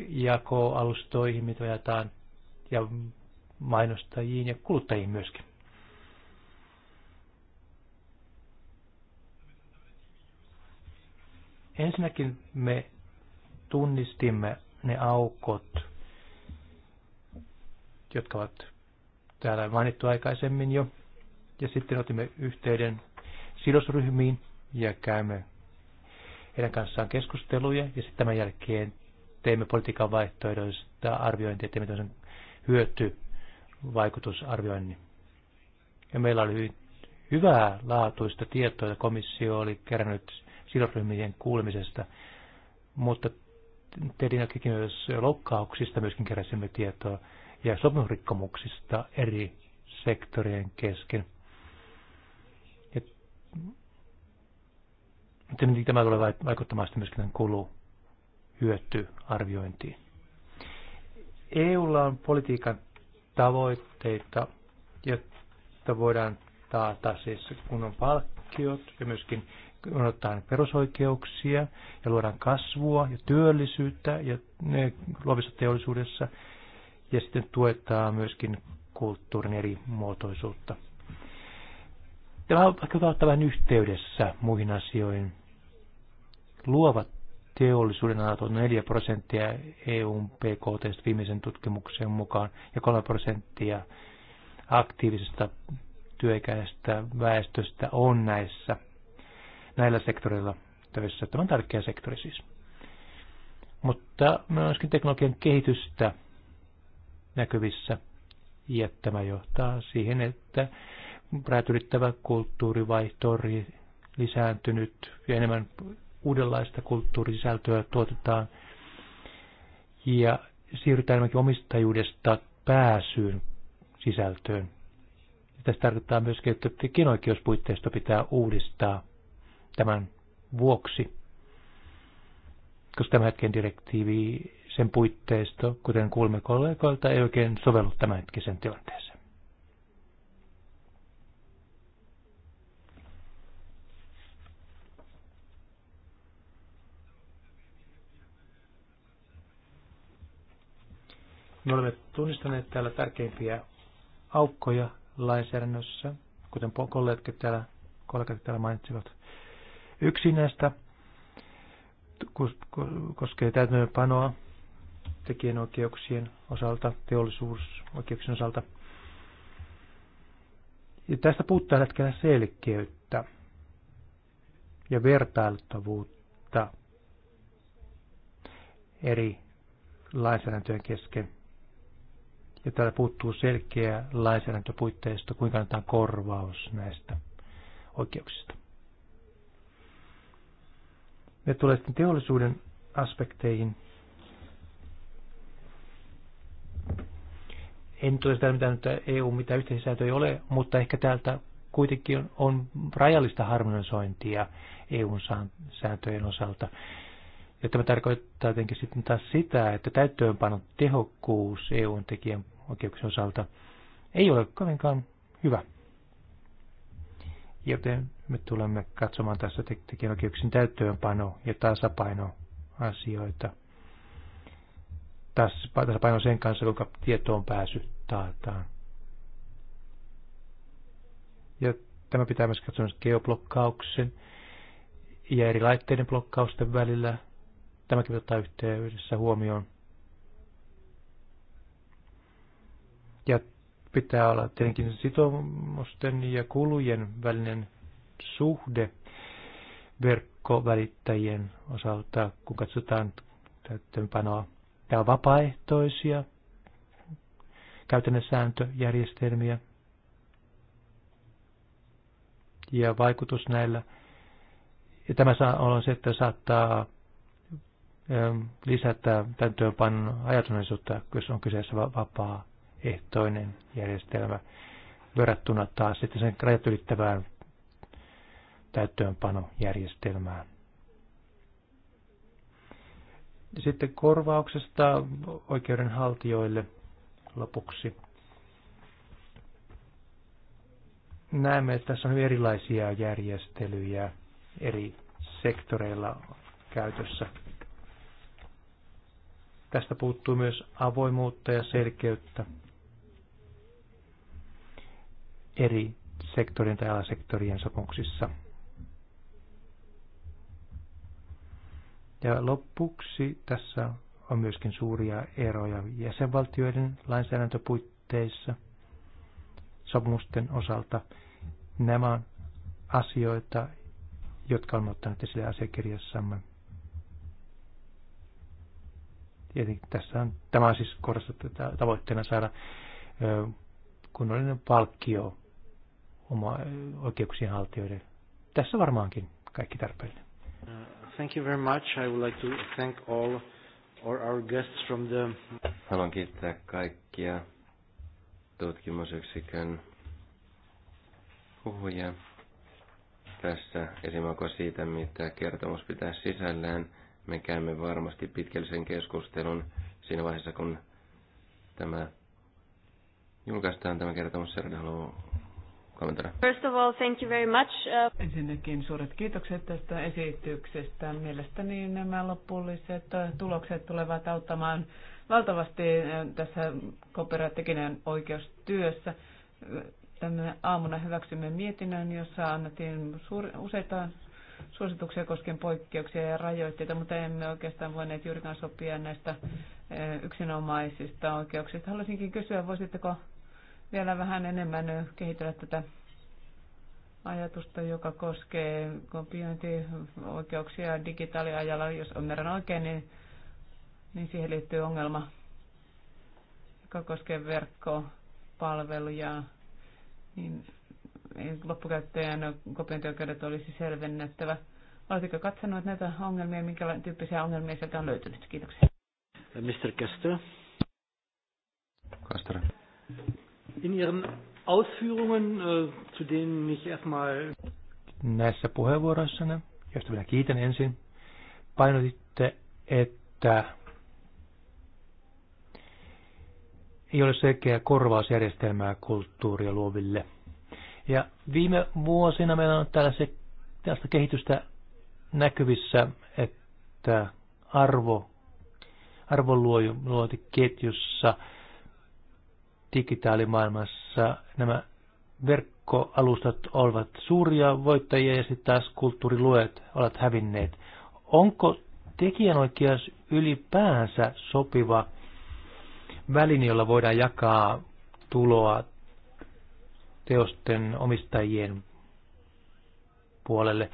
jakoalustoihin, mitä ajataan, ja mainostajiin ja kuluttajiin myöskin. Ensinnäkin me tunnistimme ne aukot, jotka ovat täällä mainittu aikaisemmin jo. Ja sitten otimme yhteyden sidosryhmiin ja käymme heidän kanssaan keskusteluja. Ja sitten tämän jälkeen teemme politiikan vaihtoehdoista arviointia, teemme tämmöisen hyötyvaikutusarvioinnin. Ja meillä oli hyvin hyvää laatuista tietoa, jota komissio oli kerännyt sidosryhmien kuulemisesta, mutta teidän myös loukkauksista myöskin keräsimme tietoa ja sopimusrikkomuksista eri sektorien kesken. Ja, tämä tulee vaikuttamaan sitten myöskin tämän kulu hyötyarviointiin. EUlla on politiikan tavoitteita, jotta voidaan taata siis kunnon palkkiot ja myöskin noudatetaan perusoikeuksia ja luodaan kasvua ja työllisyyttä ja luovissa teollisuudessa ja sitten tuetaan myöskin kulttuurin eri muotoisuutta. Tämä on ehkä ottaa vähän yhteydessä muihin asioihin. Luovat teollisuuden alat on 4 prosenttia EUn PKT viimeisen tutkimuksen mukaan ja 3 prosenttia aktiivisesta työikäisestä väestöstä on näissä näillä sektoreilla töissä. Tämä on tärkeä sektori siis. Mutta myöskin teknologian kehitystä näkyvissä, ja tämä johtaa siihen, että rajat kulttuurivaihto on lisääntynyt ja enemmän uudenlaista kulttuurisisältöä tuotetaan ja siirrytään enemmänkin omistajuudesta pääsyyn sisältöön. Ja tässä tarkoittaa myöskin, että tekijänoikeuspuitteisto pitää uudistaa tämän vuoksi, koska tämän hetken direktiivi, sen puitteisto, kuten kuulimme kollegoilta, ei oikein sovellu tämän hetkisen tilanteeseen. Me olemme tunnistaneet täällä tärkeimpiä aukkoja lainsäädännössä, kuten kollegat täällä, kollegat täällä mainitsivat. Yksi näistä koskee täytäntöönpanoa tekijänoikeuksien osalta, teollisuusoikeuksien osalta. Ja tästä puuttuu hetkellä selkeyttä ja vertailtavuutta eri lainsäädäntöjen kesken. Ja täällä puuttuu selkeä lainsäädäntöpuitteisto, kuinka annetaan korvaus näistä oikeuksista. Ne tulee sitten teollisuuden aspekteihin. En tule sitä mitään, että EU mitä yhteisiä ei ole, mutta ehkä täältä kuitenkin on, on rajallista harmonisointia EUn sääntöjen osalta. Ja tämä tarkoittaa jotenkin sitten taas sitä, että täyttöönpanon tehokkuus EUn tekijän oikeuksien osalta ei ole kovinkaan hyvä joten me tulemme katsomaan tässä tekijänoikeuksien täyttöönpano- ja asioita. Tasapaino sen kanssa, kuinka tietoon pääsy taataan. Ja tämä pitää myös katsoa myös geoblokkauksen ja eri laitteiden blokkausten välillä. Tämäkin ottaa yhteydessä huomioon. Ja pitää olla tietenkin sitoumusten ja kulujen välinen suhde verkkovälittäjien osalta, kun katsotaan täyttöönpanoa. Tämä on vapaaehtoisia käytännön sääntöjärjestelmiä ja vaikutus näillä. Ja tämä on se, että saattaa ähm, lisätä täyttöönpanon ajatuneisuutta, jos on kyseessä vapaa ehtoinen järjestelmä verrattuna taas sitten sen rajat ylittävään täyttöönpanojärjestelmään. Sitten korvauksesta oikeudenhaltijoille lopuksi. Näemme, että tässä on hyvin erilaisia järjestelyjä eri sektoreilla käytössä. Tästä puuttuu myös avoimuutta ja selkeyttä eri sektorien tai alasektorien sopimuksissa. Ja lopuksi tässä on myöskin suuria eroja jäsenvaltioiden lainsäädäntöpuitteissa sopimusten osalta. Nämä on asioita, jotka on ottanut esille asiakirjassamme. Tietenkin tässä on, tämä on siis korostettu tavoitteena saada kunnollinen palkkio oma oikeuksien haltijoiden. Tässä varmaankin kaikki tarpeellinen. Uh, thank you very much. I would like to thank all or our guests from the... Haluan kiittää kaikkia tutkimusyksikön puhujia tässä esimerkiksi siitä, mitä kertomus pitää sisällään. Me käymme varmasti pitkällisen keskustelun siinä vaiheessa, kun tämä julkaistaan tämä kertomus. Serda haluaa kommentoida. First of all, thank you very much. Uh, Ensinnäkin suuret kiitokset tästä esityksestä. Mielestäni nämä lopulliset äh, tulokset tulevat auttamaan valtavasti äh, tässä kooperaattikinen oikeustyössä. Tänne aamuna hyväksymme mietinnön, jossa annettiin suur- useita suosituksia koskien poikkeuksia ja rajoitteita, mutta emme oikeastaan voineet juurikaan sopia näistä äh, yksinomaisista oikeuksista. Haluaisinkin kysyä, voisitteko vielä vähän enemmän kehitellä tätä ajatusta, joka koskee kopiointioikeuksia digitaaliajalla. Jos ymmärrän oikein, niin, niin siihen liittyy ongelma, joka koskee verkkopalveluja. Niin loppukäyttäjän kopiointioikeudet olisi selvennettävä. Oletko katsonut näitä ongelmia, minkä tyyppisiä ongelmia sieltä on löytynyt? Kiitoksia. Mr. Kester. Kester. In Ihren Ausführungen, äh, zu denen ich erstmal... Näissä puheenvuoroissanne, josta minä kiitän ensin, painotitte, että ei ole selkeää korvausjärjestelmää kulttuuria luoville. Ja viime vuosina meillä on tällaista, tällaista kehitystä näkyvissä, että arvo, arvonluotiketjussa luoti digitaalimaailmassa nämä verkkoalustat ovat suuria voittajia ja sitten taas kulttuuriluet ovat hävinneet. Onko tekijänoikeus ylipäänsä sopiva väline, jolla voidaan jakaa tuloa teosten omistajien puolelle?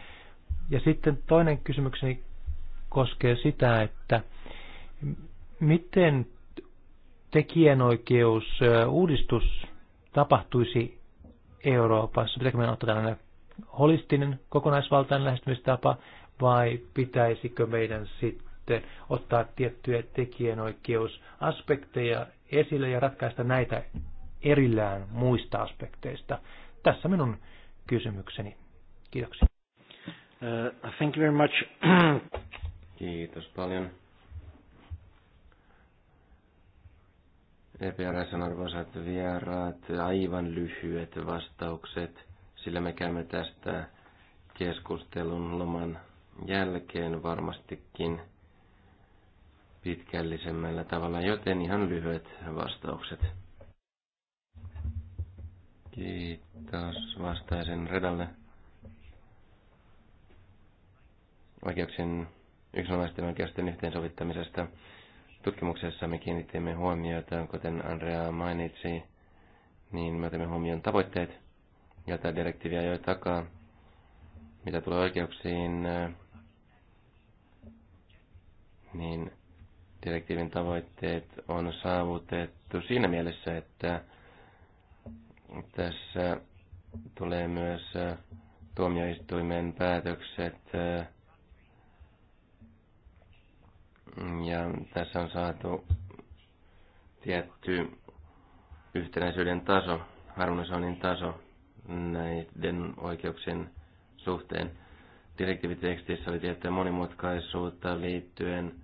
Ja sitten toinen kysymykseni koskee sitä, että miten tekijänoikeusuudistus tapahtuisi Euroopassa? Pitäisikö meidän ottaa tällainen holistinen, kokonaisvaltainen lähestymistapa vai pitäisikö meidän sitten ottaa tiettyjä tekijänoikeusaspekteja esille ja ratkaista näitä erillään muista aspekteista? Tässä minun kysymykseni. Kiitoksia. Uh, thank you very much. Kiitos paljon. EPRS on arvoisat vieraat, aivan lyhyet vastaukset, sillä me käymme tästä keskustelun loman jälkeen varmastikin pitkällisemmällä tavalla, joten ihan lyhyet vastaukset. Kiitos vastaisen Redalle. Oikeuksien, yksinomaisten oikeusten yhteensovittamisesta Tutkimuksessa me kiinnitimme huomiota, kuten Andrea mainitsi, niin me otimme huomioon tavoitteet, joita direktiiviä jo takaa, mitä tulee oikeuksiin, niin direktiivin tavoitteet on saavutettu siinä mielessä, että tässä tulee myös tuomioistuimen päätökset ja tässä on saatu tietty yhtenäisyyden taso, harmonisoinnin taso näiden oikeuksien suhteen. Direktiivitekstissä oli tiettyä monimutkaisuutta liittyen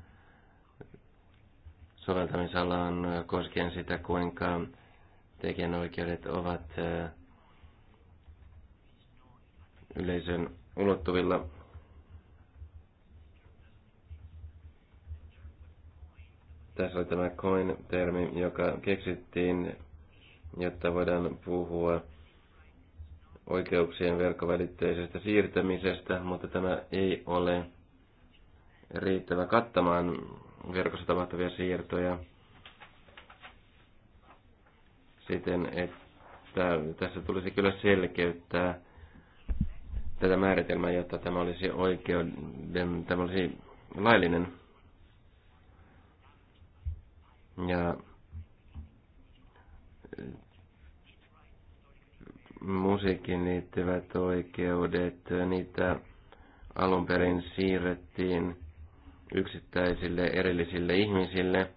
soveltamisalaan koskien sitä, kuinka tekijänoikeudet ovat yleisön ulottuvilla. Tässä oli tämä coin-termi, joka keksittiin, jotta voidaan puhua oikeuksien verkkovälitteisestä siirtämisestä, mutta tämä ei ole riittävä kattamaan verkossa tapahtuvia siirtoja siten, että tässä tulisi kyllä selkeyttää tätä määritelmää, jotta tämä olisi oikeuden, tämä olisi laillinen ja musiikin liittyvät oikeudet, niitä alun perin siirrettiin yksittäisille erillisille ihmisille.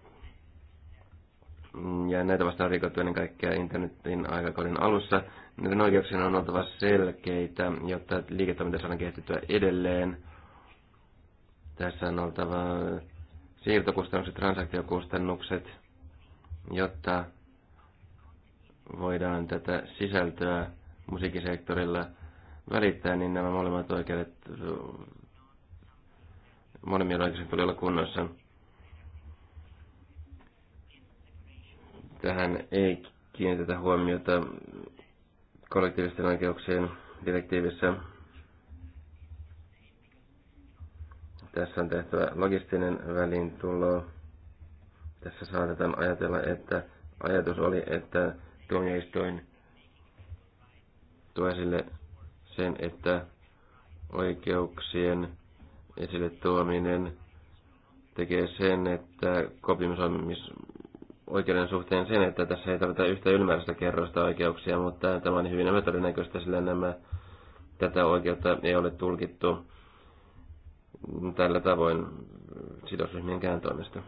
Ja näitä vastaan rikottu ennen kaikkea internetin aikakauden alussa. niiden oikeuksien on oltava selkeitä, jotta liiketoiminta saadaan kehitettyä edelleen. Tässä on oltava siirtokustannukset, transaktiokustannukset, jotta voidaan tätä sisältöä musiikkisektorilla välittää, niin nämä molemmat oikeudet, molemmilla oikeudet tuli olla kunnossa. Tähän ei kiinnitetä huomiota kollektiivisten oikeuksien direktiivissä Tässä on tehtävä logistinen välintulo. Tässä saatetaan ajatella, että ajatus oli, että tuomioistuin tuo esille sen, että oikeuksien esille tuominen tekee sen, että kopimisoimis oikeuden suhteen sen, että tässä ei tarvita yhtä ylimääräistä kerrosta oikeuksia, mutta tämä on niin hyvin epätodennäköistä, sillä nämä, tätä oikeutta ei ole tulkittu tällä tavoin sidosryhmien toimesta.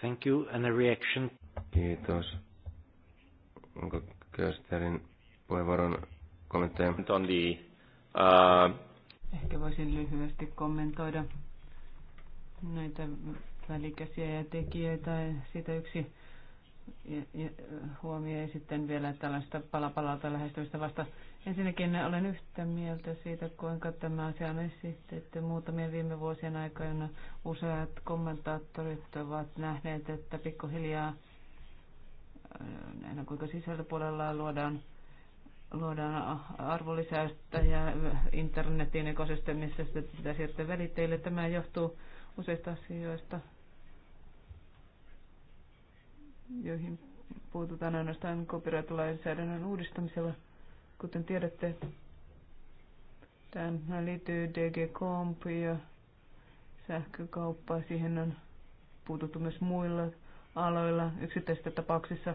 Thank you and a reaction. Kiitos. Onko Kösterin puheenvuoron kommentteja? On uh... Äh, Ehkä voisin lyhyesti kommentoida näitä välikäsiä ja tekijöitä. Siitä yksi huomio ja sitten vielä tällaista palapalalta lähestymistä vasta Ensinnäkin olen yhtä mieltä siitä, kuinka tämä asia on esitetty. Muutamien viime vuosien aikana useat kommentaattorit ovat nähneet, että pikkuhiljaa äh, näinä kuinka sisältöpuolella luodaan, luodaan arvonlisäystä ja internetin ekosysteemissä sitä pitää siirtää väliteille. Tämä johtuu useista asioista, joihin puututaan ainoastaan copyright-lainsäädännön uudistamisella – Kuten tiedätte, tähän liittyy DG Comp ja sähkökauppa. Siihen on puututtu myös muilla aloilla yksittäisissä tapauksissa.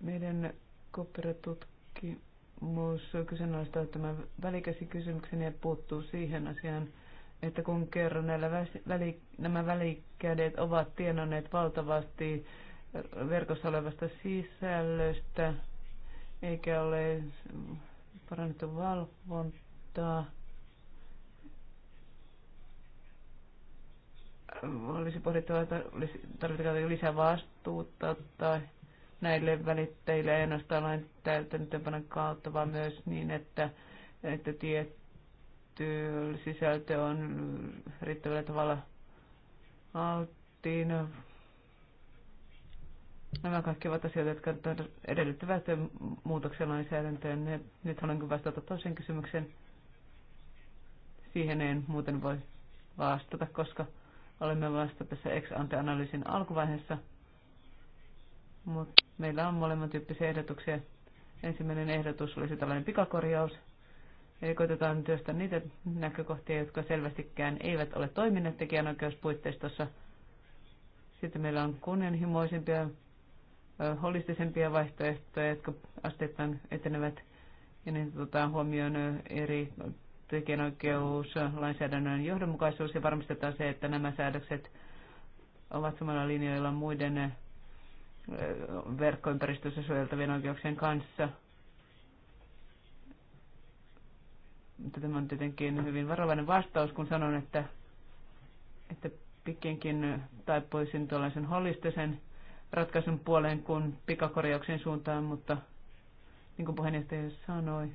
Meidän kooperatutkimus kyseenalaistaa tämän välikäsikysymyksen ja puuttuu siihen asiaan, että kun kerran näillä väli, nämä välikädet ovat tienanneet valtavasti verkossa olevasta sisällöstä, eikä ole parannettu valvontaa. Olisi pohdittava, että tarvitaanko lisää vastuutta tai näille välittäjille ei ainoastaan lain täytäntöönpanon kautta, vaan myös niin, että, että tietty sisältö on riittävällä tavalla alttiina Nämä kaikki ovat asioita, jotka edellyttävät muutoksen lainsäädäntöön. Nyt haluan vastata toiseen kysymykseen. Siihen en muuten voi vastata, koska olemme vasta tässä ex-ante-analyysin alkuvaiheessa. Mutta meillä on molemmat tyyppisiä ehdotuksia. Ensimmäinen ehdotus olisi tällainen pikakorjaus. Eli koitetaan työstä niitä näkökohtia, jotka selvästikään eivät ole toimineet tekijänoikeuspuitteistossa. Sitten meillä on kunnianhimoisimpia holistisempia vaihtoehtoja, jotka asteittain etenevät ja niin otetaan huomioon eri tekijänoikeus, lainsäädännön johdonmukaisuus ja varmistetaan se, että nämä säädökset ovat samalla linjoilla muiden verkkoympäristössä suojeltavien oikeuksien kanssa. tämä on tietenkin hyvin varovainen vastaus, kun sanon, että, että pikkinkin taipuisin tuollaisen holistisen ratkaisun puoleen kuin pikakorjauksen suuntaan, mutta niin kuin puheenjohtaja sanoi,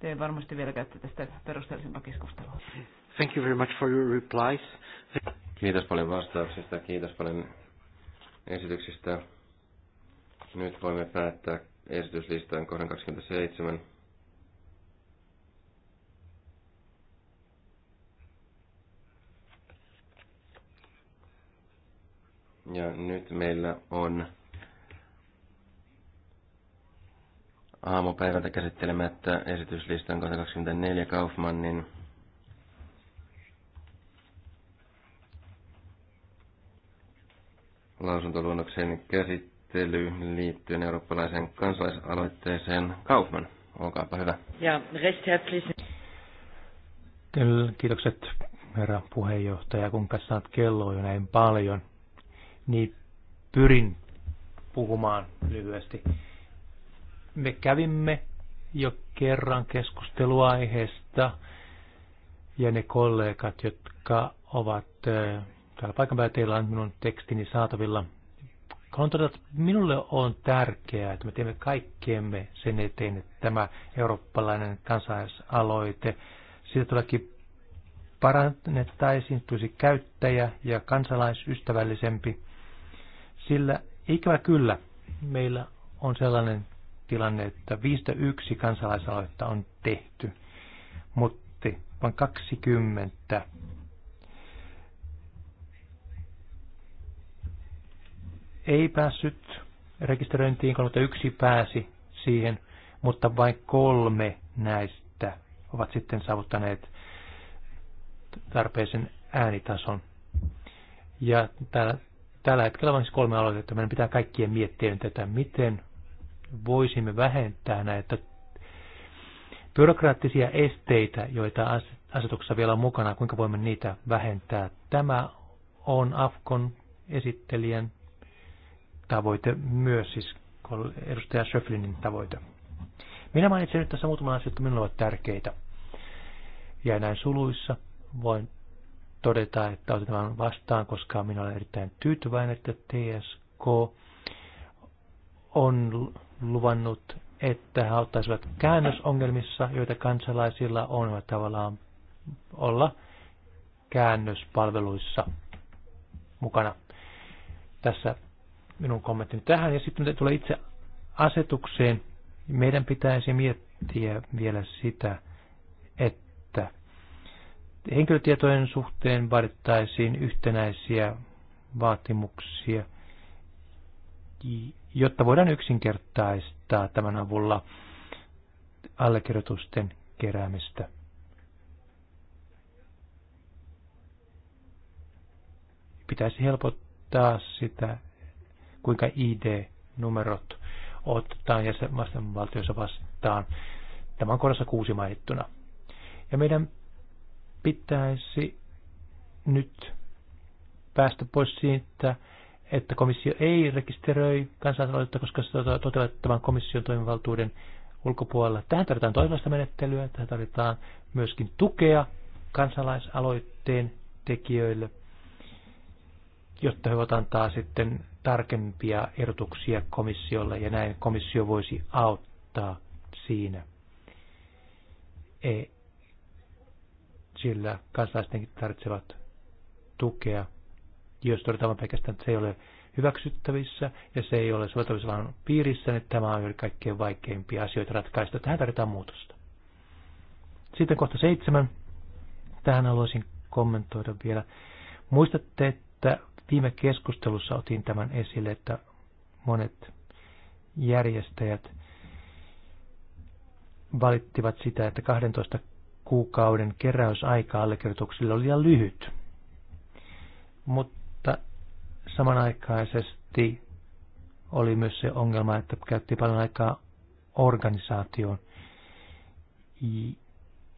te varmasti vielä käytte tästä perusteellisempaa keskustelua. Thank you very much for your replies. Kiitos paljon vastauksista, kiitos paljon esityksistä. Nyt voimme päättää esityslistan kohdan 27. Ja nyt meillä on aamupäivältä käsittelemättä esityslistan 24 Kaufmannin lausuntoluonnoksen käsittely liittyen eurooppalaiseen kansalaisaloitteeseen. Kaufman, olkaapa hyvä. Ja recht herzlichen. Kiitokset herra puheenjohtaja, kun katsotaan kelloa jo näin paljon – niin pyrin puhumaan lyhyesti. Me kävimme jo kerran keskusteluaiheesta ja ne kollegat, jotka ovat täällä paikan päällä, teillä on minun tekstini saatavilla. Haluan todeta, että minulle on tärkeää, että me teemme kaikkeemme sen eteen, että tämä eurooppalainen kansalaisaloite, siitä todellakin parannettaisiin, tulisi käyttäjä ja kansalaisystävällisempi. Sillä ikävä kyllä meillä on sellainen tilanne, että 51 kansalaisaloitetta on tehty, mutta vain 20 ei päässyt rekisteröintiin, 31 pääsi siihen, mutta vain kolme näistä ovat sitten saavuttaneet tarpeisen äänitason. Ja täällä Tällä hetkellä vain siis kolme aloitetta. Meidän pitää kaikkien miettiä tätä, miten voisimme vähentää näitä byrokraattisia esteitä, joita asetuksessa vielä on mukana, kuinka voimme niitä vähentää. Tämä on Afkon esittelijän tavoite myös, siis edustaja Schöflinin tavoite. Minä mainitsen nyt tässä muutaman asian, jotka minulle ovat tärkeitä. Ja näin suluissa voin todeta, että otetaan vastaan, koska minä olen erittäin tyytyväinen, että TSK on luvannut, että he auttaisivat käännösongelmissa, joita kansalaisilla on tavallaan olla käännöspalveluissa mukana. Tässä minun kommenttini tähän. Ja sitten tulee itse asetukseen. Meidän pitäisi miettiä vielä sitä, että henkilötietojen suhteen vaadittaisiin yhtenäisiä vaatimuksia, jotta voidaan yksinkertaistaa tämän avulla allekirjoitusten keräämistä. Pitäisi helpottaa sitä, kuinka ID-numerot otetaan jäsenvaltioissa vastaan. Tämä on kohdassa kuusi mainittuna. Ja meidän pitäisi nyt päästä pois siitä, että komissio ei rekisteröi kansalaisaloitetta, koska se toteuttaa tämän komission toimivaltuuden ulkopuolella. Tähän tarvitaan toisenlaista menettelyä, tähän tarvitaan myöskin tukea kansalaisaloitteen tekijöille, jotta he voivat antaa sitten tarkempia erotuksia komissiolle ja näin komissio voisi auttaa siinä. E, sillä kansalaistenkin tarvitsevat tukea, jos todetaan pelkästään, että se ei ole hyväksyttävissä ja se ei ole soveltamisalan piirissä, niin tämä on kaikkein vaikeimpia asioita ratkaista. Tähän tarvitaan muutosta. Sitten kohta seitsemän. Tähän haluaisin kommentoida vielä. Muistatte, että viime keskustelussa otin tämän esille, että monet järjestäjät valittivat sitä, että 12 kuukauden keräysaika allekirjoituksille oli liian lyhyt. Mutta samanaikaisesti oli myös se ongelma, että käytti paljon aikaa organisaatioon.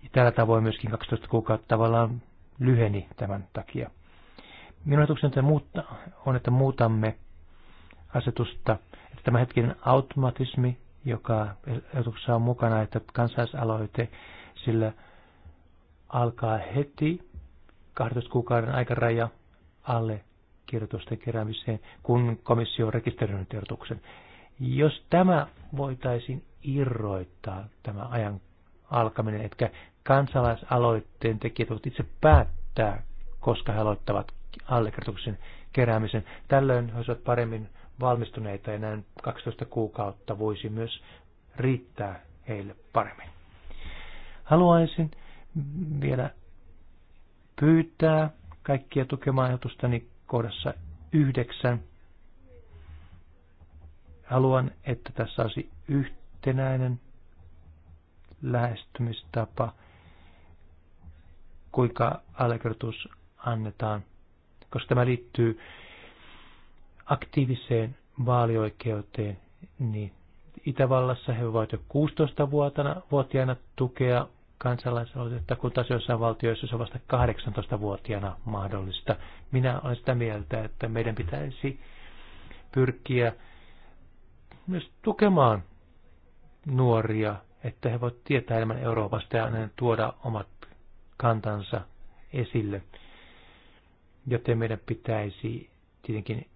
Ja tällä tavoin myöskin 12 kuukautta tavallaan lyheni tämän takia. Minun ajatukseni on, että muutamme asetusta, että tämä hetkinen automatismi, joka ehdotuksessa on mukana, että kansalaisaloite, sillä alkaa heti 12 kuukauden aikaraja alle kirjoitusten keräämiseen, kun komissio on rekisteröinyt tiedotuksen. Jos tämä voitaisiin irroittaa, tämä ajan alkaminen, että kansalaisaloitteen tekijät voivat itse päättää, koska he aloittavat allekirjoituksen keräämisen. Tällöin he olisivat paremmin valmistuneita ja näin 12 kuukautta voisi myös riittää heille paremmin. Haluaisin vielä pyytää kaikkia tukemaan ajatustani kohdassa yhdeksän. Haluan, että tässä olisi yhtenäinen lähestymistapa, kuinka allekirjoitus annetaan, koska tämä liittyy aktiiviseen vaalioikeuteen, niin Itävallassa he voivat jo 16-vuotiaana tukea kansalaisaloitetta, kun taas jossain valtioissa se on vasta 18-vuotiaana mahdollista. Minä olen sitä mieltä, että meidän pitäisi pyrkiä myös tukemaan nuoria, että he voivat tietää enemmän Euroopasta ja tuoda omat kantansa esille. Joten meidän pitäisi tietenkin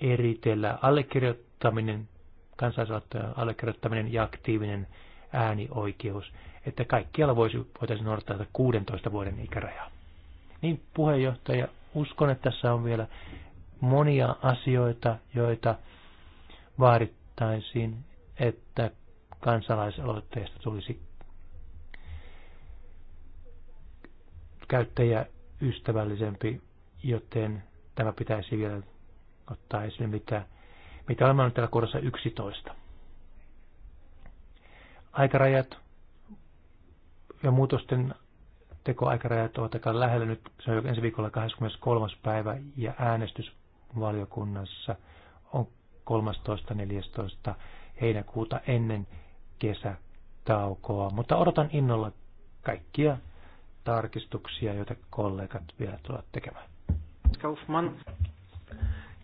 eritellä allekirjoittaminen, kansalaisaloitteen allekirjoittaminen ja aktiivinen äänioikeus, että kaikkialla voisi, voitaisiin noudattaa 16 vuoden ikärajaa. Niin puheenjohtaja, uskon, että tässä on vielä monia asioita, joita vaadittaisiin, että kansalaisaloitteesta tulisi käyttäjä ystävällisempi, joten tämä pitäisi vielä ottaa esille, mitä, mitä olemme nyt täällä kohdassa 11 aikarajat ja muutosten tekoaikarajat ovat aika lähellä nyt. Se on jo ensi viikolla 23. päivä ja äänestys valiokunnassa on 13.14. heinäkuuta ennen kesätaukoa. Mutta odotan innolla kaikkia tarkistuksia, joita kollegat vielä tulevat tekemään. Kaufman.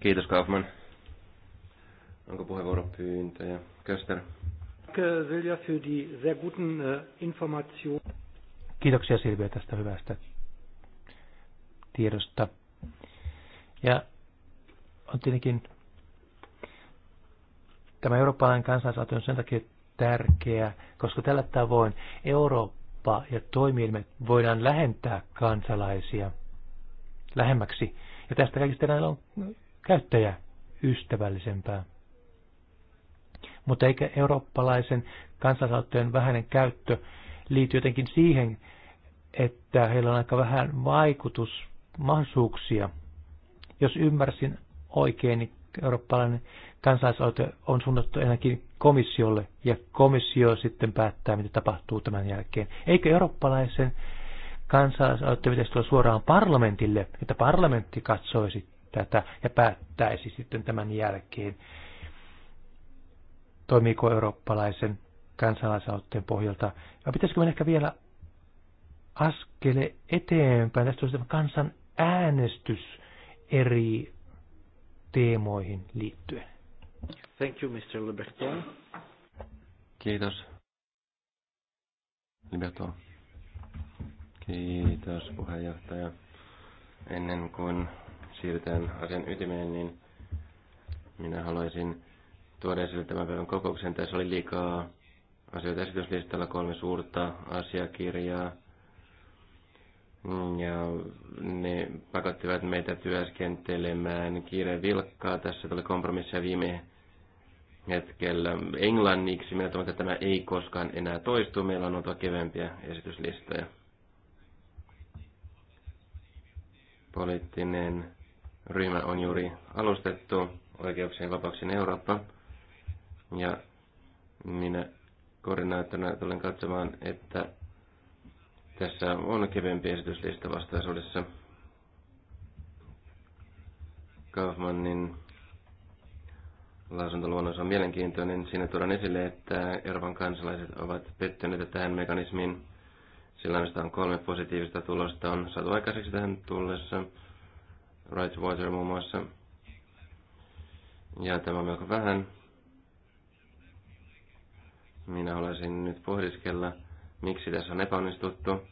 Kiitos Kaufman. Onko puheenvuoropyyntöjä? Köster. Silja, für die sehr guten äh, Kiitoksia Silvia tästä hyvästä tiedosta. Ja on tietenkin tämä eurooppalainen kansalaisaloite on sen takia tärkeä, koska tällä tavoin Eurooppa ja toimielimet voidaan lähentää kansalaisia lähemmäksi. Ja tästä kaikista on ystävällisempää. Mutta eikä eurooppalaisen kansalaisaloitteen vähäinen käyttö liity jotenkin siihen, että heillä on aika vähän vaikutusmahdollisuuksia. Jos ymmärsin oikein, niin eurooppalainen kansalaisaloite on suunnattu ainakin komissiolle, ja komissio sitten päättää, mitä tapahtuu tämän jälkeen. Eikö eurooppalaisen kansalaisaloitteen pitäisi tulla suoraan parlamentille, että parlamentti katsoisi tätä ja päättäisi sitten tämän jälkeen, toimiiko eurooppalaisen kansalaisaloitteen pohjalta, ja pitäisikö mennä ehkä vielä askele eteenpäin, tästä olisi kansan äänestys eri teemoihin liittyen. Thank you, Mr. Liberton. Kiitos. Liberton. Kiitos, puheenjohtaja. Ennen kuin siirrytään asian ytimeen, niin minä haluaisin tuoda esille tämän päivän kokouksen. Tässä oli liikaa asioita esityslistalla, kolme suurta asiakirjaa. Mm, ja ne pakottivat meitä työskentelemään kiireen vilkkaa. Tässä tuli kompromissia viime hetkellä englanniksi. Minä toivon, että tämä ei koskaan enää toistu. Meillä on oltava kevempiä esityslistoja. Poliittinen ryhmä on juuri alustettu. Oikeuksien vapauksien Eurooppa. Ja minä koordinaattorina tulen katsomaan, että tässä on kevempi esityslista vastaisuudessa. Kaufmannin lausuntoluonnos on mielenkiintoinen. Siinä tuodaan esille, että Euroopan kansalaiset ovat pettyneitä tähän mekanismiin. Sillä on kolme positiivista tulosta on saatu aikaiseksi tähän tullessa. Right Water muun muassa. Ja tämä on melko vähän. Minä haluaisin nyt pohdiskella, miksi tässä on epäonnistuttu.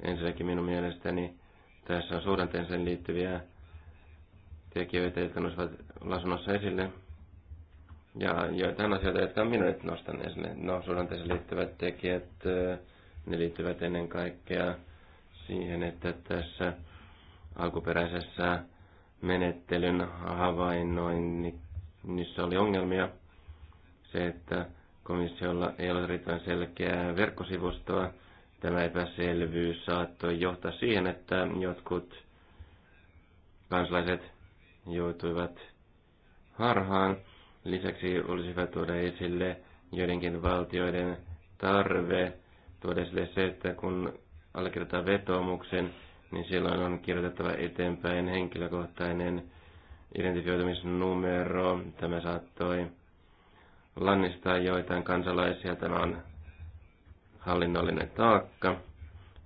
Ensinnäkin minun mielestäni tässä on suhdanteeseen liittyviä tekijöitä, jotka nousivat lausunnossa esille. Ja joitain asioita, jotka minä nyt nostan esille. No, suhdanteeseen liittyvät tekijät, ne liittyvät ennen kaikkea siihen, että tässä alkuperäisessä menettelyn havainnoinnissa oli ongelmia. Se, että Komissiolla ei ole riittävän selkeää verkkosivustoa. Tämä epäselvyys saattoi johtaa siihen, että jotkut kansalaiset joutuivat harhaan. Lisäksi olisi hyvä tuoda esille joidenkin valtioiden tarve tuoda esille se, että kun allekirjoittaa vetoomuksen, niin silloin on kirjoitettava eteenpäin henkilökohtainen identifioitumisnumero. Tämä saattoi lannistaa joitain kansalaisia. Tämä on hallinnollinen taakka.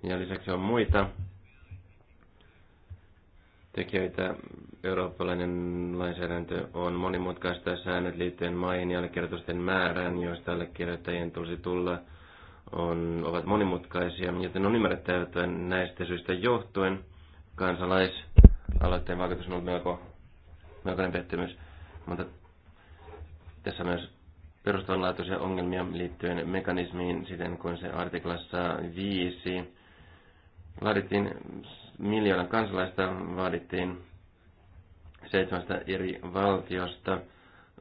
Ja lisäksi on muita tekijöitä. Eurooppalainen lainsäädäntö on monimutkaista säännöt liittyen maihin ja allekirjoitusten määrään, joista allekirjoittajien tulisi tulla, on, ovat monimutkaisia, joten on ymmärrettävä, että näistä syistä johtuen kansalaisaloitteen vaikutus on ollut melko, melkoinen pettymys. Mutta tässä on myös perustavanlaatuisia ongelmia liittyen mekanismiin siten kuin se artiklassa 5. Laadittiin miljoonan kansalaista, vaadittiin seitsemästä eri valtiosta.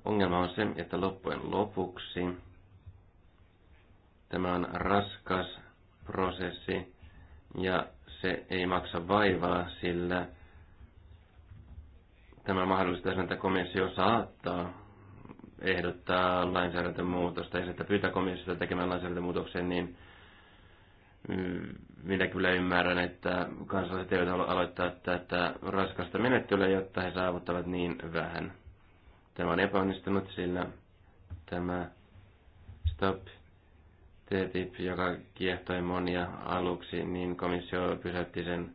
Ongelma on se, että loppujen lopuksi tämä on raskas prosessi ja se ei maksa vaivaa, sillä tämä mahdollistaa sen, että komissio saattaa ehdottaa lainsäädäntömuutosta ja sitten pyytää komissiota tekemään lainsäädäntömuutoksen, niin mm, minä kyllä ymmärrän, että kansalaiset eivät halua aloittaa tätä raskasta menettelyä, jotta he saavuttavat niin vähän. Tämä on epäonnistunut, sillä tämä Stop TTIP, joka kiehtoi monia aluksi, niin komissio pysäytti sen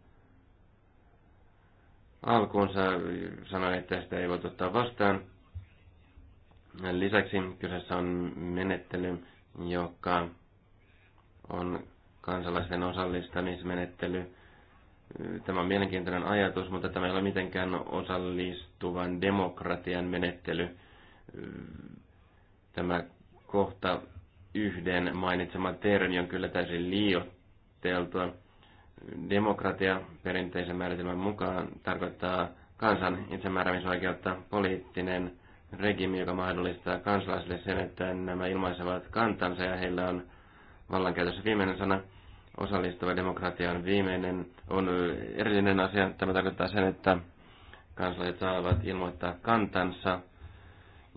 alkuunsa, sanoi, että sitä ei voi ottaa vastaan. Lisäksi kyseessä on menettely, joka on kansalaisten osallistamismenettely. Tämä on mielenkiintoinen ajatus, mutta tämä ei ole mitenkään osallistuvan demokratian menettely. Tämä kohta yhden mainitsema termi on kyllä täysin liioiteltua. Demokratia perinteisen määritelmän mukaan tarkoittaa kansan itsemääräämisoikeutta, poliittinen regimi, joka mahdollistaa kansalaisille sen, että nämä ilmaisevat kantansa ja heillä on vallankäytössä viimeinen sana. Osallistuva demokratia on viimeinen, on erillinen asia. Tämä tarkoittaa sen, että kansalaiset saavat ilmoittaa kantansa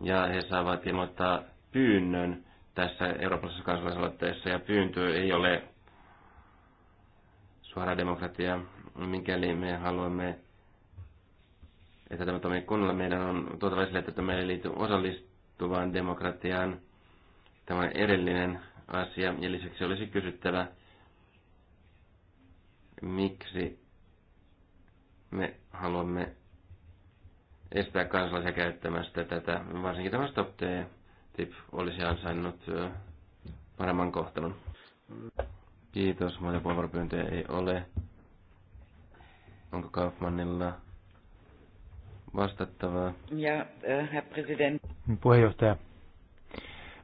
ja he saavat ilmoittaa pyynnön tässä eurooppalaisessa kansalaisaloitteessa ja pyyntö ei ole suora demokratia, mikäli me haluamme että tämä toimii kunnolla. Meidän on tuotava esille, että tämä ei liity osallistuvaan demokratiaan. Tämä on erillinen asia ja lisäksi olisi kysyttävä, miksi me haluamme estää kansalaisia käyttämästä tätä. Varsinkin tämä Stop tip olisi ansainnut paremman kohtelun. Kiitos, muita puheenvuoropyyntöjä ei ole. Onko Kaufmannilla vastattavaa. Ja äh, herr president. Puheenjohtaja,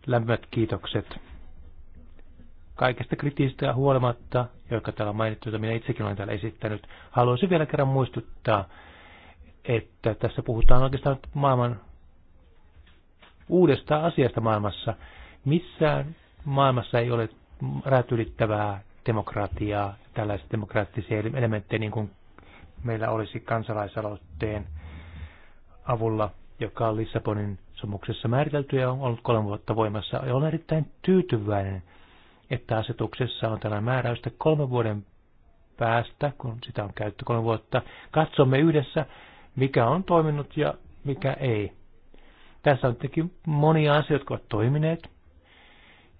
lämpimät kiitokset kaikesta ja huolimatta, joka täällä on mainittu, jota minä itsekin olen täällä esittänyt, haluaisin vielä kerran muistuttaa, että tässä puhutaan oikeastaan maailman uudesta asiasta maailmassa. Missään maailmassa ei ole rajat ylittävää demokratiaa, tällaisia demokraattisia elementtejä, niin kuin meillä olisi kansalaisaloitteen avulla, joka on Lissabonin sopimuksessa määritelty ja on ollut kolme vuotta voimassa. Ja olen erittäin tyytyväinen, että asetuksessa on tällainen määräys, että kolmen vuoden päästä, kun sitä on käytetty kolme vuotta, katsomme yhdessä, mikä on toiminut ja mikä ei. Tässä on tietenkin monia asioita, jotka ovat toimineet,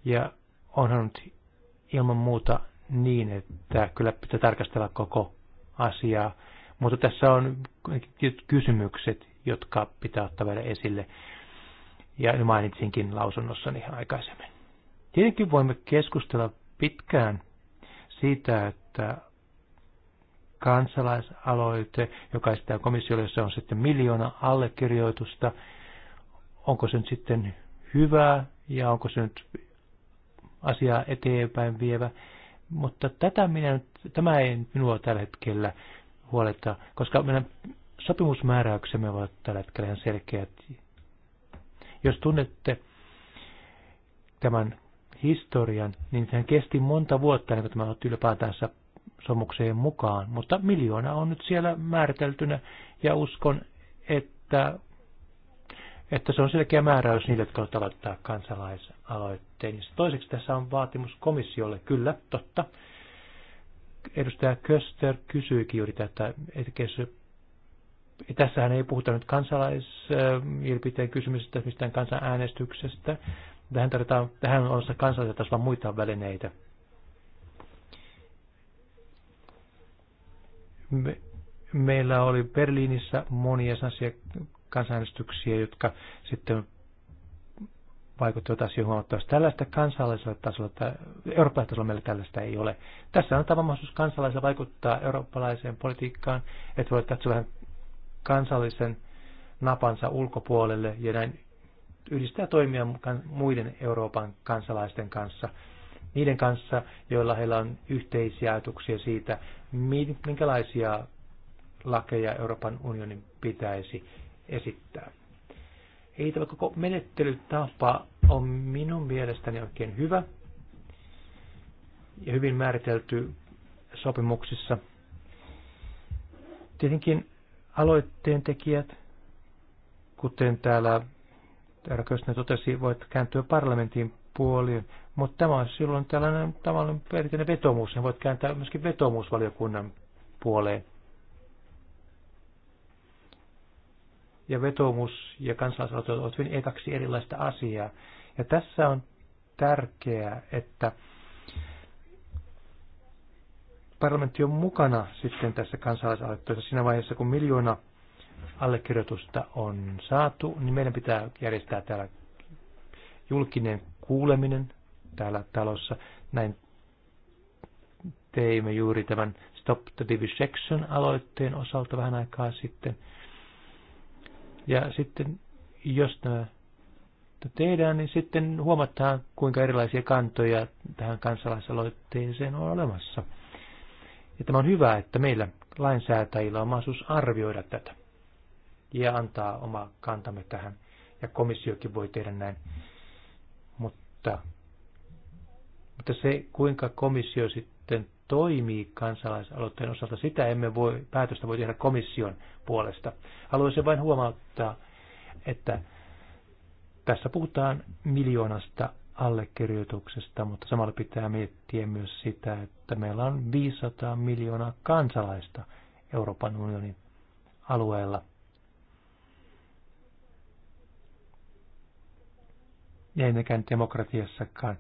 ja onhan nyt ilman muuta niin, että kyllä pitää tarkastella koko asiaa, mutta tässä on kysymykset, jotka pitää ottaa vielä esille. Ja mainitsinkin lausunnossani aikaisemmin. Tietenkin voimme keskustella pitkään siitä, että kansalaisaloite, joka esittää komissiolle, jossa on sitten miljoona allekirjoitusta, onko se nyt sitten hyvä ja onko se nyt asiaa eteenpäin vievä. Mutta tätä minä, tämä ei minua tällä hetkellä huoleta, koska minä sopimusmääräyksemme ovat tällä hetkellä ihan selkeät. Jos tunnette tämän historian, niin sehän kesti monta vuotta ennen kuin tämä otti ylipäätänsä somukseen mukaan, mutta miljoona on nyt siellä määriteltynä ja uskon, että, että se on selkeä määräys niille, jotka ovat aloittaa kansalaisaloitteen. Ja toiseksi tässä on vaatimus komissiolle, kyllä, totta. Edustaja Köster kysyikin juuri tätä, että tässähän ei puhuta nyt kansalaisilpiteen kysymyksestä, mistään kansanäänestyksestä. Tähän, tarvitaan, tähän on olemassa kansallisella tasolla muita välineitä. Me, meillä oli Berliinissä monia sellaisia kansanäänestyksiä, jotka sitten vaikuttivat asioihin huomattavasti. Tällaista kansallisella tasolla, eurooppalaisella tasolla meillä tällaista ei ole. Tässä on tava mahdollisuus kansalaisella vaikuttaa eurooppalaiseen politiikkaan, että voit katsoa vähän kansallisen napansa ulkopuolelle ja näin yhdistää toimia muiden Euroopan kansalaisten kanssa, niiden kanssa, joilla heillä on yhteisiä ajatuksia siitä, minkälaisia lakeja Euroopan unionin pitäisi esittää. Ei tämä koko menettelytapa on minun mielestäni oikein hyvä ja hyvin määritelty sopimuksissa. Tietenkin aloitteen tekijät, kuten täällä Eero totesi, voit kääntyä parlamentin puoliin, mutta tämä on silloin tällainen tavallinen perinteinen vetomus, ja voit kääntää myöskin vetomusvaliokunnan puoleen. Ja vetomus ja kansalaisaloite ovat hyvin kaksi erilaista asiaa. Ja tässä on tärkeää, että parlamentti on mukana sitten tässä kansalaisaloitteessa siinä vaiheessa, kun miljoona allekirjoitusta on saatu, niin meidän pitää järjestää täällä julkinen kuuleminen täällä talossa. Näin teimme juuri tämän Stop the Division aloitteen osalta vähän aikaa sitten. Ja sitten, jos tämä tehdään, niin sitten huomataan, kuinka erilaisia kantoja tähän kansalaisaloitteeseen on olemassa. Ja tämä on hyvä, että meillä lainsäätäjillä on mahdollisuus arvioida tätä ja antaa oma kantamme tähän. Ja komissiokin voi tehdä näin. Mutta, mutta se, kuinka komissio sitten toimii kansalaisaloitteen osalta, sitä emme voi, päätöstä voi tehdä komission puolesta. Haluaisin vain huomauttaa, että tässä puhutaan miljoonasta allekirjoituksesta, mutta samalla pitää miettiä myös sitä, että meillä on 500 miljoonaa kansalaista Euroopan unionin alueella. Ja ennenkään demokratiassakaan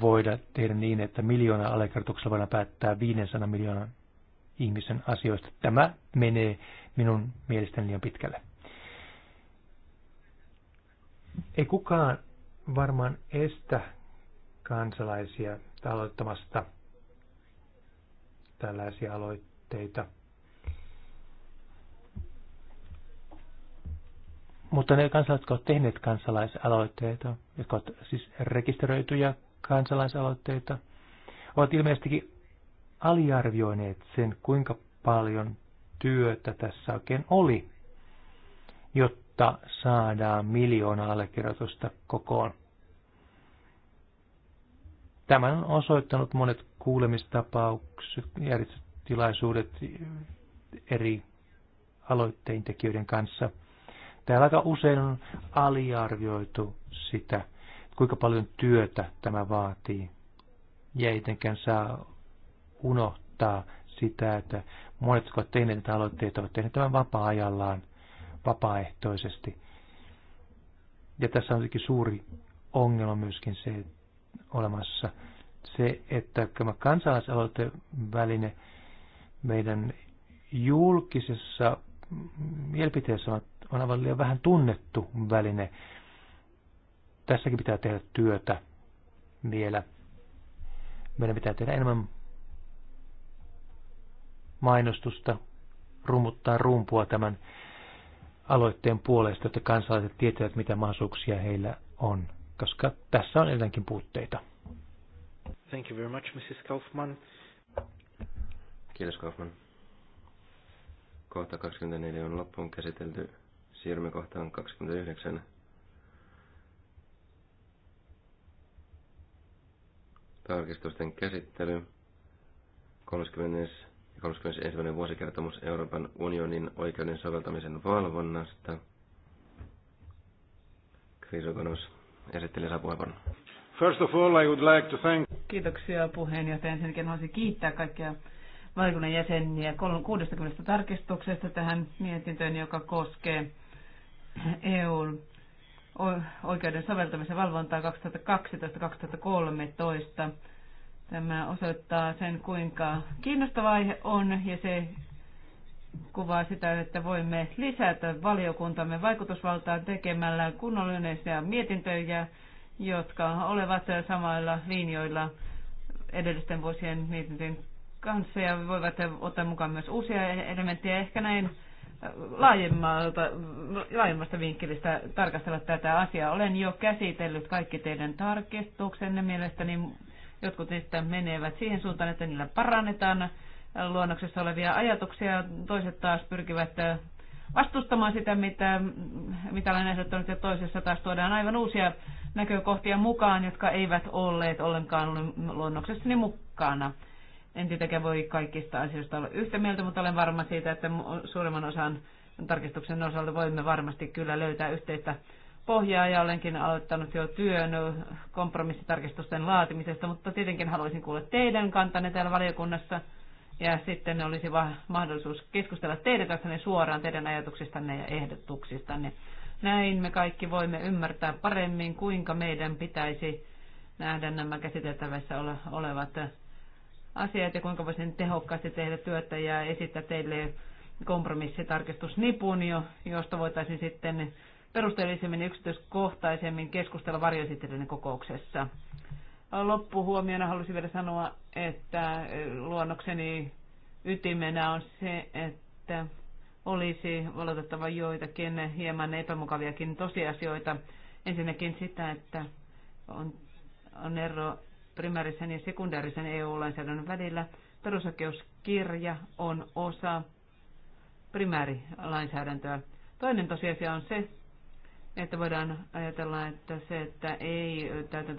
voida tehdä niin, että miljoona allekirjoituksella voidaan päättää 500 miljoonan ihmisen asioista. Tämä menee minun mielestäni liian pitkälle. Ei kukaan varmaan estä kansalaisia aloittamasta tällaisia aloitteita. Mutta ne kansalaiset, jotka ovat tehneet kansalaisaloitteita, jotka ovat siis rekisteröityjä kansalaisaloitteita, ovat ilmeisestikin aliarvioineet sen, kuinka paljon työtä tässä oikein oli, jotta jotta saadaan miljoona allekirjoitusta kokoon. Tämän on osoittanut monet kuulemistapaukset, järjestötilaisuudet eri aloitteen tekijöiden kanssa. Täällä aika usein on aliarvioitu sitä, kuinka paljon työtä tämä vaatii. Ja etenkään saa unohtaa sitä, että monet, jotka ovat tehneet aloitteita, ovat tehneet tämän vapaa-ajallaan vapaaehtoisesti. Ja tässä on tietenkin suuri ongelma myöskin se olemassa, se, että tämä väline meidän julkisessa mielipiteessä on aivan liian vähän tunnettu väline. Tässäkin pitää tehdä työtä vielä. Meidän pitää tehdä enemmän mainostusta, rummuttaa rumpua tämän aloitteen puolesta, että kansalaiset tietävät, mitä mahdollisuuksia heillä on, koska tässä on edelleenkin puutteita. Thank you very much, Mrs. Kaufman. Kiitos, Kaufman. Kohta 24 on loppuun käsitelty. Siirrymme kohtaan 29. Tarkistusten käsittely. 30. 31. vuosikertomus Euroopan unionin oikeuden soveltamisen valvonnasta. Krisokonus esittelee puheenvuoron. First of all, I would like to thank... Kiitoksia puheenjohtaja. Ensinnäkin haluaisin kiittää kaikkia valiokunnan jäseniä 60 tarkistuksesta tähän mietintöön, joka koskee EUn oikeuden soveltamisen valvontaa 2012-2013 Tämä osoittaa sen, kuinka kiinnostava aihe on ja se kuvaa sitä, että voimme lisätä valiokuntamme vaikutusvaltaa tekemällä kunnollisia mietintöjä, jotka olevat samoilla linjoilla edellisten vuosien mietintöjen kanssa ja voivat ottaa mukaan myös uusia elementtejä. Ehkä näin laajemmalta, laajemmasta vinkkelistä tarkastella tätä asiaa. Olen jo käsitellyt kaikki teidän tarkistuksenne. Mielestäni Jotkut niistä menevät siihen suuntaan, että niillä parannetaan luonnoksessa olevia ajatuksia. Toiset taas pyrkivät vastustamaan sitä, mitä, mitä olen ehdottanut, ja toisessa taas tuodaan aivan uusia näkökohtia mukaan, jotka eivät olleet ollenkaan luonnoksessani mukana. En tietenkään voi kaikista asioista olla yhtä mieltä, mutta olen varma siitä, että suurimman osan tarkistuksen osalta voimme varmasti kyllä löytää yhteistä pohjaa ja olenkin aloittanut jo työn kompromissitarkistusten laatimisesta, mutta tietenkin haluaisin kuulla teidän kantanne täällä valiokunnassa ja sitten olisi va- mahdollisuus keskustella teidän kanssanne suoraan teidän ajatuksistanne ja ehdotuksistanne. Näin me kaikki voimme ymmärtää paremmin, kuinka meidän pitäisi nähdä nämä käsiteltävissä olevat asiat ja kuinka voisin tehokkaasti tehdä työtä ja esittää teille kompromissitarkistusnipun, josta voitaisiin sitten perusteellisemmin yksityiskohtaisemmin keskustella varjoesittelyiden kokouksessa. Loppuhuomiona halusin vielä sanoa, että eh, luonnokseni ytimenä on se, että olisi valotettava joitakin hieman epämukaviakin tosiasioita. Ensinnäkin sitä, että on, on ero primäärisen ja sekundäärisen EU-lainsäädännön välillä. Perusoikeuskirja on osa primäärilainsäädäntöä. Toinen tosiasia on se, että voidaan ajatella, että se, että ei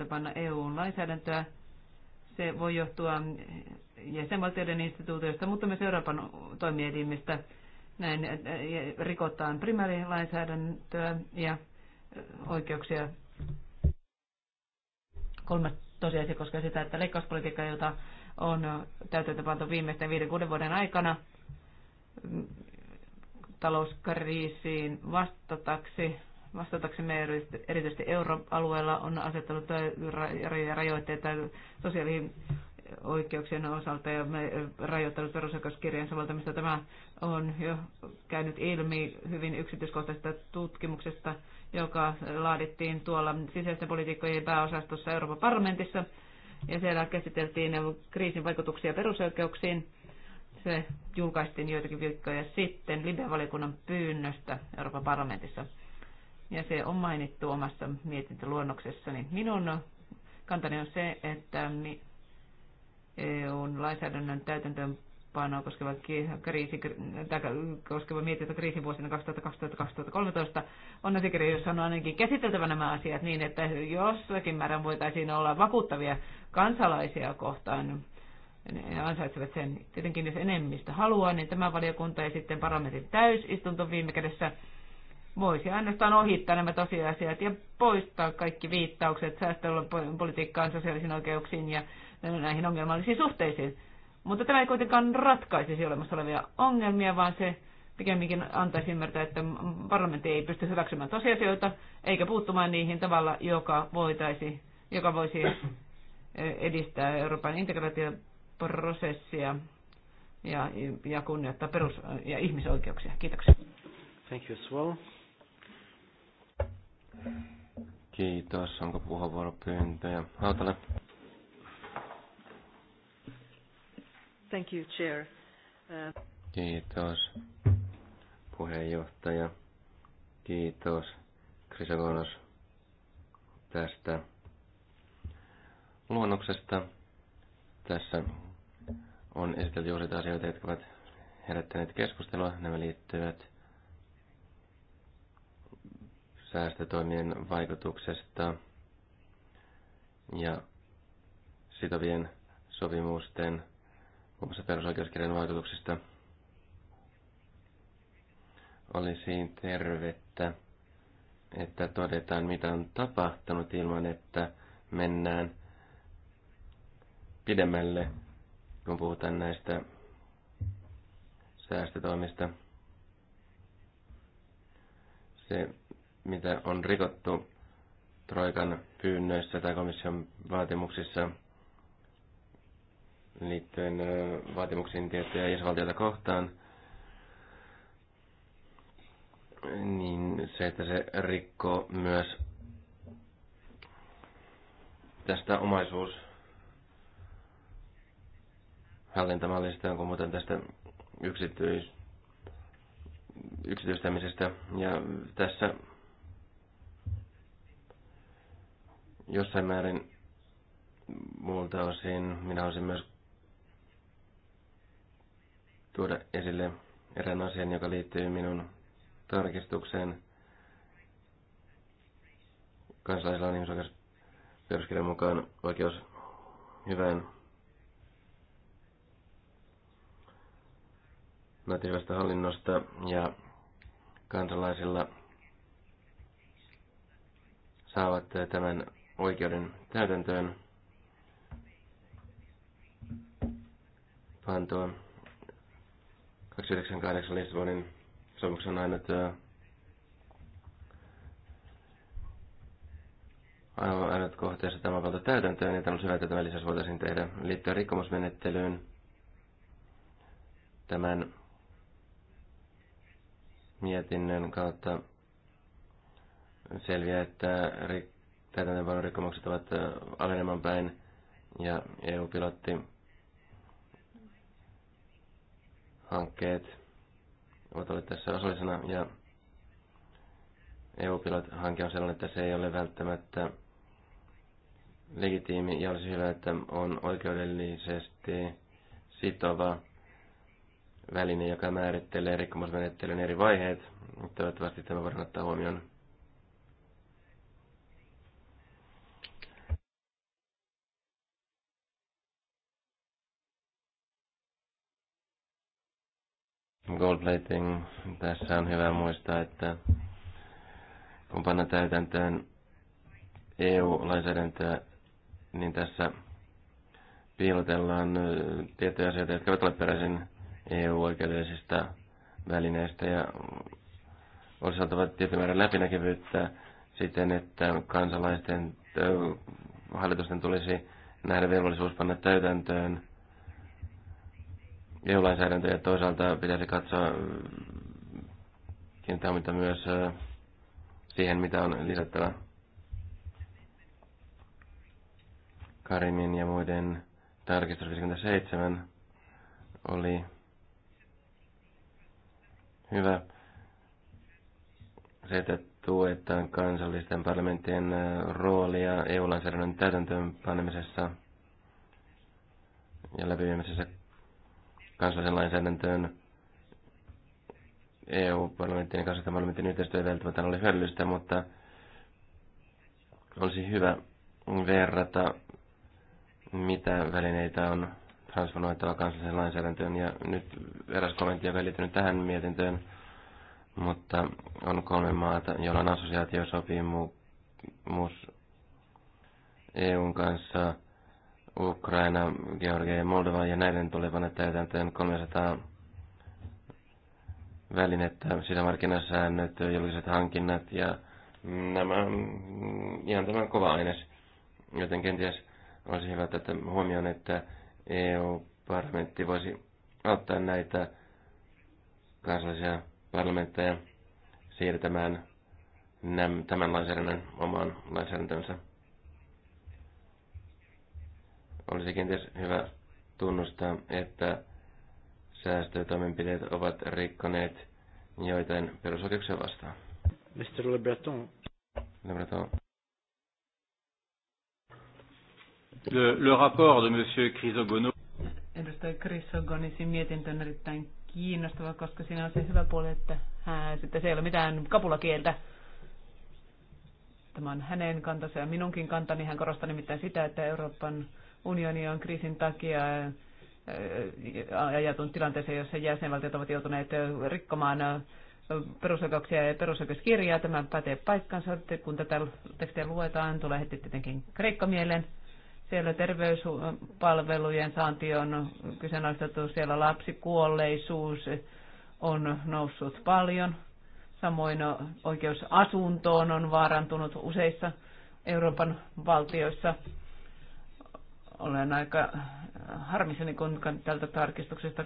panna EU-lainsäädäntöä, se voi johtua jäsenvaltioiden instituutioista, mutta myös Euroopan toimielimistä. Näin rikotaan primäärilainsäädäntöä ja oikeuksia. Kolmas tosiasia koskee sitä, että leikkauspolitiikka, jota on pantu viimeisten viiden kuuden vuoden aikana talouskriisiin vastataksi, vastataksemme erityisesti euroalueella on asettanut rajoitteita oikeuksien osalta ja me rajoittanut perusoikeuskirjan soveltamista. Tämä on jo käynyt ilmi hyvin yksityiskohtaisesta tutkimuksesta, joka laadittiin tuolla sisäisten politiikkojen pääosastossa Euroopan parlamentissa. Ja siellä käsiteltiin kriisin vaikutuksia perusoikeuksiin. Se julkaistiin joitakin viikkoja sitten Libe-valikunnan pyynnöstä Euroopan parlamentissa ja se on mainittu omassa mietintöluonnoksessani. Minun kantani on se, että EUn lainsäädännön painoa koskeva, kriisi, koskeva mietintö vuosina 2012-2013 on asiakirja, jossa on ainakin käsiteltävä nämä asiat niin, että jossakin määrän voitaisiin olla vakuuttavia kansalaisia kohtaan ne ansaitsevat sen. Tietenkin jos enemmistö haluaa, niin tämä valiokunta ja sitten parlamentin täysistunto viime kädessä voisi ainoastaan ohittaa nämä tosiasiat ja poistaa kaikki viittaukset säästöpolitiikkaan, sosiaalisiin oikeuksiin ja näihin ongelmallisiin suhteisiin. Mutta tämä ei kuitenkaan ratkaisisi olemassa olevia ongelmia, vaan se pikemminkin antaisi ymmärtää, että parlamentti ei pysty hyväksymään tosiasioita eikä puuttumaan niihin tavalla, joka, voitaisi, joka voisi edistää Euroopan integraatioprosessia ja, ja kunnioittaa perus- ja ihmisoikeuksia. Kiitoksia. Thank you as well. Kiitos. Onko puheenvuoropyyntöjä? Hautala. Thank you, Chair. Uh... Kiitos, puheenjohtaja. Kiitos, Krisagonos, tästä luonnoksesta. Tässä on esitelty useita asioita, jotka ovat herättäneet keskustelua. Nämä liittyvät säästötoimien vaikutuksesta ja sitovien sopimusten, muun muassa perusoikeuskirjan vaikutuksista, olisi tervettä, että todetaan, mitä on tapahtunut ilman, että mennään pidemmälle, kun puhutaan näistä säästötoimista. Se mitä on rikottu Troikan pyynnöissä tai komission vaatimuksissa liittyen vaatimuksiin tiettyjä jäsenvaltioita kohtaan, niin se, että se rikkoo myös tästä omaisuus hallintamallista, kuin muuten tästä yksityis, yksityistämisestä. Ja tässä jossain määrin muulta osin minä olisin myös tuoda esille erään asian, joka liittyy minun tarkistukseen kansalaisilla on ihmisoikeusperuskirjan mukaan oikeus hyvään natiivasta hallinnosta ja kansalaisilla saavat tämän oikeuden täytäntöön pantua. 298 Lissabonin sopimuksen ainut ainut kohteessa tämä valta täytäntöön, ja tämä on hyvä, että tämä lisäys voitaisiin tehdä liittyen rikkomusmenettelyyn. Tämän mietinnön kautta selviää, että rik- täytäntöönpanon rikkomukset ovat alenemaan päin ja EU-pilotti hankkeet ovat olleet tässä osallisena ja EU-pilot-hanke on sellainen, että se ei ole välttämättä legitiimi ja olisi hyvä, että on oikeudellisesti sitova väline, joka määrittelee rikkomusmenettelyn eri vaiheet. Toivottavasti tämä voidaan ottaa huomioon goldplating. Tässä on hyvä muistaa, että kun panna täytäntöön EU-lainsäädäntöä, niin tässä piilotellaan äh, tiettyjä asioita, jotka ovat peräisin EU-oikeudellisista välineistä ja osaltavat tietyn määrän läpinäkyvyyttä siten, että kansalaisten äh, hallitusten tulisi nähdä velvollisuus panna täytäntöön eu lainsäädäntö ja toisaalta pitäisi katsoa kiinnittää mitä myös siihen, mitä on lisättävä Karimin ja muiden tarkistus 57 oli hyvä. Se, että tuetaan kansallisten parlamenttien roolia EU-lainsäädännön panemisessa ja läpiviemisessä kansallisen lainsäädäntöön EU-parlamentin ja kansallisen parlamentin yhteistyö välttämättä oli hyödyllistä, mutta olisi hyvä verrata, mitä välineitä on transformoitava kansalliseen lainsäädäntöön. Ja nyt eräs kommentti on välittynyt tähän mietintöön, mutta on kolme maata, joilla on assosiaatiosopimus EUn kanssa – Ukraina, Georgia ja Moldova ja näiden tulevana täytäntöön 300 välinettä, sisämarkkinasäännöt, julkiset hankinnat ja nämä, ihan tämä kova aines. Joten kenties olisi hyvä tätä huomioon, että EU-parlamentti voisi auttaa näitä kansallisia parlamentteja siirtämään tämän lainsäädännön omaan lainsäädäntönsä. Olisi kenties hyvä tunnustaa, että säästötoimenpiteet ovat rikkoneet joitain perusoikeuksia vastaan. Mr. Le Breton. Le Breton. Le, le rapport de Monsieur Crisogono. Edustaja Chrysogonisin mietintö on erittäin kiinnostava, koska siinä on se hyvä puoli, että hän, sitten se ei ole mitään kapulakieltä. Tämä on hänen kantansa ja minunkin kantani. Hän korostaa nimittäin sitä, että Euroopan unioni on kriisin takia ajatun tilanteeseen, jossa jäsenvaltiot ovat joutuneet rikkomaan perusoikeuksia ja perusoikeuskirjaa. Tämä pätee paikkansa. Kun tätä tekstiä luetaan, tulee heti tietenkin Kreikka mieleen. Siellä terveyspalvelujen saanti on kyseenalaistettu, siellä lapsikuolleisuus on noussut paljon. Samoin oikeus asuntoon on vaarantunut useissa Euroopan valtioissa olen aika äh, harmissani, kun tältä tarkistuksesta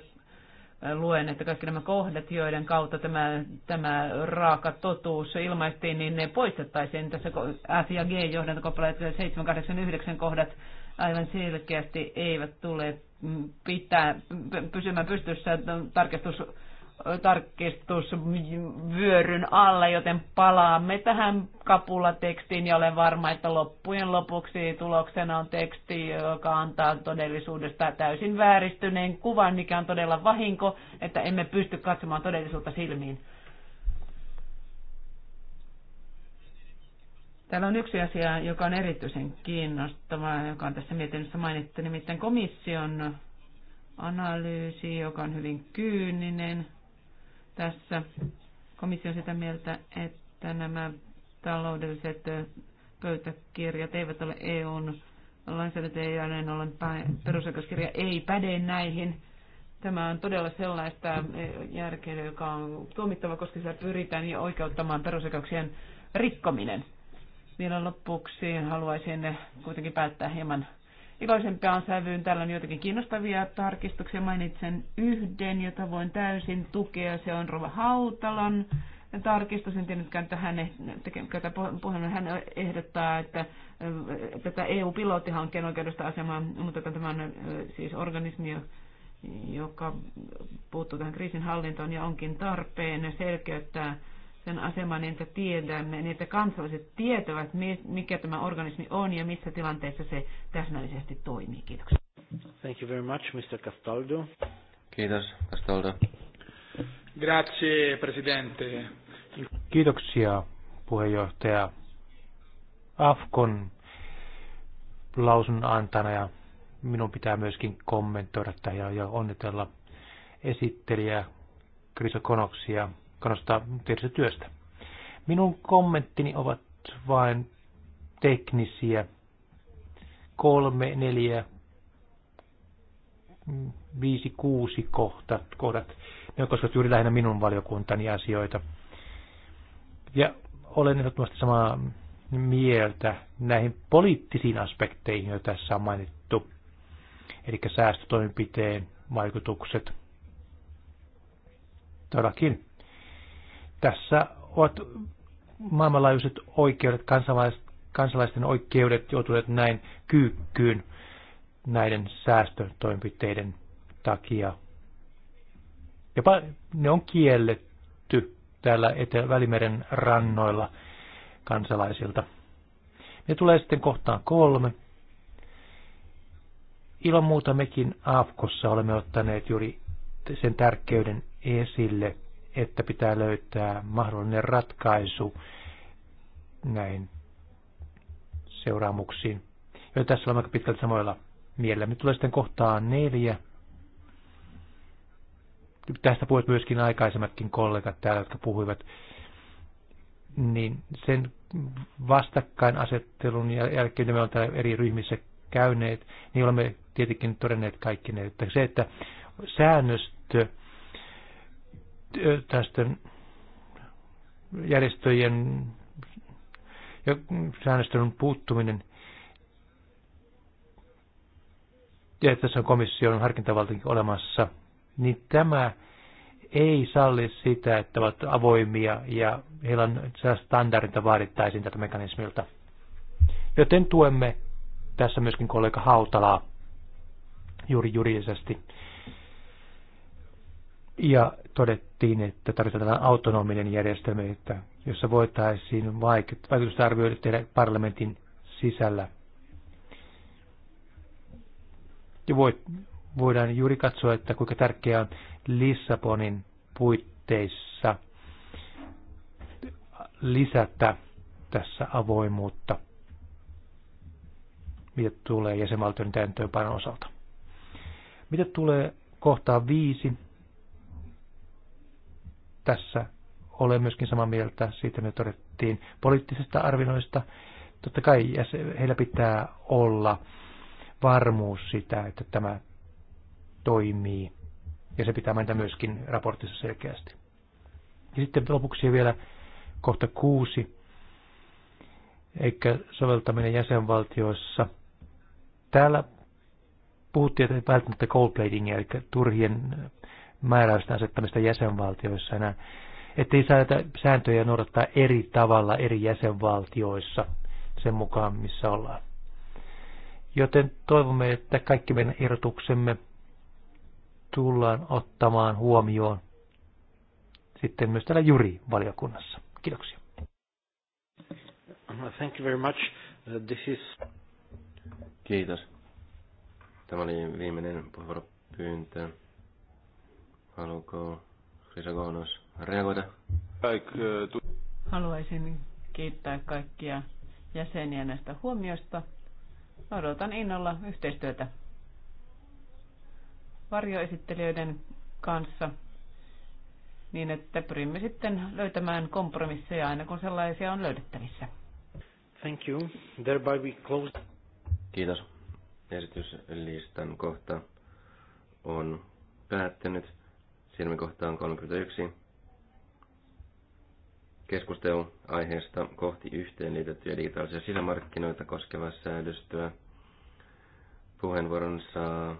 äh, luen, että kaikki nämä kohdat, joiden kautta tämä, tämä raaka totuus ilmaistiin, niin ne poistettaisiin tässä F ja G johdantokappaleet 789 kohdat aivan selkeästi eivät tule mm, pitää pysymään pystyssä tarkistus tarkistusvyöryn alle, joten palaamme tähän kapulatekstiin ja olen varma, että loppujen lopuksi tuloksena on teksti, joka antaa todellisuudesta täysin vääristyneen kuvan, mikä on todella vahinko, että emme pysty katsomaan todellisuutta silmiin. Täällä on yksi asia, joka on erityisen kiinnostava, joka on tässä mietinnössä mainittu, nimittäin komission analyysi, joka on hyvin kyyninen tässä komissio on sitä mieltä, että nämä taloudelliset pöytäkirjat eivät ole EUn lainsäädäntö ja näin ollen perusoikeuskirja ei päde näihin. Tämä on todella sellaista järkeä, joka on tuomittava, koska sillä pyritään jo oikeuttamaan perusoikeuksien rikkominen. Vielä lopuksi haluaisin kuitenkin päättää hieman iloisempaan sävyyn. Täällä on joitakin kiinnostavia tarkistuksia. Mainitsen yhden, jota voin täysin tukea. Se on Rova Hautalan tarkistus. En tiennytkään hän tätä puheen. Hän ehdottaa, että äh, tätä EU-pilottihankkeen oikeudesta asemaa, mutta tämä on äh, siis organismi, joka puuttuu tähän kriisin hallintoon ja onkin tarpeen selkeyttää sen aseman, niin että tiedämme, niin että kansalaiset tietävät, mikä tämä organismi on ja missä tilanteessa se täsmällisesti toimii. Kiitoksia. Thank you very much, Mr. Castaldo. Kiitos, Castaldo. Grazie, Presidente. Kiitoksia, puheenjohtaja Afkon antana ja minun pitää myöskin kommentoida ja, ja onnitella esittelijä Kriso Konoksia korostaa tietystä työstä. Minun kommenttini ovat vain teknisiä. Kolme, neljä, viisi, kuusi kohtat, kohdat. Ne koskevat juuri lähinnä minun valiokuntani asioita. Ja olen ehdottomasti samaa mieltä näihin poliittisiin aspekteihin, joita tässä on mainittu. Eli säästötoimenpiteen vaikutukset. Todellakin tässä ovat maailmanlaajuiset oikeudet, kansalaisten oikeudet joutuneet näin kyykkyyn näiden säästötoimenpiteiden takia. Jopa ne on kielletty täällä Etelä Välimeren rannoilla kansalaisilta. Ne tulee sitten kohtaan kolme. Ilman muuta mekin Aafkossa olemme ottaneet juuri sen tärkeyden esille – että pitää löytää mahdollinen ratkaisu näin seuraamuksiin. Ja tässä olemme aika pitkälti samoilla mielellä. Nyt tulee sitten kohtaan neljä. Tästä puhuivat myöskin aikaisemmatkin kollegat täällä, jotka puhuivat. Niin sen vastakkainasettelun jälkeen, mitä me olemme täällä eri ryhmissä käyneet, niin olemme tietenkin todenneet kaikki ne, että se, että säännöstö tästä järjestöjen ja säännöstön puuttuminen ja että tässä on komission harkintavaltakin olemassa, niin tämä ei salli sitä, että ovat avoimia ja heillä on standardita vaadittaisiin tätä mekanismilta. Joten tuemme tässä myöskin kollega Hautalaa juuri juridisesti ja todettiin, että tarvitaan autonominen järjestelmä, että, jossa voitaisiin vaikutusarvioida tehdä parlamentin sisällä. Ja voit, voidaan juuri katsoa, että kuinka tärkeää on Lissabonin puitteissa lisätä tässä avoimuutta, mitä tulee jäsenvaltioiden täytäntöönpanon osalta. Mitä tulee kohtaan viisi, tässä olen myöskin samaa mieltä siitä, me todettiin poliittisista arvinoista. Totta kai heillä pitää olla varmuus sitä, että tämä toimii. Ja se pitää mainita myöskin raportissa selkeästi. Ja sitten lopuksi vielä kohta kuusi, eikä soveltaminen jäsenvaltioissa. Täällä puhuttiin, että välttämättä goldplatingia, eli turhien määräysten asettamista jäsenvaltioissa enää, ei saada sääntöjä noudattaa eri tavalla eri jäsenvaltioissa sen mukaan, missä ollaan. Joten toivomme, että kaikki meidän ehdotuksemme tullaan ottamaan huomioon sitten myös täällä juri-valiokunnassa. Kiitoksia. Thank you very much. Uh, this is... Kiitos. Tämä oli viimeinen puheenvuoropyyntö. Haluatko Krisagonos reagoida? Haluaisin kiittää kaikkia jäseniä näistä huomioista. Odotan innolla yhteistyötä varjoesittelijöiden kanssa niin, että pyrimme sitten löytämään kompromisseja aina kun sellaisia on löydettävissä. Thank you. Thereby we close. Kiitos. Esityslistan kohta on päättynyt silmikohta kohtaan 31. Keskustelu aiheesta kohti yhteenliitettyjä digitaalisia sisämarkkinoita koskeva säädöstöä. Puheenvuoron saa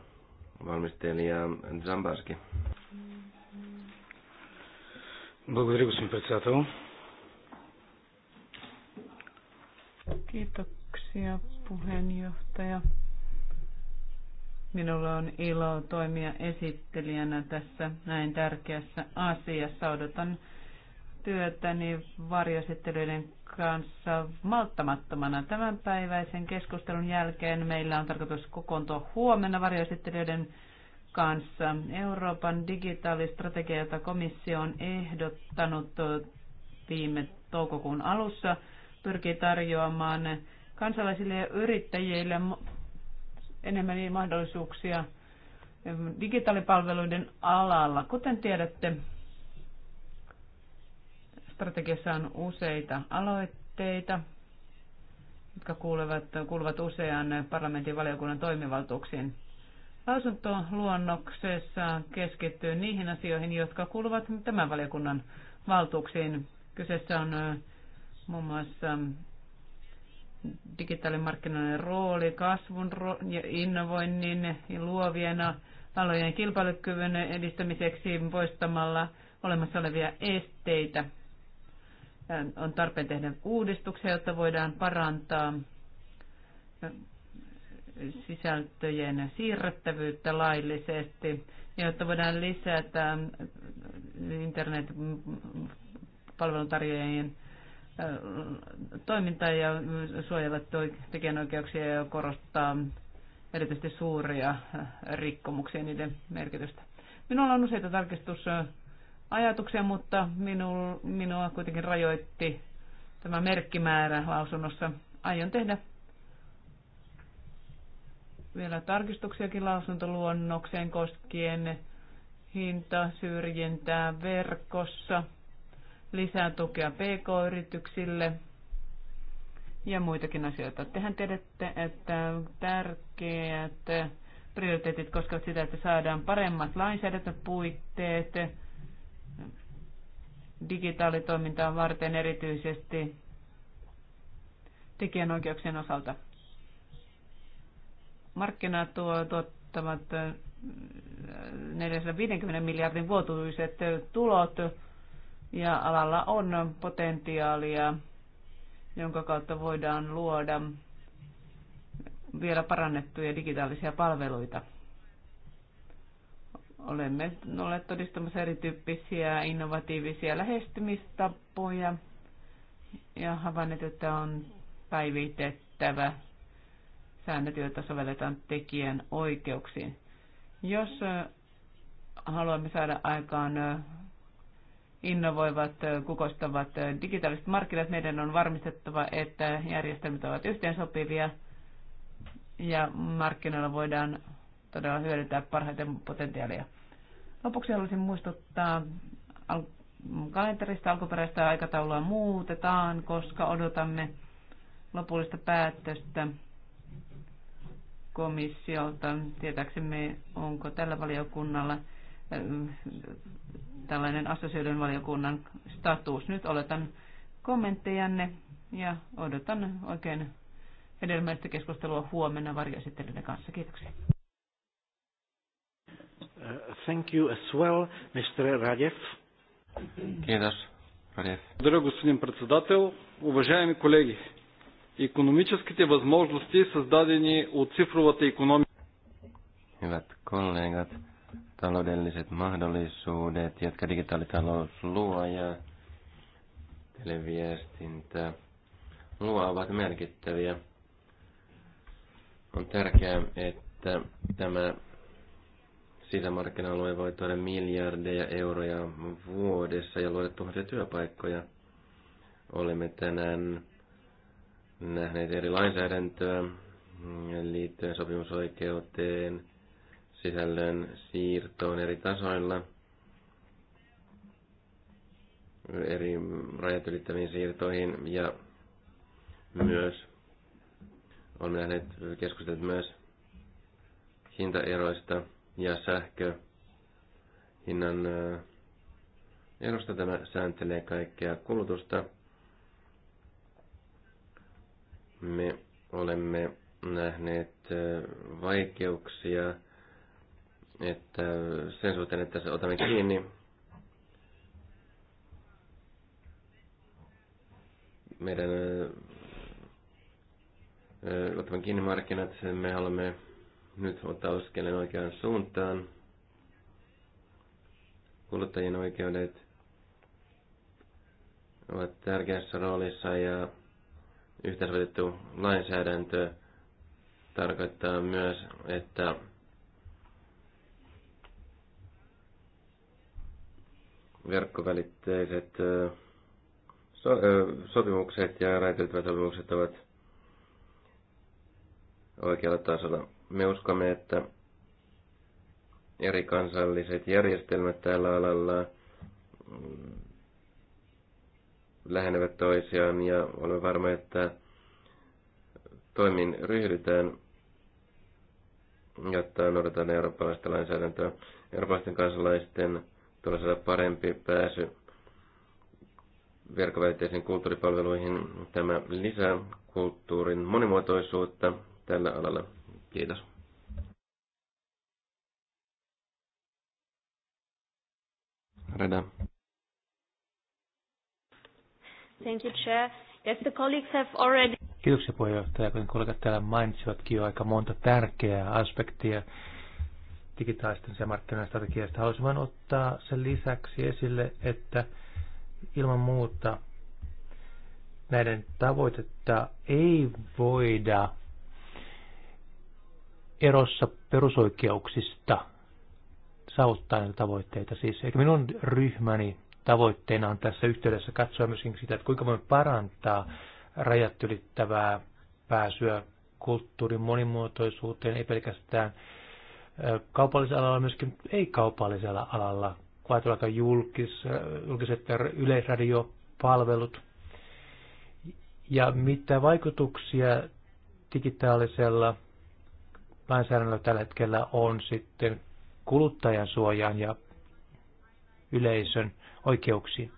valmistelija Zambarski. Kiitoksia puheenjohtaja. Minulla on ilo toimia esittelijänä tässä näin tärkeässä asiassa. Odotan työtäni varjoesittelyiden kanssa malttamattomana tämän päiväisen keskustelun jälkeen. Meillä on tarkoitus kokoontua huomenna varjoesittelyiden kanssa. Euroopan digitaalistrategia, jota komissio on ehdottanut viime toukokuun alussa, pyrkii tarjoamaan kansalaisille ja yrittäjille enemmän niin mahdollisuuksia digitaalipalveluiden alalla. Kuten tiedätte, strategiassa on useita aloitteita, jotka kuuluvat, kuuluvat usean parlamentin valiokunnan toimivaltuuksiin. Lausuntoluonnoksessa keskittyy niihin asioihin, jotka kuuluvat tämän valiokunnan valtuuksiin. Kyseessä on muun muassa digitaalimarkkinoiden rooli, kasvun ja innovoinnin ja luovien alojen kilpailukyvyn edistämiseksi poistamalla olemassa olevia esteitä. On tarpeen tehdä uudistuksia, jotta voidaan parantaa sisältöjen siirrettävyyttä laillisesti, jotta voidaan lisätä internet palveluntarjoajien toimintaa ja suojella tekijänoikeuksia ja korostaa erityisesti suuria rikkomuksia niiden merkitystä. Minulla on useita tarkistusajatuksia, mutta minua kuitenkin rajoitti tämä merkkimäärä lausunnossa. Aion tehdä vielä tarkistuksiakin lausuntoluonnokseen koskien hinta syrjintää verkossa – lisää tukea pk-yrityksille ja muitakin asioita. Tehän tiedätte, että tärkeät prioriteetit koskevat sitä, että saadaan paremmat lainsäädäntöpuitteet digitaalitoimintaan varten erityisesti tekijänoikeuksien osalta. Markkinat tuottavat 450 miljardin vuotuiset tulot ja alalla on potentiaalia, jonka kautta voidaan luoda vielä parannettuja digitaalisia palveluita. Olemme olleet todistamassa erityyppisiä innovatiivisia lähestymistapoja ja havainneet, että on päivitettävä säännöt, joita sovelletaan tekijän oikeuksiin. Jos haluamme saada aikaan innovoivat, kukoistavat digitaaliset markkinat. Meidän on varmistettava, että järjestelmät ovat yhteensopivia ja markkinoilla voidaan todella hyödyntää parhaiten potentiaalia. Lopuksi haluaisin muistuttaa al- kalenterista alkuperäistä aikataulua muutetaan, koska odotamme lopullista päätöstä komissiolta. Tietääksemme, onko tällä valiokunnalla tällainen assosioidun valiokunnan status. Nyt oletan kommenttejanne ja odotan oikein hedelmällistä keskustelua huomenna varjoesittelyiden kanssa. Kiitoksia. Uh, thank you as well, Mr. Radev. Kiitos, Radev. Благодаря, господин председател. Уважаеми колеги, економическите възможности, създадени от цифровата економика. Hyvät kollegat, taloudelliset mahdollisuudet, jotka digitaalitalous luo ja televiestintä luo, ovat merkittäviä. On tärkeää, että tämä sisämarkkina-alue voi tuoda miljardeja euroja vuodessa ja luoda tuhansia työpaikkoja. Olemme tänään nähneet eri lainsäädäntöä liittyen sopimusoikeuteen – sisällön siirtoon eri tasoilla, eri rajat ylittäviin siirtoihin ja myös on nähnyt keskustelut myös hintaeroista ja sähkö hinnan erosta tämä sääntelee kaikkea kulutusta. Me olemme nähneet vaikeuksia että äh, sen suhteen, että se otamme kiinni, meidän äh, äh, otamme kiinni markkinat, me haluamme nyt ottaa askeleen oikeaan suuntaan. Kuluttajien oikeudet ovat tärkeässä roolissa ja yhteensovitettu lainsäädäntö tarkoittaa myös, että verkkovälitteiset so, sopimukset ja räätälöityvät sopimukset ovat oikealla tasolla. Me uskomme, että eri kansalliset järjestelmät tällä alalla mm, lähenevät toisiaan ja olemme varma, että toimin ryhdytään, jotta noudataan eurooppalaista lainsäädäntöä. Eurooppalaisten kansalaisten tulee saada parempi pääsy verkkoväitteisiin kulttuuripalveluihin. Tämä lisää kulttuurin monimuotoisuutta tällä alalla. Kiitos. Reda. Thank you, Chair. Yes, the colleagues have already... Kiitoksia puheenjohtaja, kun kollegat täällä mainitsivatkin jo aika monta tärkeää aspektia digitaalisten sisämarkkinoiden strategiasta. Haluaisin vain ottaa sen lisäksi esille, että ilman muuta näiden tavoitetta ei voida erossa perusoikeuksista saavuttaa näitä tavoitteita. Siis, eikä minun ryhmäni tavoitteena on tässä yhteydessä katsoa myöskin sitä, että kuinka voimme parantaa rajat ylittävää pääsyä kulttuurin monimuotoisuuteen, ei pelkästään kaupallisella alalla, myöskin ei-kaupallisella alalla, kun ajatellaan julkis, julkiset yleisradiopalvelut, ja mitä vaikutuksia digitaalisella lainsäädännöllä tällä hetkellä on sitten kuluttajan suojaan ja yleisön oikeuksiin.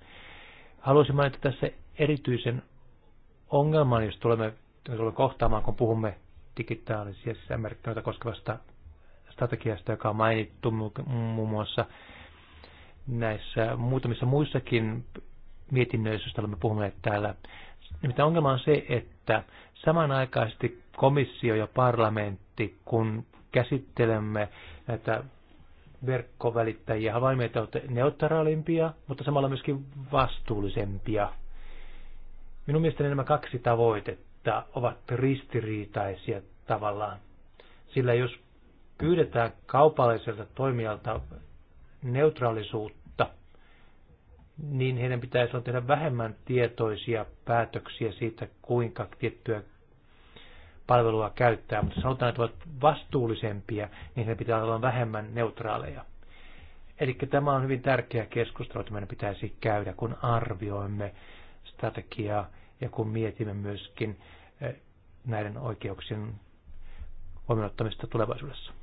Haluaisin mainita tässä erityisen ongelman, jos tulemme, tulemme kohtaamaan, kun puhumme digitaalisia sisämarkkinoita koskevasta strategiasta, joka on mainittu muun muassa näissä muutamissa muissakin mietinnöissä, joista olemme puhuneet täällä. Nimittäin ongelma on se, että samanaikaisesti komissio ja parlamentti, kun käsittelemme näitä verkkovälittäjiä, havaimme, että olette neutraalimpia, mutta samalla myöskin vastuullisempia. Minun mielestäni nämä kaksi tavoitetta ovat ristiriitaisia tavallaan. Sillä jos pyydetään kaupalliselta toimijalta neutraalisuutta, niin heidän pitäisi olla tehdä vähemmän tietoisia päätöksiä siitä, kuinka tiettyä palvelua käyttää, mutta sanotaan, että ovat vastuullisempia, niin heidän pitää olla vähemmän neutraaleja. Eli tämä on hyvin tärkeä keskustelu, että meidän pitäisi käydä, kun arvioimme strategiaa ja kun mietimme myöskin eh, näiden oikeuksien huomioittamista tulevaisuudessa.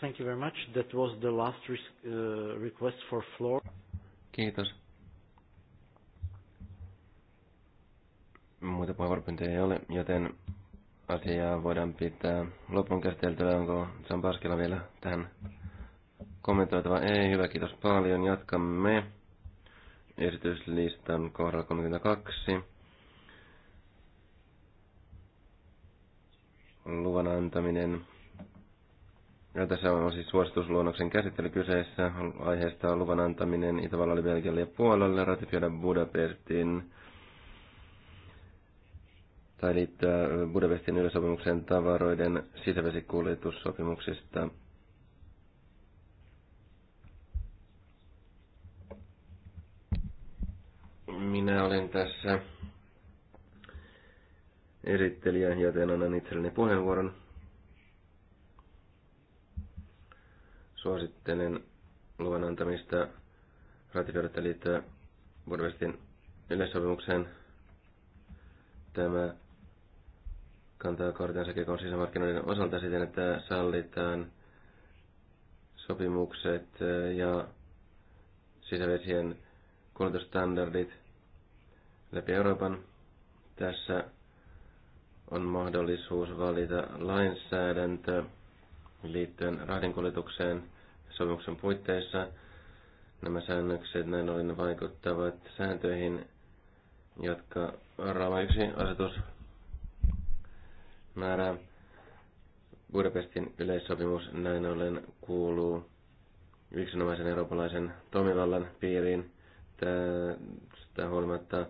Thank you very much. That was the last uh, request for floor. Kiitos. Muita puheenvuoropyyntöjä ei ole, joten asiaa voidaan pitää lopun käsiteltyä. Onko Samparskilla vielä tähän kommentoitava? Ei, hyvä, kiitos paljon. Jatkamme esityslistan kohdalla 32. luvan antaminen. Ja tässä on siis suositusluonnoksen käsittely kyseessä. Aiheesta on luvan antaminen Itävallalle, Belgialle ja Puolalle ratifioida Budapestin tai liittyä Budapestin yleisopimuksen tavaroiden sisävesikuljetussopimuksista. Minä olen tässä esittelijä, teen annan itselleni puheenvuoron. Suosittelen luvan antamista ratifioidetta liittyä Budapestin yleissopimukseen. Tämä kantaa kortensa kekon sisämarkkinoiden osalta siten, että sallitaan sopimukset eh, ja sisävesien kuljetusstandardit läpi Euroopan. Tässä on mahdollisuus valita lainsäädäntö liittyen rahdinkuljetukseen sopimuksen puitteissa. Nämä säännökset näin ollen vaikuttavat sääntöihin, jotka Raama 1 asetus määrää. Budapestin yleissopimus näin ollen kuuluu yksinomaisen eurooppalaisen toimivallan piiriin. Tästä huolimatta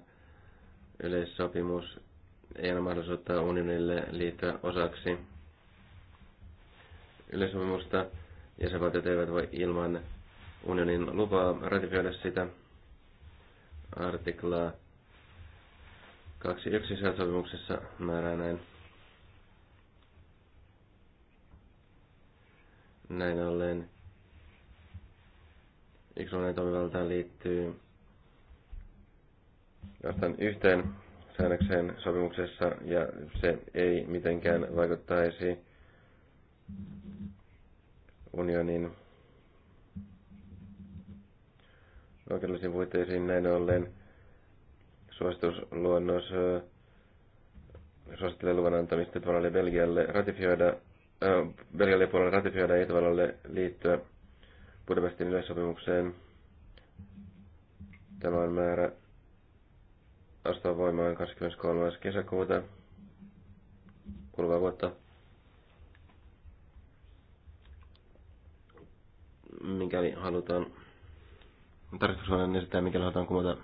yleissopimus ei ole mahdollisuutta unionille liittyä osaksi yleisomimusta. Jäsenvaltiot eivät voi ilman unionin lupaa ratifioida sitä artiklaa 2.1 sopimuksessa määrää näin. Näin ollen yksi toimivaltaan liittyy jostain yhteen säännökseen sopimuksessa ja se ei mitenkään vaikuttaisi unionin oikeudellisiin puitteisiin näin ollen suositusluonnos suosittelee luvan antamista Itävallalle Belgialle ratifioida, äh, Belgialle puolelle ratifioida ja Itävallalle liittyä Budapestin yleissopimukseen. Tämä on määrä astua voimaan 23. kesäkuuta kuluvaa vuotta. Mikäli halutaan tarkastushuoneen esittää, mikäli halutaan kumota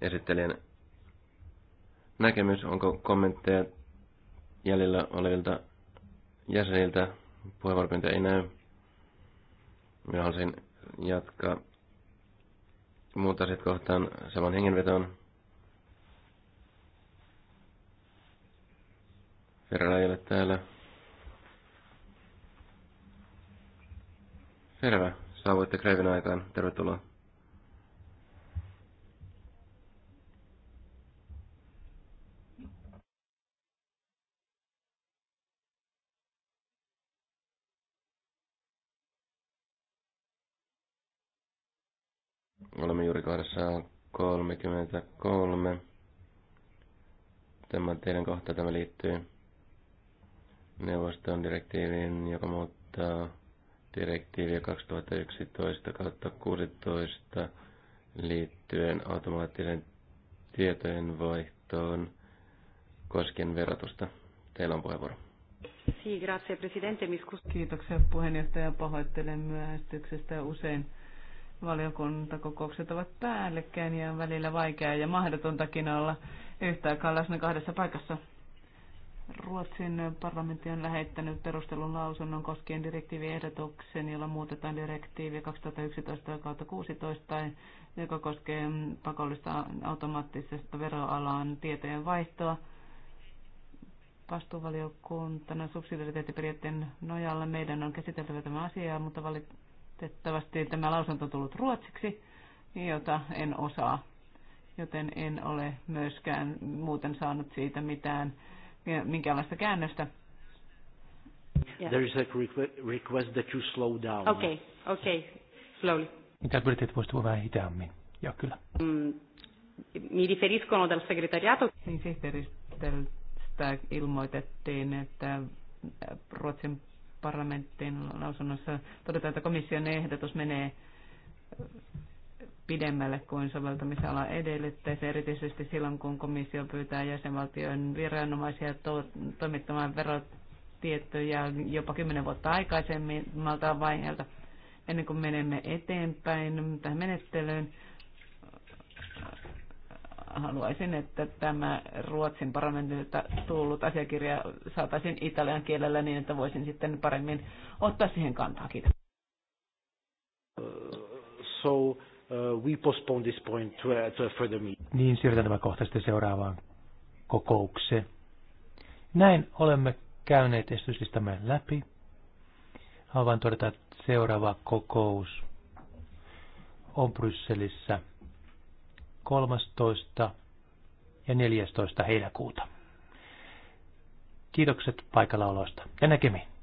esittelijän näkemys, onko kommentteja jäljellä olevilta jäseniltä, puheenvuoropyyntöjä ei näy. Minä haluaisin jatkaa muuta sitten kohtaan saman hengenvetoon. Ferrara ei ole täällä. Selvä. Saavuitte kreivin aikaan. Tervetuloa. Olemme juuri kohdassa 33. Tämä teidän kohta tämä liittyy neuvoston direktiiviin, joka muuttaa direktiiviä 2011 kautta 16 liittyen automaattisen tietojen vaihtoon koskien verotusta. Teillä on puheenvuoro. Kiitoksia puheenjohtaja. Pahoittelen myöhästyksestä usein valiokuntakokoukset ovat päällekkäin ja on välillä vaikeaa ja mahdotontakin olla yhtä aikaa läsnä kahdessa paikassa. Ruotsin parlamentti on lähettänyt perustelun lausunnon koskien direktiiviehdotuksen, jolla muutetaan direktiivi 2011-16, joka koskee pakollista automaattisesta veroalan tietojen vaihtoa. Vastuuvaliokuntana subsidiariteettiperiaatteen nojalla meidän on käsiteltävä tämä asia, mutta valit- Valitettavasti tämä lausunto on tullut ruotsiksi, jota en osaa, joten en ole myöskään muuten saanut siitä mitään, minkäänlaista käännöstä. Yeah. There is a request that you slow down. Okay, okay, slowly. Mitä pyritte, että voisit vähän hitaammin? Joo, kyllä. Mm, mi riferiscono dal segretariato. Niin sihteeristöltä ilmoitettiin, että Ruotsin parlamenttiin lausunnossa todetaan, että komission ehdotus menee pidemmälle kuin soveltamisala edellyttäisi, erityisesti silloin kun komissio pyytää jäsenvaltion viranomaisia to- toimittamaan verotietoja jopa kymmenen vuotta aikaisemmin, maltaan vaiheelta ennen kuin menemme eteenpäin tähän menettelyyn haluaisin, että tämä Ruotsin parlamentilta tullut asiakirja saataisiin italian kielellä niin, että voisin sitten paremmin ottaa siihen kantaa. Kiitos. Uh, so, uh, we postpone this point to uh, to a further meeting. Niin, siirrytään tämä kohta sitten seuraavaan kokoukseen. Näin olemme käyneet esityslistamme läpi. Haluan todeta, että seuraava kokous on Brysselissä 13. ja 14. heinäkuuta. Kiitokset paikallaolosta ja näkemiin.